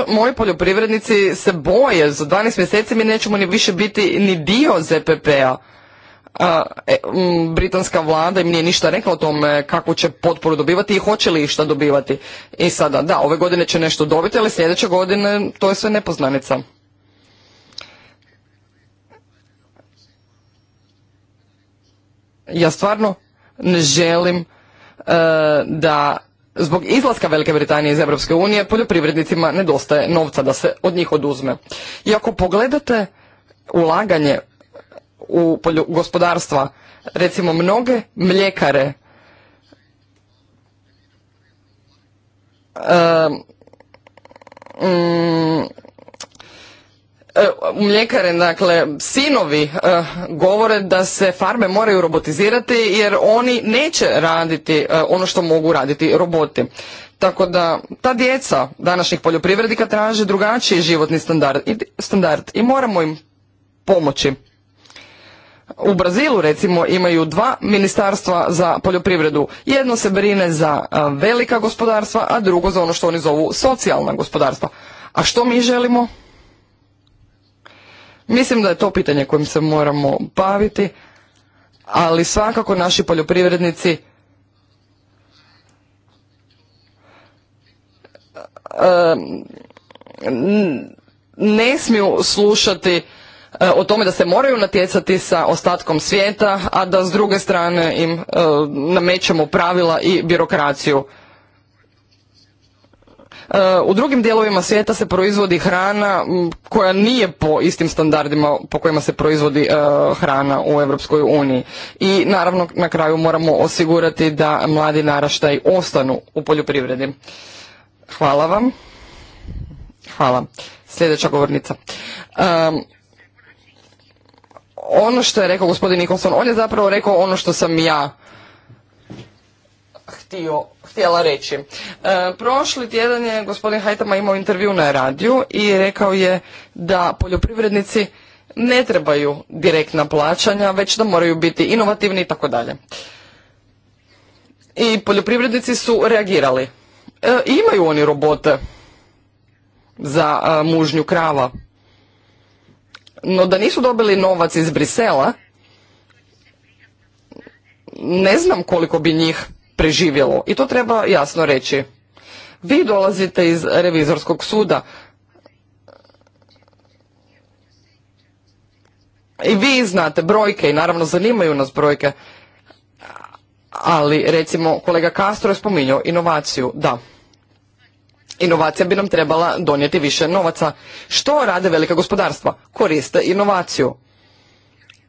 moji poljoprivrednici se boje, za 12 mjeseci mi nećemo ni više biti ni dio ZPP-a. E, britanska vlada im nije ništa rekla o tome kako će potporu dobivati i hoće li išta dobivati. I sada, da, ove godine će nešto dobiti, ali sljedeće godine to je sve nepoznanica. Ja stvarno ne želim e, da zbog izlaska Velike Britanije iz Europske unije poljoprivrednicima nedostaje novca da se od njih oduzme. I ako pogledate ulaganje u gospodarstva. Recimo mnoge mljekare mm, e, mljekare, dakle, sinovi eh, govore da se farme moraju robotizirati jer oni neće raditi eh, ono što mogu raditi roboti. Tako da ta djeca današnjih poljoprivrednika traže drugačiji životni standard i moramo im pomoći u Brazilu recimo imaju dva ministarstva za poljoprivredu. Jedno se brine za e, velika gospodarstva, a drugo za ono što oni zovu socijalna gospodarstva. A što mi želimo? Mislim da je to pitanje kojim se moramo baviti, ali svakako naši poljoprivrednici e, ne smiju slušati E, o tome da se moraju natjecati sa ostatkom svijeta, a da s druge strane im e, namećemo pravila i birokraciju. E, u drugim dijelovima svijeta se proizvodi hrana koja nije po istim standardima po kojima se proizvodi hrana u Europskoj uniji. I naravno na kraju moramo osigurati da mladi naraštaj ostanu u poljoprivredi. Hvala vam. Hvala. Sljedeća govornica ono što je rekao gospodin Nikolson, on je zapravo rekao ono što sam ja htio, htjela reći. E, prošli tjedan je gospodin Hajtama imao intervju na radiju i rekao je da poljoprivrednici ne trebaju direktna plaćanja, već da moraju biti inovativni i tako dalje. I poljoprivrednici su reagirali. E, imaju oni robote za e, mužnju krava. No da nisu dobili novac iz Brisela, ne znam koliko bi njih preživjelo i to treba jasno reći. Vi dolazite iz revizorskog suda i vi znate brojke i naravno zanimaju nas brojke, ali recimo kolega Castro je spominjao inovaciju, da inovacija bi nam trebala donijeti više novaca. Što rade velika gospodarstva? Koriste inovaciju.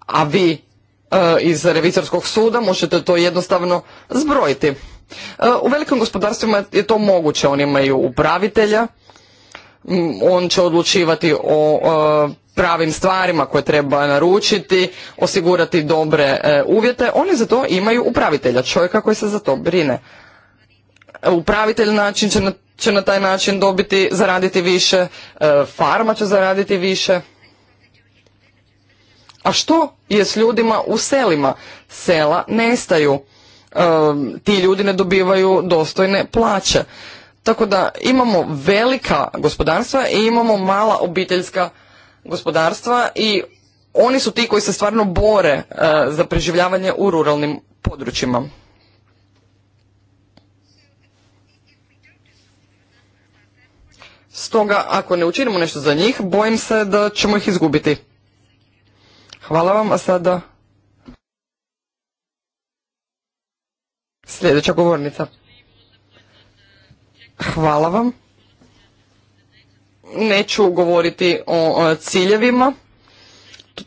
A vi e, iz revizorskog suda možete to jednostavno zbrojiti. E, u velikim gospodarstvima je to moguće, oni imaju upravitelja, on će odlučivati o e, pravim stvarima koje treba naručiti, osigurati dobre uvjete, oni za to imaju upravitelja, čovjeka koji se za to brine upravitelj način će na, na taj način dobiti, zaraditi više, e, farma će zaraditi više. A što je s ljudima u selima? Sela nestaju. E, ti ljudi ne dobivaju dostojne plaće. Tako da imamo velika gospodarstva i imamo mala obiteljska gospodarstva i oni su ti koji se stvarno bore e, za preživljavanje u ruralnim područjima. Stoga, ako ne učinimo nešto za njih, bojim se da ćemo ih izgubiti. Hvala vam, a sada... Sljedeća govornica. Hvala vam. Neću govoriti o ciljevima,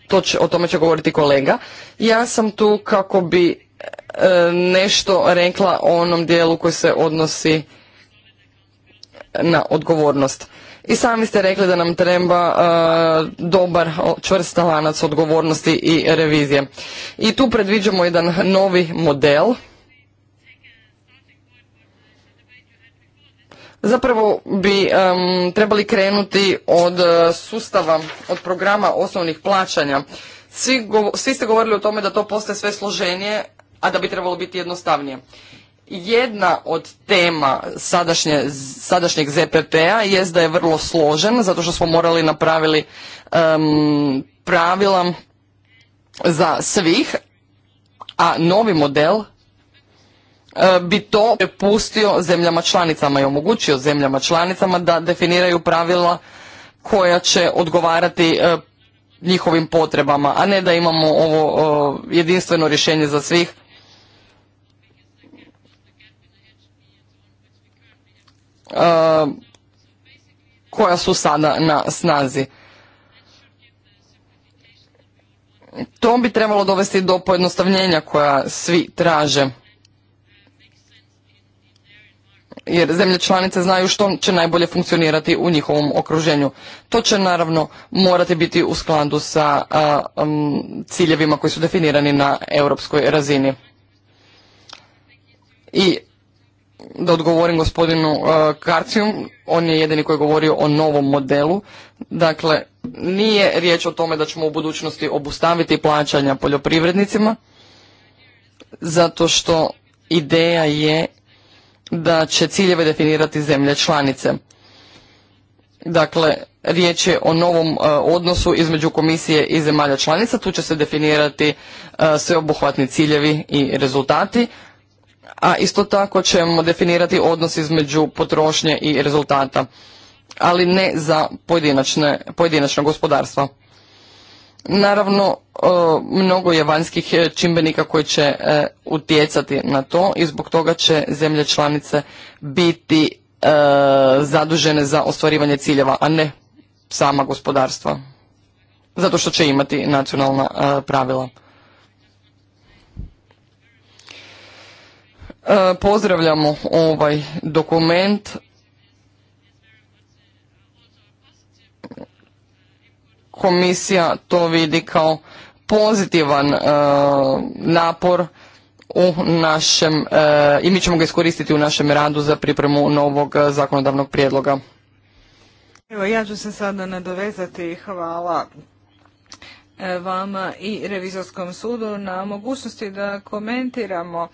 to o tome će govoriti kolega. Ja sam tu kako bi e, nešto rekla o onom dijelu koji se odnosi na odgovornost. I sami ste rekli da nam treba e, dobar čvrst lanac odgovornosti i revizije. I tu predviđamo jedan novi model. Zapravo bi trebali krenuti od e, sustava, od programa osnovnih plaćanja. svi ste govorili o tome da to postaje sve složenije, a da bi trebalo biti jednostavnije jedna od tema sadašnje, sadašnjeg ZPP-a jest da je vrlo složen, zato što smo morali napravili um, pravila za svih, a novi model e, bi to prepustio zemljama članicama i omogućio zemljama članicama da definiraju pravila koja će odgovarati e, njihovim potrebama, a ne da imamo ovo e, jedinstveno rješenje za svih Ehm, koja su sada na snazi. To bi trebalo dovesti do pojednostavljenja koja svi traže. Jer zemlje članice znaju što će najbolje funkcionirati u njihovom okruženju. To će naravno morati biti u skladu sa ciljevima koji su definirani na europskoj razini. I da odgovorim gospodinu e, Karciju, on je jedini koji je govorio o novom modelu. Dakle, nije riječ o tome da ćemo u budućnosti obustaviti plaćanja poljoprivrednicima, zato što ideja je da će ciljeve definirati zemlje članice. Dakle, riječ je o novom e, odnosu između komisije i zemalja članica. Tu će se definirati e, sveobuhvatni ciljevi i rezultati a isto tako ćemo definirati odnos između potrošnje i rezultata, ali ne za pojedinačno pojedinačna gospodarstva. Naravno, e, mnogo je vanjskih čimbenika koji će e, utjecati na to i zbog toga će zemlje članice biti e, zadužene za ostvarivanje ciljeva, a ne sama gospodarstva, zato što će imati nacionalna pravila. E, pozdravljamo ovaj dokument komisija to vidi kao pozitivan e, napor u našem e, i mi ćemo ga iskoristiti u našem radu za pripremu novog zakonodavnog prijedloga. Evo ja ću se sada nadovezati hvala vama i revizorskom sudu na mogućnosti da komentiramo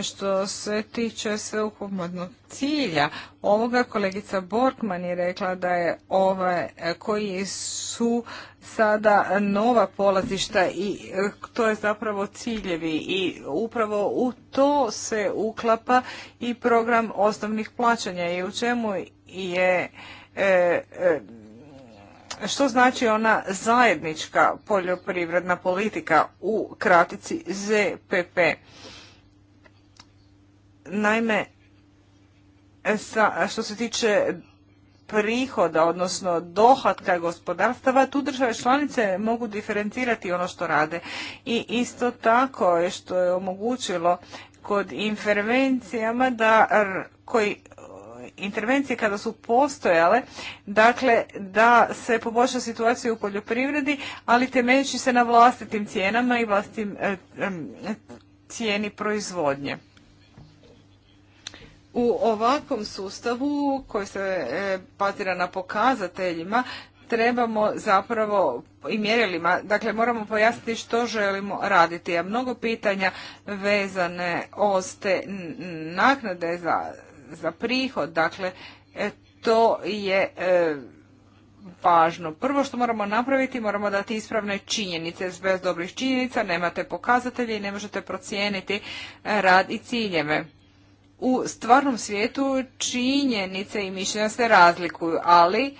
što se tiče sveukupnog cilja, ovoga kolegica Borkman je rekla da je ove ovaj, koji su sada nova polazišta i to je zapravo ciljevi i upravo u to se uklapa i program osnovnih plaćanja i u čemu je e, e, što znači ona zajednička poljoprivredna politika u kratici ZPP. Naime, sa, što se tiče prihoda, odnosno dohotka gospodarstava, tu države članice mogu diferencirati ono što rade. I isto tako je što je omogućilo kod intervencijama da koji intervencije kada su postojale, dakle da se poboljša situacija u poljoprivredi, ali temeljeći se na vlastitim cijenama i vlastitim cijeni proizvodnje. U ovakvom sustavu koji se e, bazira na pokazateljima trebamo zapravo i mjerilima, dakle moramo pojasniti što želimo raditi. A mnogo pitanja vezane uz te naknade za, za prihod, dakle e, to je e, važno. Prvo što moramo napraviti, moramo dati ispravne činjenice. Bez dobrih činjenica nemate pokazatelje i ne možete procijeniti rad i ciljeve u stvarnom svijetu činjenice i mišljenja se razlikuju, ali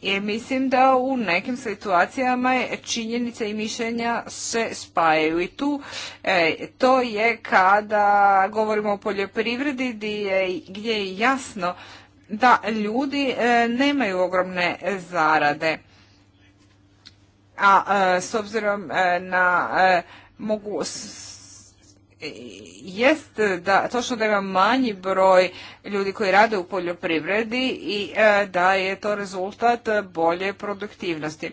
je mislim da u nekim situacijama činjenice i mišljenja se spajaju i tu e, to je kada govorimo o poljoprivredi gdje, gdje je jasno da ljudi e, nemaju ogromne zarade a e, s obzirom na mogu jest da točno da ima manji broj ljudi koji rade u poljoprivredi i e, da je to rezultat bolje produktivnosti.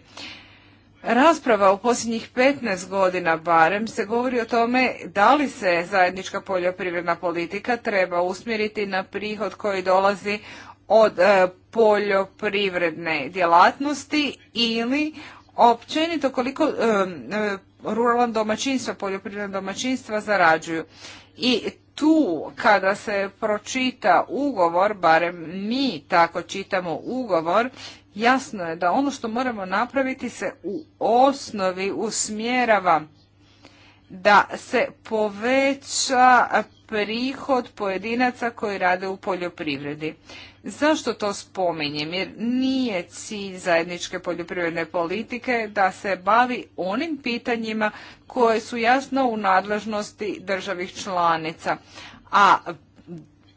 Rasprava u posljednjih 15 godina barem se govori o tome da li se zajednička poljoprivredna politika treba usmjeriti na prihod koji dolazi od e, poljoprivredne djelatnosti ili općenito koliko e, ruralna domaćinstva, poljoprivredna domaćinstva zarađuju. I tu kada se pročita ugovor, barem mi tako čitamo ugovor, jasno je da ono što moramo napraviti se u osnovi usmjerava da se poveća prihod pojedinaca koji rade u poljoprivredi. Zašto to spominjem? Jer nije cilj zajedničke poljoprivredne politike da se bavi onim pitanjima koje su jasno u nadležnosti državih članica. A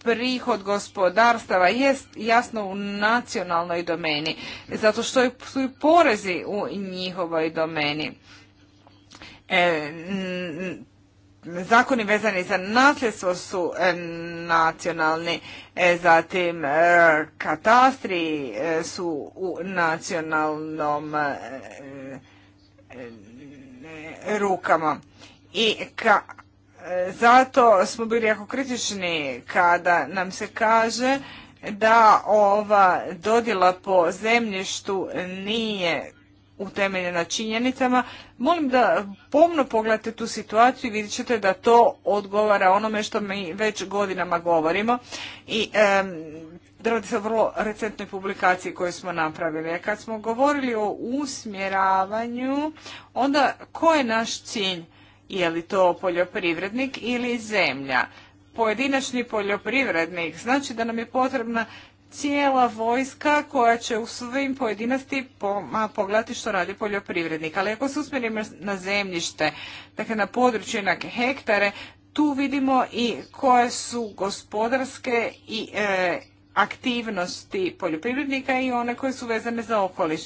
prihod gospodarstava jest jasno u nacionalnoj domeni, zato što su i porezi u njihovoj domeni. E, zakoni vezani za nasljedstvo su e, nacionalni, e, zatim e, katastri su u nacionalnom rukama. I zato smo bili jako kritični kada nam se kaže da ova dodjela po zemljištu nije utemeljena činjenicama. Molim da pomno pogledate tu situaciju i vidjet ćete da to odgovara onome što mi već godinama govorimo i da radi se o vrlo recentnoj publikaciji koju smo napravili. Kad smo govorili o usmjeravanju, onda ko je naš cilj? Je li to poljoprivrednik ili zemlja? Pojedinačni poljoprivrednik znači da nam je potrebna cijela vojska koja će u svim pojedinosti pogledati što radi poljoprivrednik. Ali ako se usmjerimo na zemljište, dakle na područje jednake hektare, tu vidimo i koje su gospodarske i e, aktivnosti poljoprivrednika i one koje su vezane za okoliš.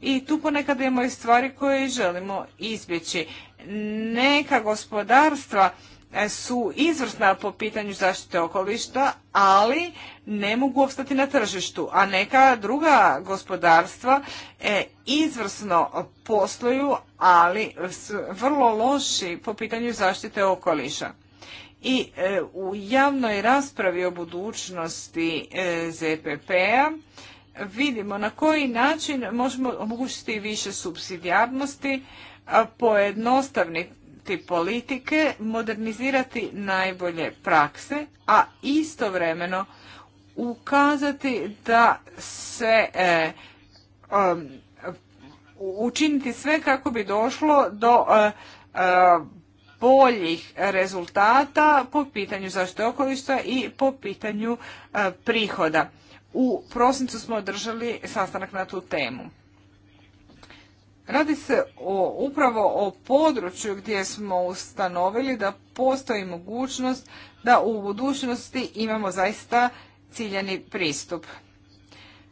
I tu ponekad imamo i stvari koje želimo izbjeći. Neka gospodarstva E, su izvrsna po pitanju zaštite okolišta, ali ne mogu opstati na tržištu, a neka druga gospodarstva e, izvrsno posluju, ali vrlo loši po pitanju zaštite okoliša. I e, u javnoj raspravi o budućnosti ZPP-a vidimo na koji način možemo omogućiti više subsidijarnosti, pojednostavniti politike, modernizirati najbolje prakse, a istovremeno ukazati da se e, um, učiniti sve kako bi došlo do e, e, boljih rezultata po pitanju zaštite okolišta i po pitanju prihoda. U prosincu smo održali sastanak na tu temu. Radi se o, upravo o području gdje smo ustanovili da postoji mogućnost da u budućnosti imamo zaista ciljani pristup.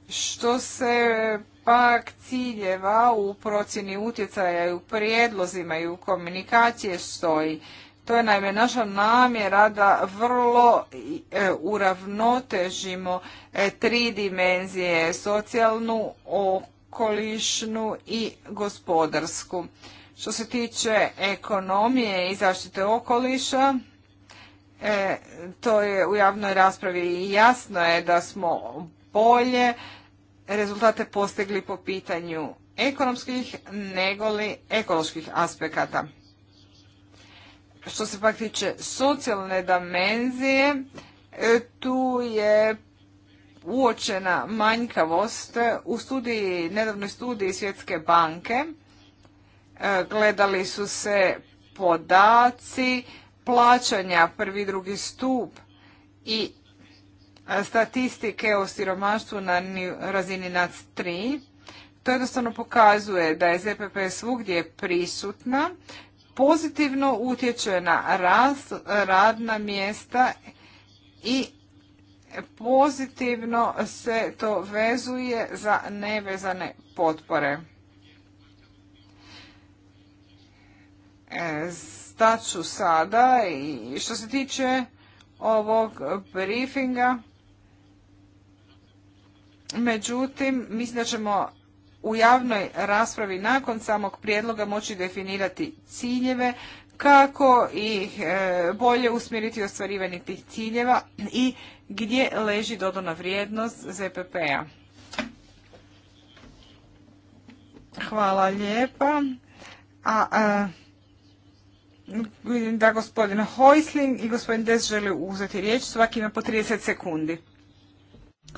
Što se pak ciljeva u procjeni utjecaja i u prijedlozima i u komunikacije stoji. To je naime naša namjera da vrlo e, uravnotežimo e, tri dimenzije, socijalnu, okolišnu i gospodarsku. Što se tiče ekonomije i zaštite okoliša, e, to je u javnoj raspravi i jasno je da smo bolje rezultate postigli po pitanju ekonomskih negoli ekoloških aspekata. Što se pak tiče socijalne dimenzije, e, tu je uočena manjkavost u studiji, nedavnoj studiji Svjetske banke. E, gledali su se podaci plaćanja prvi drugi stup i e, statistike o siromaštvu na razini NAC3. To jednostavno pokazuje da je ZPP svugdje prisutna, pozitivno utječe na rast, radna mjesta i pozitivno se to vezuje za nevezane potpore. E, Staću sada i što se tiče ovog briefinga, međutim, mislim da ćemo u javnoj raspravi nakon samog prijedloga moći definirati ciljeve kako ih e, bolje usmjeriti ostvarivanje tih ciljeva i gdje leži dodana vrijednost ZPP-a. Hvala lijepa. A, a, vidim da gospodin Hojsling i gospodin Des želi uzeti riječ. Svaki ima po 30 sekundi.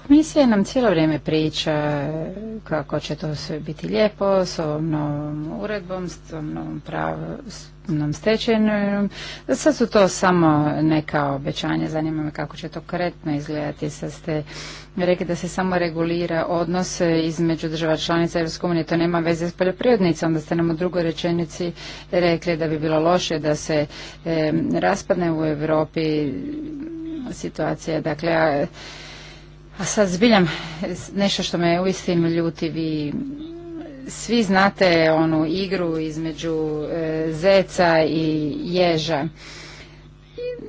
Komisija nam cijelo vrijeme priča kako će to sve biti lijepo s ovom novom uredbom, s ovom novom pravnom stečenom. Sad su to samo neka obećanja, zanima me kako će to kretno izgledati. Sad ste rekli da se samo regulira odnos između država članica Europske unije, to nema veze s poljoprivrednicom, onda ste nam u drugoj rečenici rekli da bi bilo loše da se raspadne u Europi situacija. Dakle, a sad zbiljam nešto što me uistinu ljuti. Vi svi znate onu igru između e, zeca i ježa.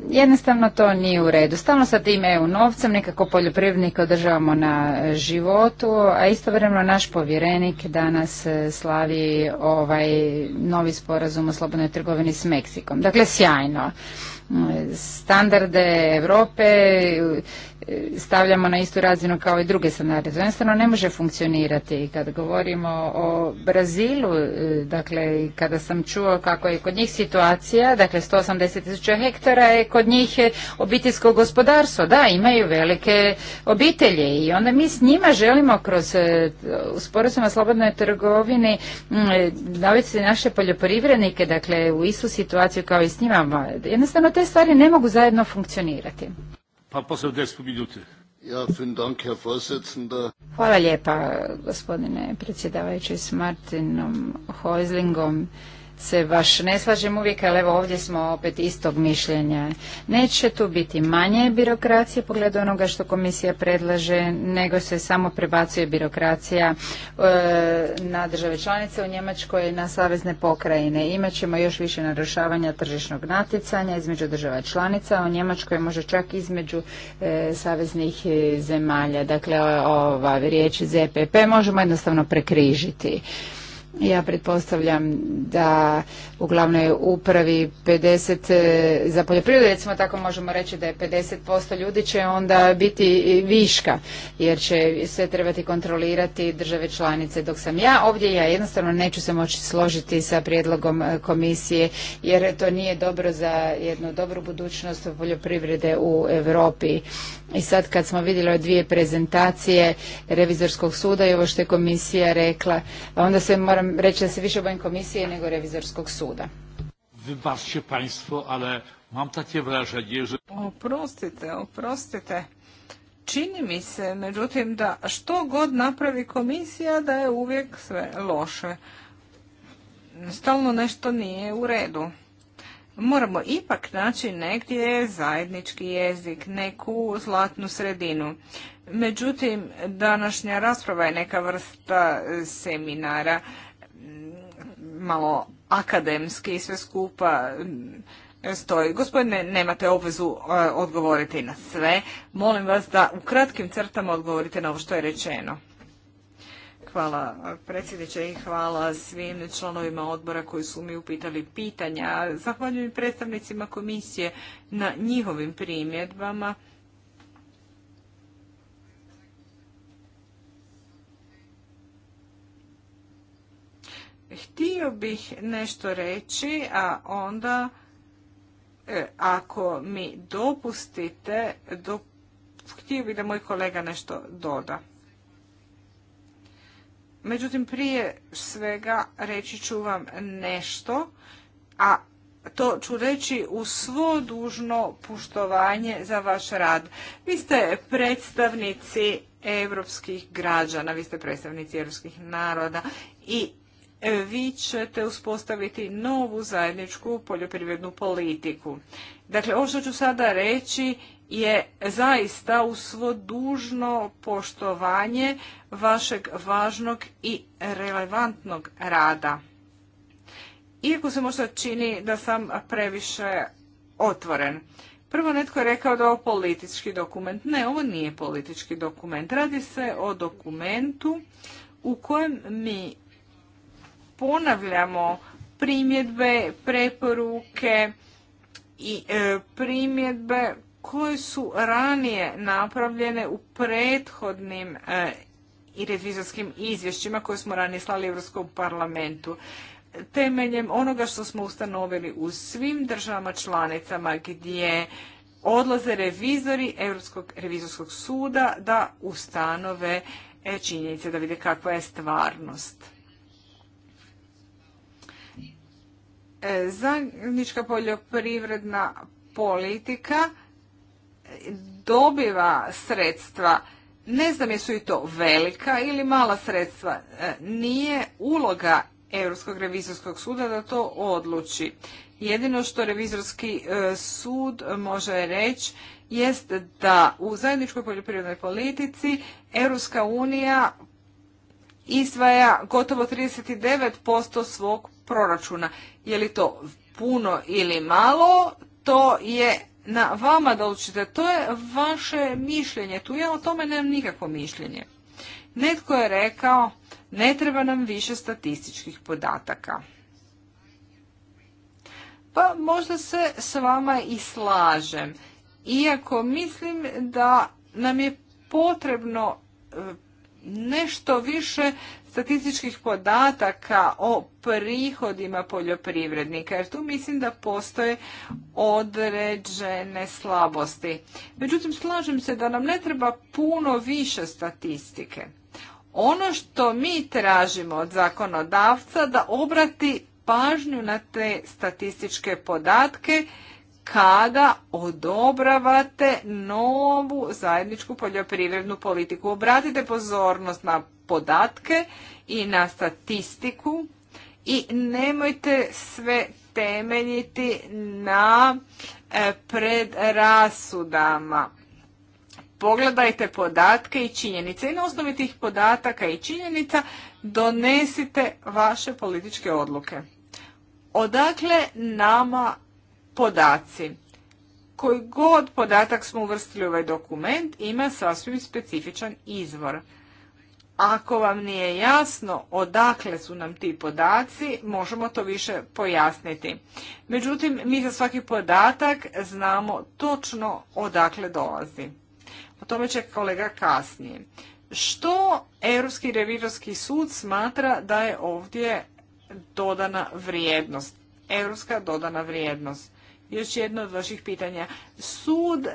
Jednostavno to nije u redu. Stalno sa tim EU novcem nekako poljoprivrednike održavamo na životu, a istovremeno naš povjerenik danas e, slavi ovaj novi sporazum o slobodnoj trgovini s Meksikom. Dakle, sjajno standarde Europe e, stavljamo na istu razinu kao i druge standarde. To jednostavno ne može funkcionirati. I kad govorimo o Brazilu, e, dakle, kada sam čuo kako je kod njih situacija, dakle, 180 tisuća hektara je kod njih e, obiteljsko gospodarstvo. Da, imaju velike obitelje i onda mi s njima želimo kroz sporazum o slobodnoj trgovini daviti naše poljoprivrednike, dakle, u istu situaciju kao i s njima. Jednostavno, te stvari ne mogu zajedno funkcionirati. Pa Hvala lijepa gospodine predsjedavajući s Martinom Hojzlingom se baš ne slažem uvijek, ali evo ovdje smo opet istog mišljenja. Neće tu biti manje birokracije pogledu onoga što komisija predlaže, nego se samo prebacuje birokracija e, na države članice u Njemačkoj i na savezne pokrajine. Imaćemo još više narušavanja tržišnog natjecanja između država članica, u Njemačkoj može čak između e, saveznih e, zemalja. Dakle, ova riječ ZPP možemo jednostavno prekrižiti. Ja pretpostavljam da u glavnoj upravi 50, e, za poljoprivredu recimo tako možemo reći da je 50% ljudi će onda biti viška, jer će sve trebati kontrolirati države članice. Dok sam ja ovdje, ja jednostavno neću se moći složiti sa prijedlogom e, komisije, jer to nije dobro za jednu dobru budućnost poljoprivrede u Europi. I sad kad smo vidjeli dvije prezentacije revizorskog suda i ovo što je komisija rekla, onda se moram reći da se više bojim komisije nego revizorskog suda. państwo, ale mam Oprostite, oprostite. Čini mi se, međutim, da što god napravi komisija, da je uvijek sve loše. Stalno nešto nije u redu. Moramo ipak naći negdje zajednički jezik, neku zlatnu sredinu. Međutim, današnja rasprava je neka vrsta seminara malo akademski i sve skupa mm, stoji. Gospodine, nemate obvezu e, odgovoriti na sve. Molim vas da u kratkim crtama odgovorite na ovo što je rečeno. Hvala predsjedniče i hvala svim članovima odbora koji su mi upitali pitanja. Zahvaljujem predstavnicima komisije na njihovim primjedbama htio bih nešto reći, a onda e, ako mi dopustite, htio bih da moj kolega nešto doda. Međutim, prije svega reći ću vam nešto, a to ću reći u svo dužno puštovanje za vaš rad. Vi ste predstavnici europskih građana, vi ste predstavnici europskih naroda i E, vi ćete uspostaviti novu zajedničku poljoprivrednu politiku. Dakle, ovo što ću sada reći je zaista u svo dužno poštovanje vašeg važnog i relevantnog rada. Iako se možda čini da sam previše otvoren. Prvo netko je rekao da je ovo politički dokument. Ne, ovo nije politički dokument. Radi se o dokumentu u kojem mi ponavljamo primjedbe, preporuke i e, primjedbe koje su ranije napravljene u prethodnim e, i revizorskim izvješćima koje smo ranije slali Europskom parlamentu. Temeljem onoga što smo ustanovili u svim državama članicama gdje odlaze revizori Europskog revizorskog suda da ustanove e, činjenice, da vide kakva je stvarnost. E, zajednička poljoprivredna politika dobiva sredstva. Ne znam jesu i to velika ili mala sredstva. E, nije uloga Europskog revizorskog suda da to odluči. Jedino što revizorski e, sud može reći jest da u zajedničkoj poljoprivrednoj politici Europska unija izdvaja gotovo 39% svog proračuna. Je li to puno ili malo, to je na vama da učite. To je vaše mišljenje. Tu ja o tome nemam nikakvo mišljenje. Netko je rekao, ne treba nam više statističkih podataka. Pa možda se s vama i slažem. Iako mislim da nam je potrebno e, nešto više statističkih podataka o prihodima poljoprivrednika, jer tu mislim da postoje određene slabosti. Međutim, slažem se da nam ne treba puno više statistike. Ono što mi tražimo od zakonodavca da obrati pažnju na te statističke podatke kada odobravate novu zajedničku poljoprivrednu politiku. Obratite pozornost na podatke i na statistiku i nemojte sve temeljiti na e, predrasudama. Pogledajte podatke i činjenice i na osnovi tih podataka i činjenica donesite vaše političke odluke. Odakle nama podaci. Koji god podatak smo uvrstili u ovaj dokument ima sasvim specifičan izvor. Ako vam nije jasno odakle su nam ti podaci, možemo to više pojasniti. Međutim, mi za svaki podatak znamo točno odakle dolazi. O tome će kolega kasnije. Što Europski revizorski sud smatra da je ovdje dodana vrijednost? Europska dodana vrijednost još jedno od vaših pitanja. Sud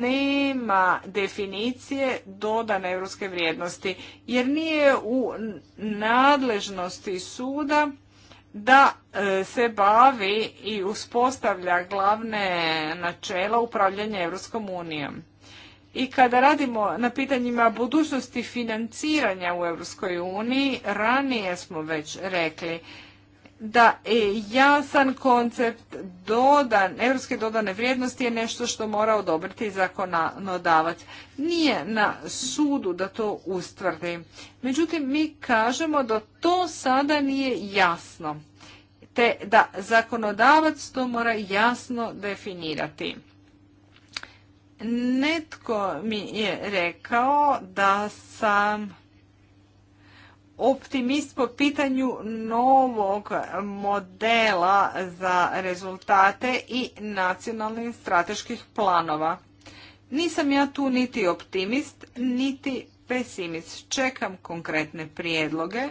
nema definicije dodane evropske vrijednosti, jer nije u nadležnosti suda da e, se bavi i uspostavlja glavne načela upravljanja Europskom unijom. I kada radimo na pitanjima budućnosti financiranja u Europskoj uniji, ranije smo već rekli da e, jasan koncept dodan, europske dodane vrijednosti je nešto što mora odobriti zakonodavac. Nije na sudu da to ustvrdi. Međutim, mi kažemo da to sada nije jasno, te da zakonodavac to mora jasno definirati. Netko mi je rekao da sam optimist po pitanju novog modela za rezultate i nacionalnih strateških planova. Nisam ja tu niti optimist, niti pesimist. Čekam konkretne prijedloge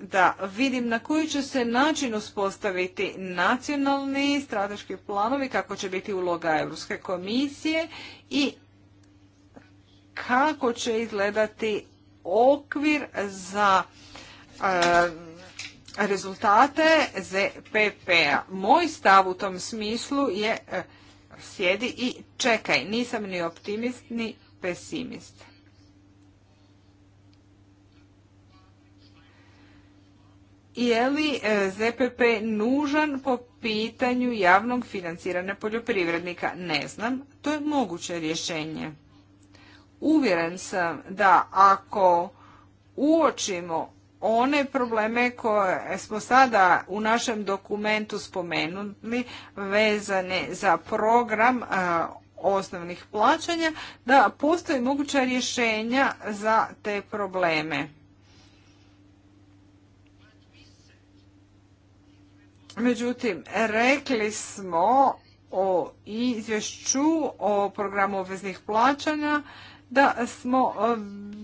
da vidim na koji će se način uspostaviti nacionalni strateški planovi, kako će biti uloga Europske komisije i kako će izgledati okvir za e, rezultate ZPP-a. Moj stav u tom smislu je e, sjedi i čekaj, nisam ni optimist ni pesimist. Je li e, ZPP nužan po pitanju javnog financiranja poljoprivrednika? Ne znam, to je moguće rješenje uvjeren sam da ako uočimo one probleme koje smo sada u našem dokumentu spomenuli vezane za program e, osnovnih plaćanja, da postoji moguća rješenja za te probleme. Međutim, rekli smo o izvješću o programu obveznih plaćanja da smo e,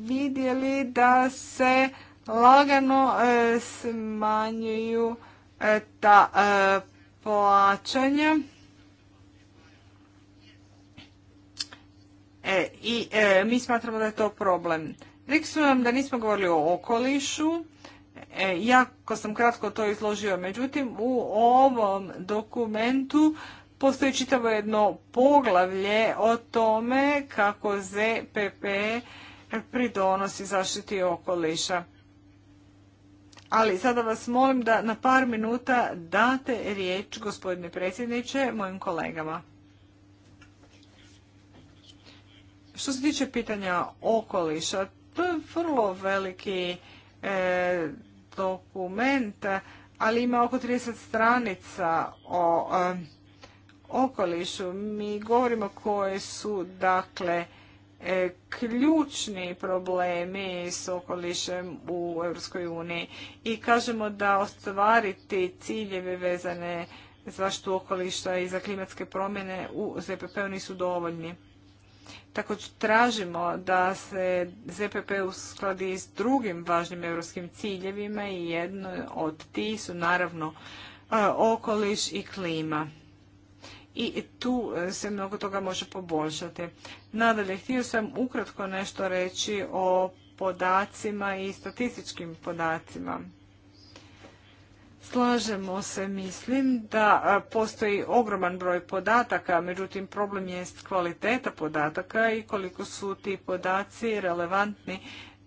vidjeli da se lagano e, smanjuju e, ta plaćanja. I mi smatramo da je to problem. Rekli su nam da nismo govorili o okolišu, jako sam kratko to izložio, međutim u ovom dokumentu Postoji čitavo jedno poglavlje o tome kako ZPP pridonosi zaštiti okoliša. Ali sada vas molim da na par minuta date riječ, gospodine predsjedniče, mojim kolegama. Što se tiče pitanja okoliša, to je vrlo veliki e, dokument, ali ima oko 30 stranica o e, okolišu. Mi govorimo koje su dakle e, ključni problemi s okolišem u Europskoj uniji i kažemo da ostvariti ciljeve vezane zaštitu okoliša i za klimatske promjene u ZPP-u nisu dovoljni. tako tražimo da se ZPP uskladi s drugim važnim europskim ciljevima i jedno od tih su naravno e, okoliš i klima i tu e, se mnogo toga može poboljšati. Nadalje, htio sam ukratko nešto reći o podacima i statističkim podacima. Slažemo se, mislim, da e, postoji ogroman broj podataka, međutim problem je kvaliteta podataka i koliko su ti podaci relevantni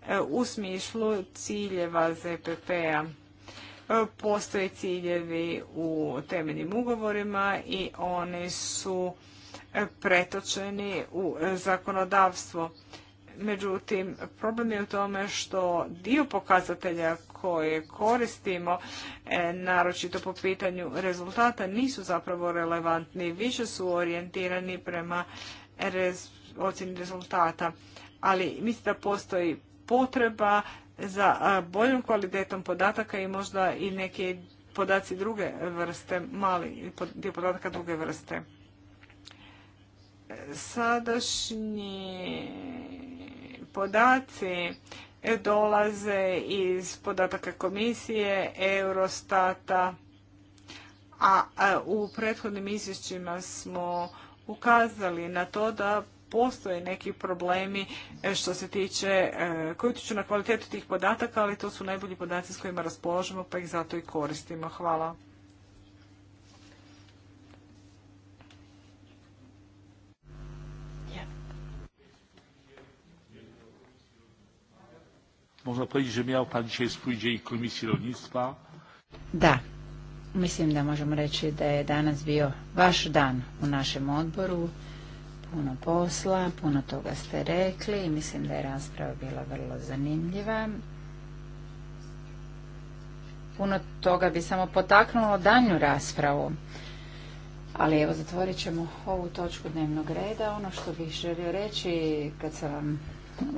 e, u smislu ciljeva ZPP-a. Postoje ciljevi u temeljnim ugovorima i oni su pretočeni u zakonodavstvo. Međutim, problem je u tome što dio pokazatelja koje koristimo, e, naročito po pitanju rezultata, nisu zapravo relevantni. Više su orijentirani prema ocjeni rezultata. Ali mislim da postoji potreba za boljom kvalitetom podataka i možda i neke podaci druge vrste, mali dio podataka druge vrste. E, sadašnji podaci dolaze iz podataka komisije, Eurostata, a u prethodnim izvješćima smo ukazali na to da postoje neki problemi e, što se tiče, e, koji utječu na kvalitetu tih podataka, ali to su najbolji podaci s kojima raspolažemo, pa ih zato i koristimo. Hvala. Można že mi ja Pan će spuđe Da, mislim da možemo reći da je danas bio vaš dan u našem odboru puno posla, puno toga ste rekli i mislim da je rasprava bila vrlo zanimljiva. Puno toga bi samo potaknulo danju raspravu. Ali evo, zatvorit ćemo ovu točku dnevnog reda. Ono što bih želio reći, kad sam vam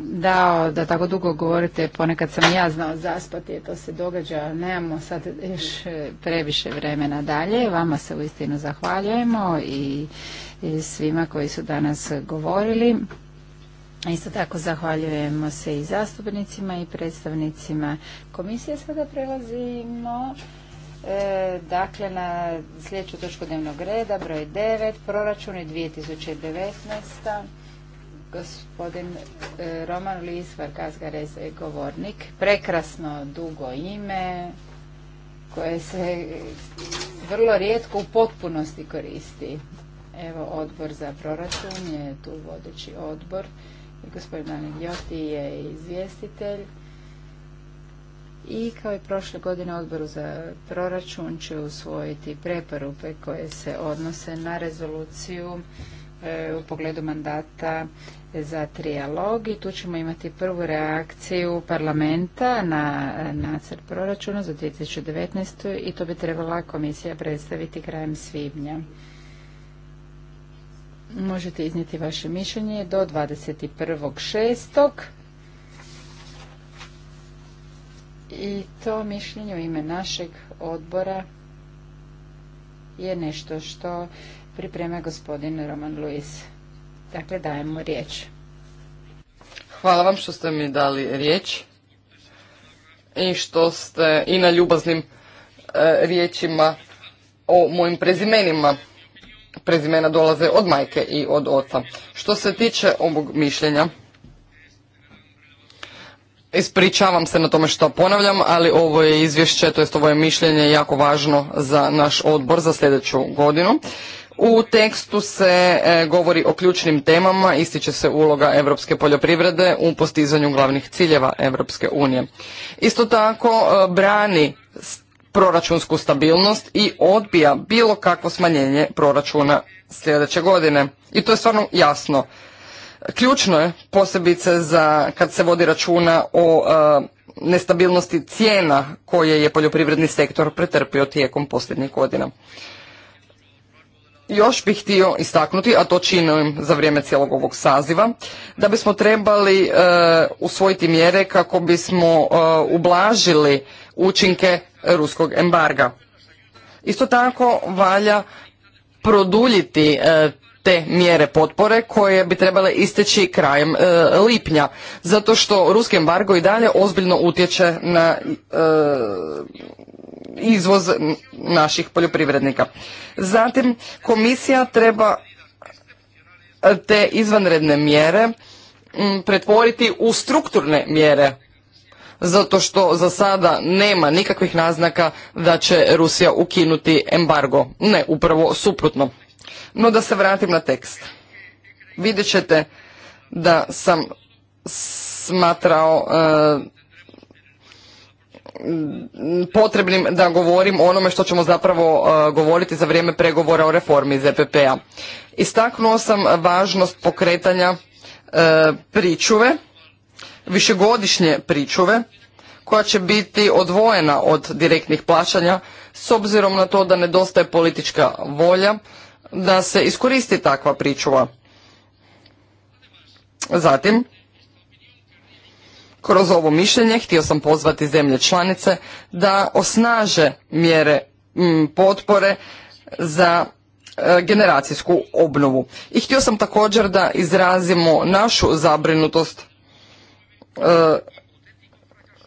dao da tako dugo govorite, ponekad sam ja znao zaspati, to se događa, nemamo sad još e, previše vremena dalje. Vama se uistinu zahvaljujemo i, svima koji su danas govorili. Isto tako zahvaljujemo se i zastupnicima i predstavnicima komisije. Sada prelazimo e, dakle na sljedeću točku dnevnog reda, broj 9, proračuni 2019. Gospodin e, Roman Lis Kazgarez je govornik. Prekrasno dugo ime koje se vrlo rijetko u potpunosti koristi. Evo, odbor za proračun je tu vodeći odbor. Gospodin Anigjoti je izvjestitelj. I kao i prošle godine odboru za proračun će usvojiti preporupe koje se odnose na rezoluciju E, u pogledu mandata za trijalog i tu ćemo imati prvu reakciju parlamenta na e, nacrt proračuna za 2019. i to bi trebala komisija predstaviti krajem svibnja. Možete iznijeti vaše mišljenje do 21.6. I to mišljenje u ime našeg odbora je nešto što pripreme gospodin Roman Luis. Dakle, dajemo riječ. Hvala vam što ste mi dali riječ i što ste i na ljubaznim e, riječima o mojim prezimenima. Prezimena dolaze od majke i od oca. Što se tiče ovog mišljenja, Ispričavam se na tome što ponavljam, ali ovo je izvješće, to jest ovo je mišljenje jako važno za naš odbor za sljedeću godinu. U tekstu se e, govori o ključnim temama, ističe se uloga europske poljoprivrede u postizanju glavnih ciljeva Europske unije. Isto tako e, brani proračunsku stabilnost i odbija bilo kakvo smanjenje proračuna sljedeće godine. I to je stvarno jasno. Ključno je posebice za kad se vodi računa o e, nestabilnosti cijena koje je poljoprivredni sektor pretrpio tijekom posljednjih godina još bih htio istaknuti, a to činim za vrijeme cijelog ovog saziva, da bismo trebali e, usvojiti mjere kako bismo e, ublažili učinke ruskog embarga. Isto tako valja produljiti e, te mjere potpore koje bi trebale isteći krajem lipnja zato što ruski embargo i dalje ozbiljno utječe na izvoz naših poljoprivrednika. Zatim komisija treba te izvanredne mjere mm, pretvoriti u strukturne mjere zato što za sada nema nikakvih naznaka da će Rusija ukinuti embargo. Ne, upravo suprotno. No da se vratim na tekst. Vidjet ćete da sam smatrao e, potrebnim da govorim o onome što ćemo zapravo uh, govoriti za vrijeme pregovora o reformi ZPP-a. E Istaknuo sam važnost pokretanja uh, pričuve, višegodišnje pričuve, koja će biti odvojena od direktnih plaćanja s obzirom na to da nedostaje politička volja da se iskoristi takva pričuva. Zatim, kroz ovo mišljenje htio sam pozvati zemlje članice da osnaže mjere potpore za e, generacijsku obnovu. I htio sam također da izrazimo našu zabrinutost e,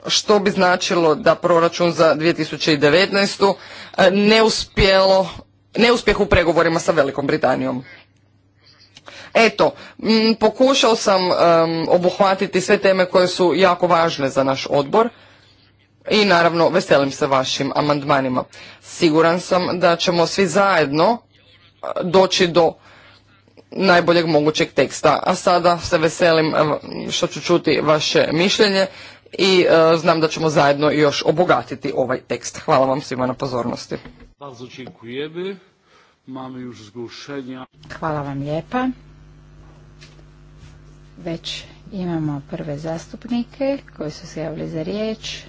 što bi značilo da proračun za 2019. E, neuspjelo neuspjeh u pregovorima sa Velikom Britanijom. Eto, mm, pokušao sam obuhvatiti sve teme koje su jako važne za naš odbor i naravno veselim se vašim amandmanima. Siguran sam da ćemo svi zajedno eh, doći do najboljeg mogućeg teksta. A sada se veselim što ću čuti vaše mišljenje i eh, znam da ćemo zajedno još obogatiti ovaj tekst. Hvala vam svima na pozornosti. Hvala vam lijepa. Već imamo prve zastupnike koji su se javili za riječ.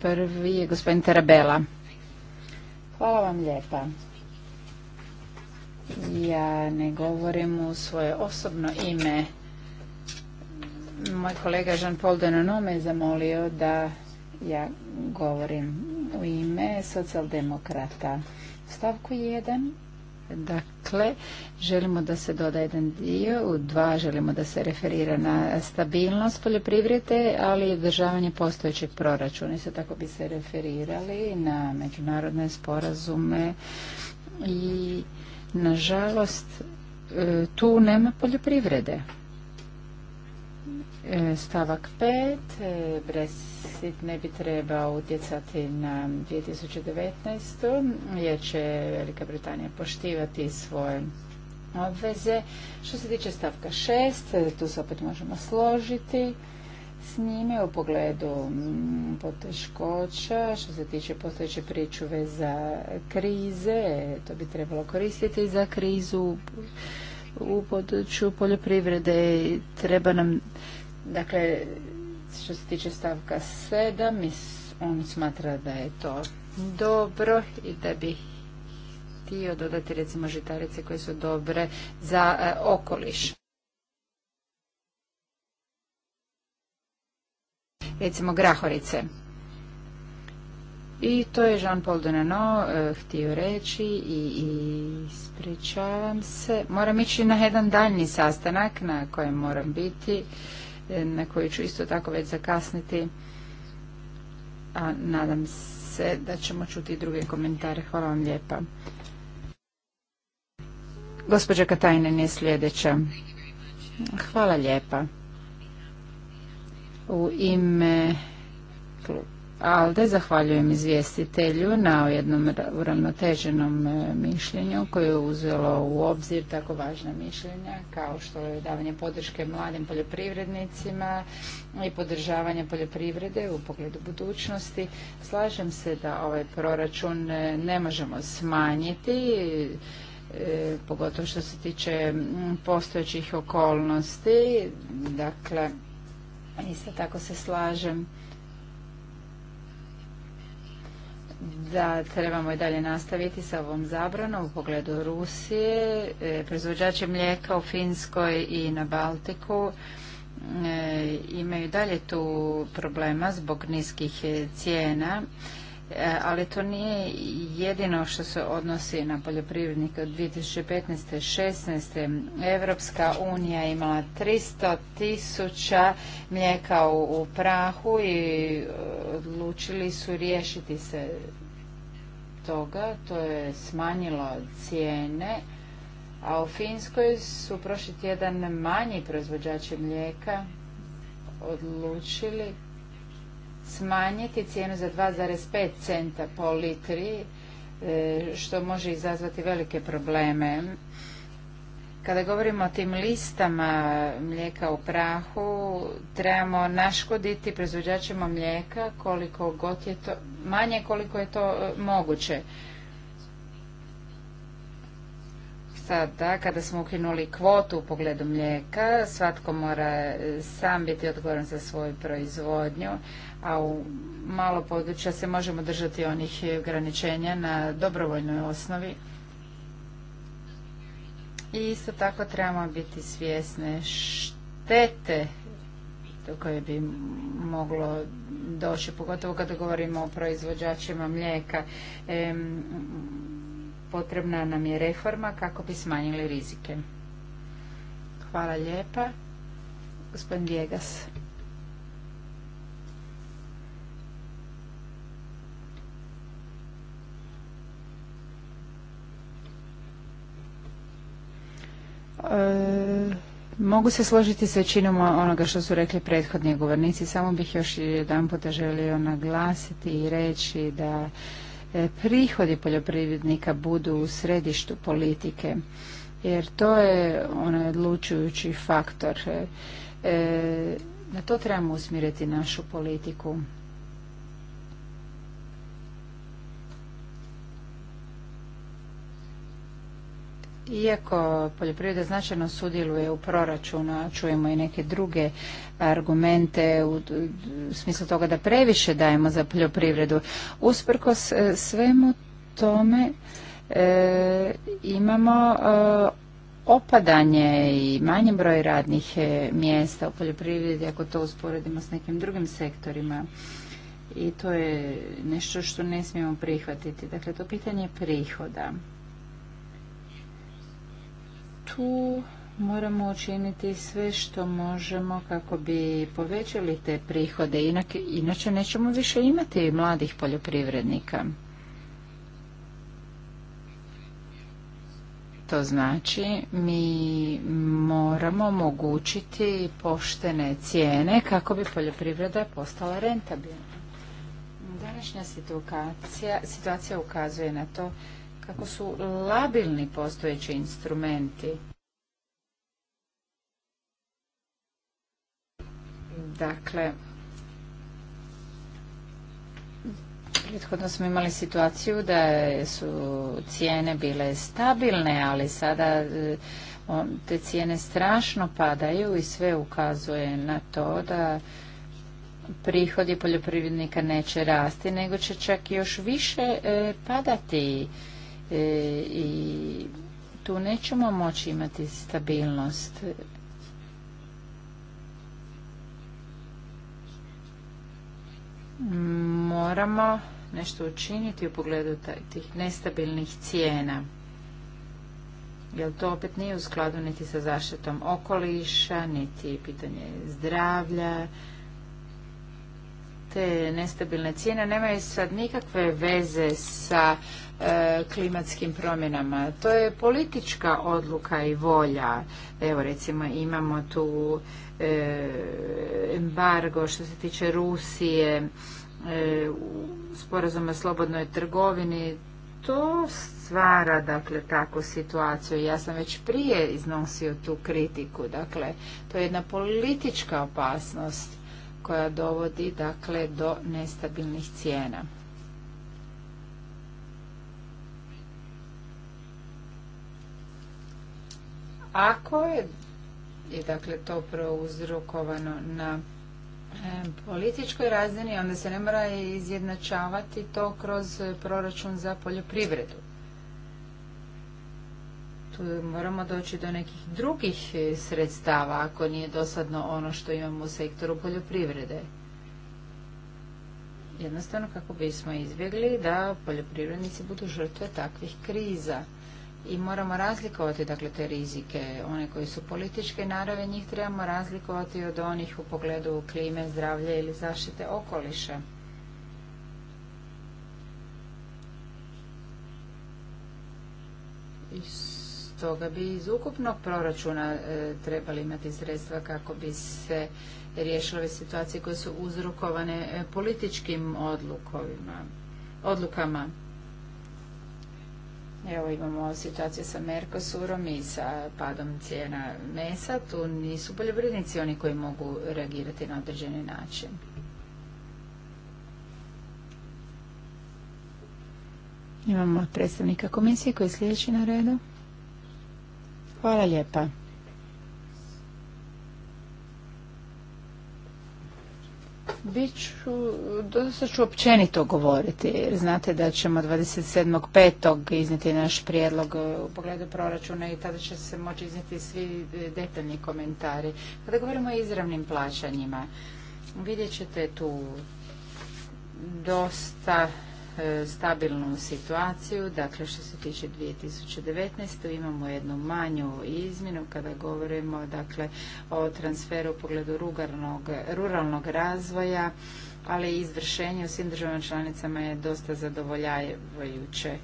Prvi je gospodin Tarabela. Hvala vam lijepa. Ja ne govorim u svoje osobno ime. Moj kolega Jean-Paul Denono me zamolio da ja govorim u ime socijaldemokrata. stavku 1 Dakle, želimo da se doda jedan dio, u dva želimo da se referira na stabilnost poljoprivrede, ali i održavanje postojećeg proračuna. Isto tako bi se referirali na međunarodne sporazume i nažalost e, tu nema poljoprivrede. Stavak 5. E, Brexit ne bi trebao utjecati na 2019. jer će Velika Britanija poštivati svoje obveze. Što se tiče stavka 6, e, tu se opet možemo složiti s njime u pogledu mm, poteškoća, što se tiče postojeće pričuve za krize, e, to bi trebalo koristiti za krizu u području poljoprivrede. Treba nam Dakle, što se tiče stavka 7, on smatra da je to dobro i da bi htio dodati recimo žitarice koje su dobre za e, okoliš. Recimo grahorice. I to je Jean-Paul Donano e, htio reći i, ispričavam se. Moram ići na jedan daljni sastanak na kojem moram biti. E, na koju ću isto tako već zakasniti, a nadam se da ćemo čuti i druge komentare. Hvala vam lijepa. Gospođa Katajnen je sljedeća. Hvala lijepa. U ime Alde, zahvaljujem izvjestitelju na jednom uravnoteženom e, mišljenju koje je uzelo u obzir tako važna mišljenja kao što je davanje podrške mladim poljoprivrednicima i podržavanje poljoprivrede u pogledu budućnosti. Slažem se da ovaj proračun e, ne možemo smanjiti e, pogotovo što se tiče postojećih okolnosti. Dakle, isto tako se slažem da trebamo i dalje nastaviti sa ovom zabranom u pogledu Rusije. E, Prezvođači mlijeka u Finskoj i na Baltiku e, imaju dalje tu problema zbog niskih cijena E, ali to nije jedino što se odnosi na poljoprivrednike od 2015. 16. Evropska unija imala 300 tisuća mlijeka u, u prahu i e, odlučili su riješiti se toga, to je smanjilo cijene a u Finskoj su prošli tjedan manji proizvođači mlijeka odlučili smanjiti cijenu za 2,5 centa po litri, e, što može izazvati velike probleme. Kada govorimo o tim listama mlijeka u prahu, trebamo naškoditi proizvođačima mlijeka koliko god je to, manje koliko je to e, moguće. sada kada smo ukinuli kvotu u pogledu mlijeka, svatko mora e, sam biti odgovoran za svoju proizvodnju, a u malo područja se možemo držati onih ograničenja na dobrovoljnoj osnovi. I isto tako trebamo biti svjesne štete do koje bi moglo doći, pogotovo kada govorimo o proizvođačima mlijeka. Potrebna nam je reforma kako bi smanjili rizike. Hvala lijepa. Gospodin Vjegas. E, mogu se složiti s većinom onoga što su rekli prethodni govornici. Samo bih još jedan puta želio naglasiti i reći da E, prihodi poljoprivrednika budu u središtu politike jer to je onaj odlučujući faktor. E, e, na to trebamo usmjeriti našu politiku. Iako poljoprivreda značajno sudjeluje u proračunu, čujemo i neke druge argumente u smislu toga da previše dajemo za poljoprivredu. Usprkos e, svemu tome e, imamo e, opadanje i manji broj radnih mjesta u poljoprivredi ako to usporedimo s nekim drugim sektorima i to je nešto što ne smijemo prihvatiti. Dakle, to pitanje prihoda tu moramo učiniti sve što možemo kako bi povećali te prihode, inače nećemo više imati mladih poljoprivrednika. To znači mi moramo omogućiti poštene cijene kako bi poljoprivreda postala rentabilna. Današnja situacija, situacija ukazuje na to kako su labilni postojeći instrumenti. Dakle, prethodno smo imali situaciju da su cijene bile stabilne, ali sada e, te cijene strašno padaju i sve ukazuje na to da prihodi poljoprivrednika neće rasti, nego će čak još više e, padati E, i tu nećemo moći imati stabilnost. Moramo nešto učiniti u pogledu tih nestabilnih cijena. Jer to opet nije u skladu niti sa zaštitom okoliša, niti pitanje zdravlja, te nestabilne cijene nemaju sad nikakve veze sa e, klimatskim promjenama. To je politička odluka i volja. Evo recimo imamo tu e, embargo što se tiče Rusije, e, u sporazum slobodnoj trgovini, to stvara dakle takvu situaciju. Ja sam već prije iznosio tu kritiku, dakle to je jedna politička opasnost koja dovodi dakle do nestabilnih cijena. Ako je dakle to prouzrokovano na političkoj razini, onda se ne mora izjednačavati to kroz proračun za poljoprivredu moramo doći do nekih drugih e, sredstava ako nije dosadno ono što imamo u sektoru poljoprivrede. Jednostavno kako bismo izbjegli da poljoprivrednici budu žrtve takvih kriza. I moramo razlikovati dakle, te rizike, one koji su političke narave, njih trebamo razlikovati od onih u pogledu klime, zdravlja ili zaštite okoliša. Is toga bi iz ukupnog proračuna e, trebali imati sredstva kako bi se riješile ove situacije koje su uzrokovane e, političkim odlukovima, odlukama. Evo imamo situaciju sa Mercosurom i sa padom cijena mesa. Tu nisu poljoprivrednici oni koji mogu reagirati na određeni način. Imamo predstavnika komisije koji je sljedeći na redu. Hvala lijepa. Biću, dosta ću općenito govoriti, jer znate da ćemo 27.5. izniti naš prijedlog e, u pogledu proračuna i tada će se moći izniti svi e, detaljni komentari. Kada govorimo o izravnim plaćanjima, vidjet ćete tu dosta E, stabilnu situaciju. Dakle, što se tiče 2019. imamo jednu manju izmjenu kada govorimo dakle, o transferu u pogledu rugarnog, ruralnog razvoja, ali izvršenje u svim državama članicama je dosta zadovoljavajuće.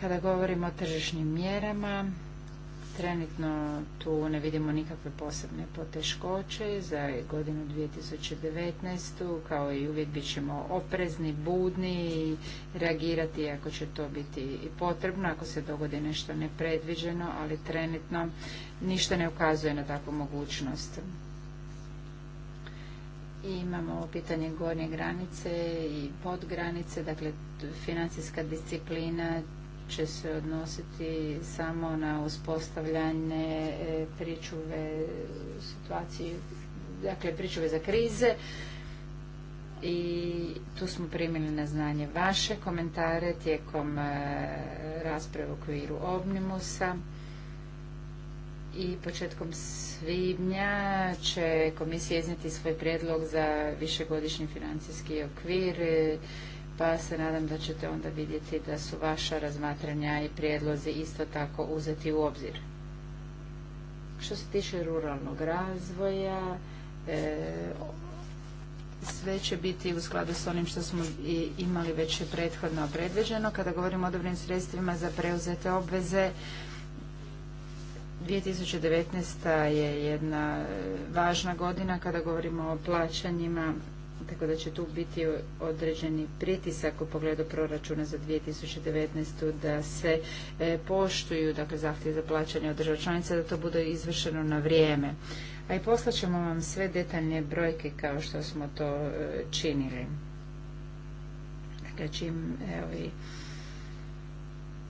Kada govorimo o tržišnim mjerama, Trenutno tu ne vidimo nikakve posebne poteškoće za godinu 2019. Kao i uvijek bit ćemo oprezni, budni i reagirati ako će to biti i potrebno, ako se dogodi nešto nepredviđeno, ali trenutno ništa ne ukazuje na takvu mogućnost. I imamo pitanje gornje granice i podgranice, dakle financijska disciplina, će se odnositi samo na uspostavljanje e, pričuve situacije, dakle pričuve za krize i tu smo primili na znanje vaše komentare tijekom e, rasprave u okviru omnimusa i početkom svibnja će komisija iznijeti svoj prijedlog za višegodišnji financijski okvir pa se nadam da ćete onda vidjeti da su vaša razmatranja i prijedlozi isto tako uzeti u obzir. Što se tiče ruralnog razvoja, e, sve će biti u skladu s onim što smo imali već prethodno predviđeno. Kada govorimo o dobrim sredstvima za preuzete obveze, 2019. je jedna e, važna godina kada govorimo o plaćanjima tako da će tu biti određeni pritisak u pogledu proračuna za 2019. da se e, poštuju dakle, zahtjev za plaćanje od država članica, da to bude izvršeno na vrijeme. A i poslaćemo vam sve detaljne brojke kao što smo to e, činili. Dakle, čim evo,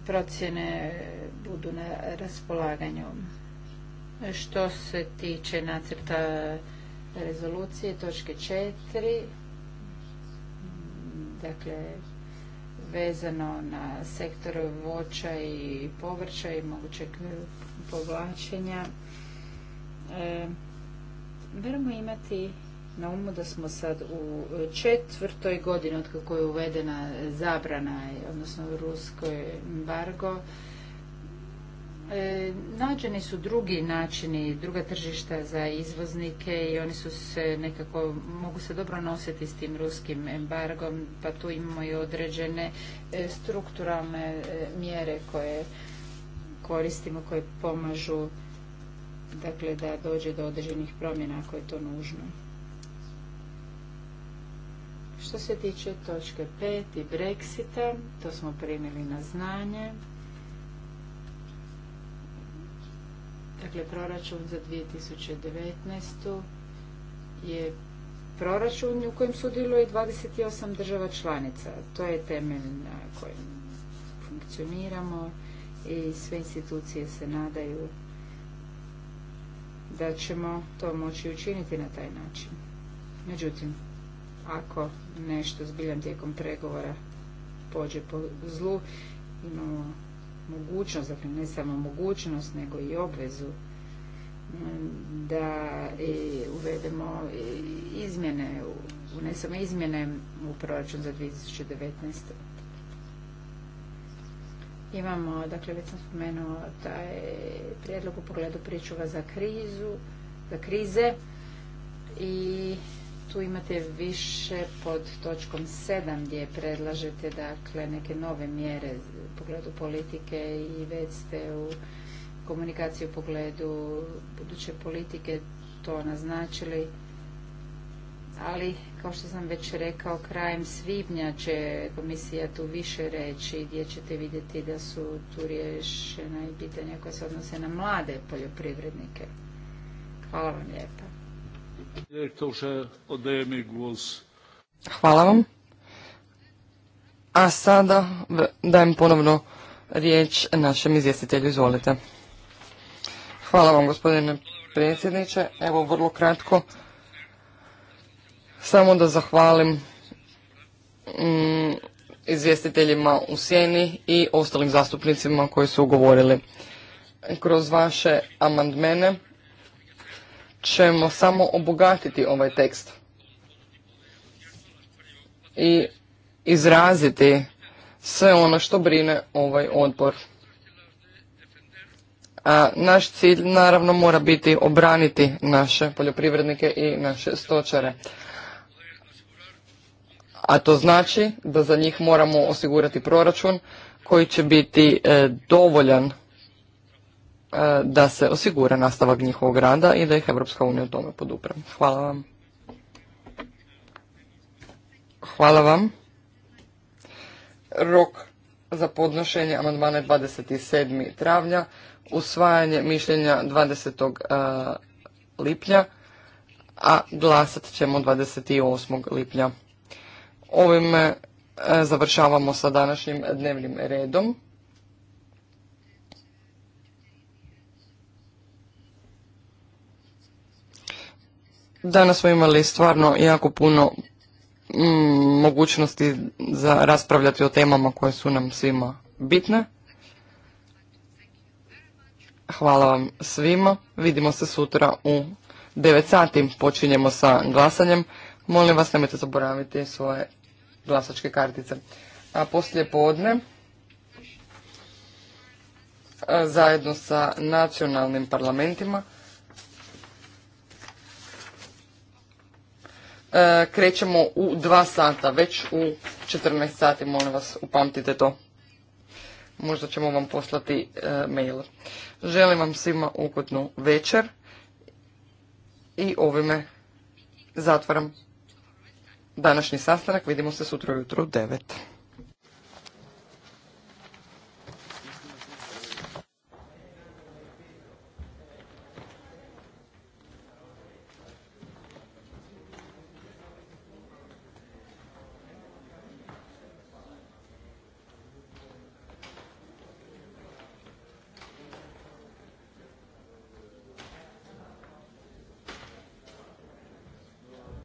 procjene budu na raspolaganju. Što se tiče nacrta rezolucije točke četiri dakle vezano na sektor voća i povrća i mogućeg povlačenja e, imati na umu da smo sad u četvrtoj godini od kako je uvedena zabrana, odnosno ruskoj embargo, E, nađeni su drugi načini, druga tržišta za izvoznike i oni su se nekako, mogu se dobro nositi s tim ruskim embargom, pa tu imamo i određene e, strukturalne e, mjere koje koristimo, koje pomažu dakle da dođe do određenih promjena ako je to nužno. Što se tiče točke 5 i Brexita, to smo primili na znanje. Dakle, proračun za 2019. je proračun u kojem sudjeluje 28 država članica. To je temelj na kojem funkcioniramo i sve institucije se nadaju da ćemo to moći učiniti na taj način. Međutim, ako nešto zbiljam tijekom pregovora pođe po zlu, imamo mogućnost, dakle ne samo mogućnost, nego i obvezu mm, da uvedemo izmjene, unesemo izmjene u proračun za 2019. Imamo, dakle već sam spomenuo taj prijedlog u pogledu pričuva za krizu, za krize i tu imate više pod točkom 7 gdje predlažete dakle neke nove mjere u pogledu politike i već ste u komunikaciji u pogledu buduće politike to naznačili ali kao što sam već rekao krajem svibnja će komisija tu više reći gdje ćete vidjeti da su tu riješena i pitanja koja se odnose na mlade poljoprivrednike. Hvala vam lijepa. Hvala vam. A sada dajem ponovno riječ našem izvjestitelju. Izvolite. Hvala vam gospodine predsjedniče. Evo vrlo kratko. Samo da zahvalim mm, izvjestiteljima u sjeni i ostalim zastupnicima koji su ugovorili. Kroz vaše amandmene ćemo samo obogatiti ovaj tekst i izraziti sve ono što brine ovaj odbor. A naš cilj naravno mora biti obraniti naše poljoprivrednike i naše stočare. A to znači da za njih moramo osigurati proračun koji će biti e, dovoljan da se osigura nastavak njihovog rada i da ih Europska unija u tome podupra. Hvala vam. Hvala vam. Rok za podnošenje amandmana je 27. travnja, usvajanje mišljenja 20. E, lipnja, a glasat ćemo 28. lipnja. Ovime e, završavamo sa današnjim dnevnim redom. Danas smo imali stvarno jako puno mm, mogućnosti za raspravljati o temama koje su nam svima bitne. Hvala vam svima. Vidimo se sutra u 9 sati. Počinjemo sa glasanjem. Molim vas, nemojte zaboraviti svoje glasačke kartice. A poslije podne, zajedno sa nacionalnim parlamentima, E, krećemo u 2 sata, već u 14 sati, molim vas, upamtite to. Možda ćemo vam poslati e, mail. Želim vam svima ugodnu večer i ovime zatvaram današnji sastanak. Vidimo se sutra ujutro u 9.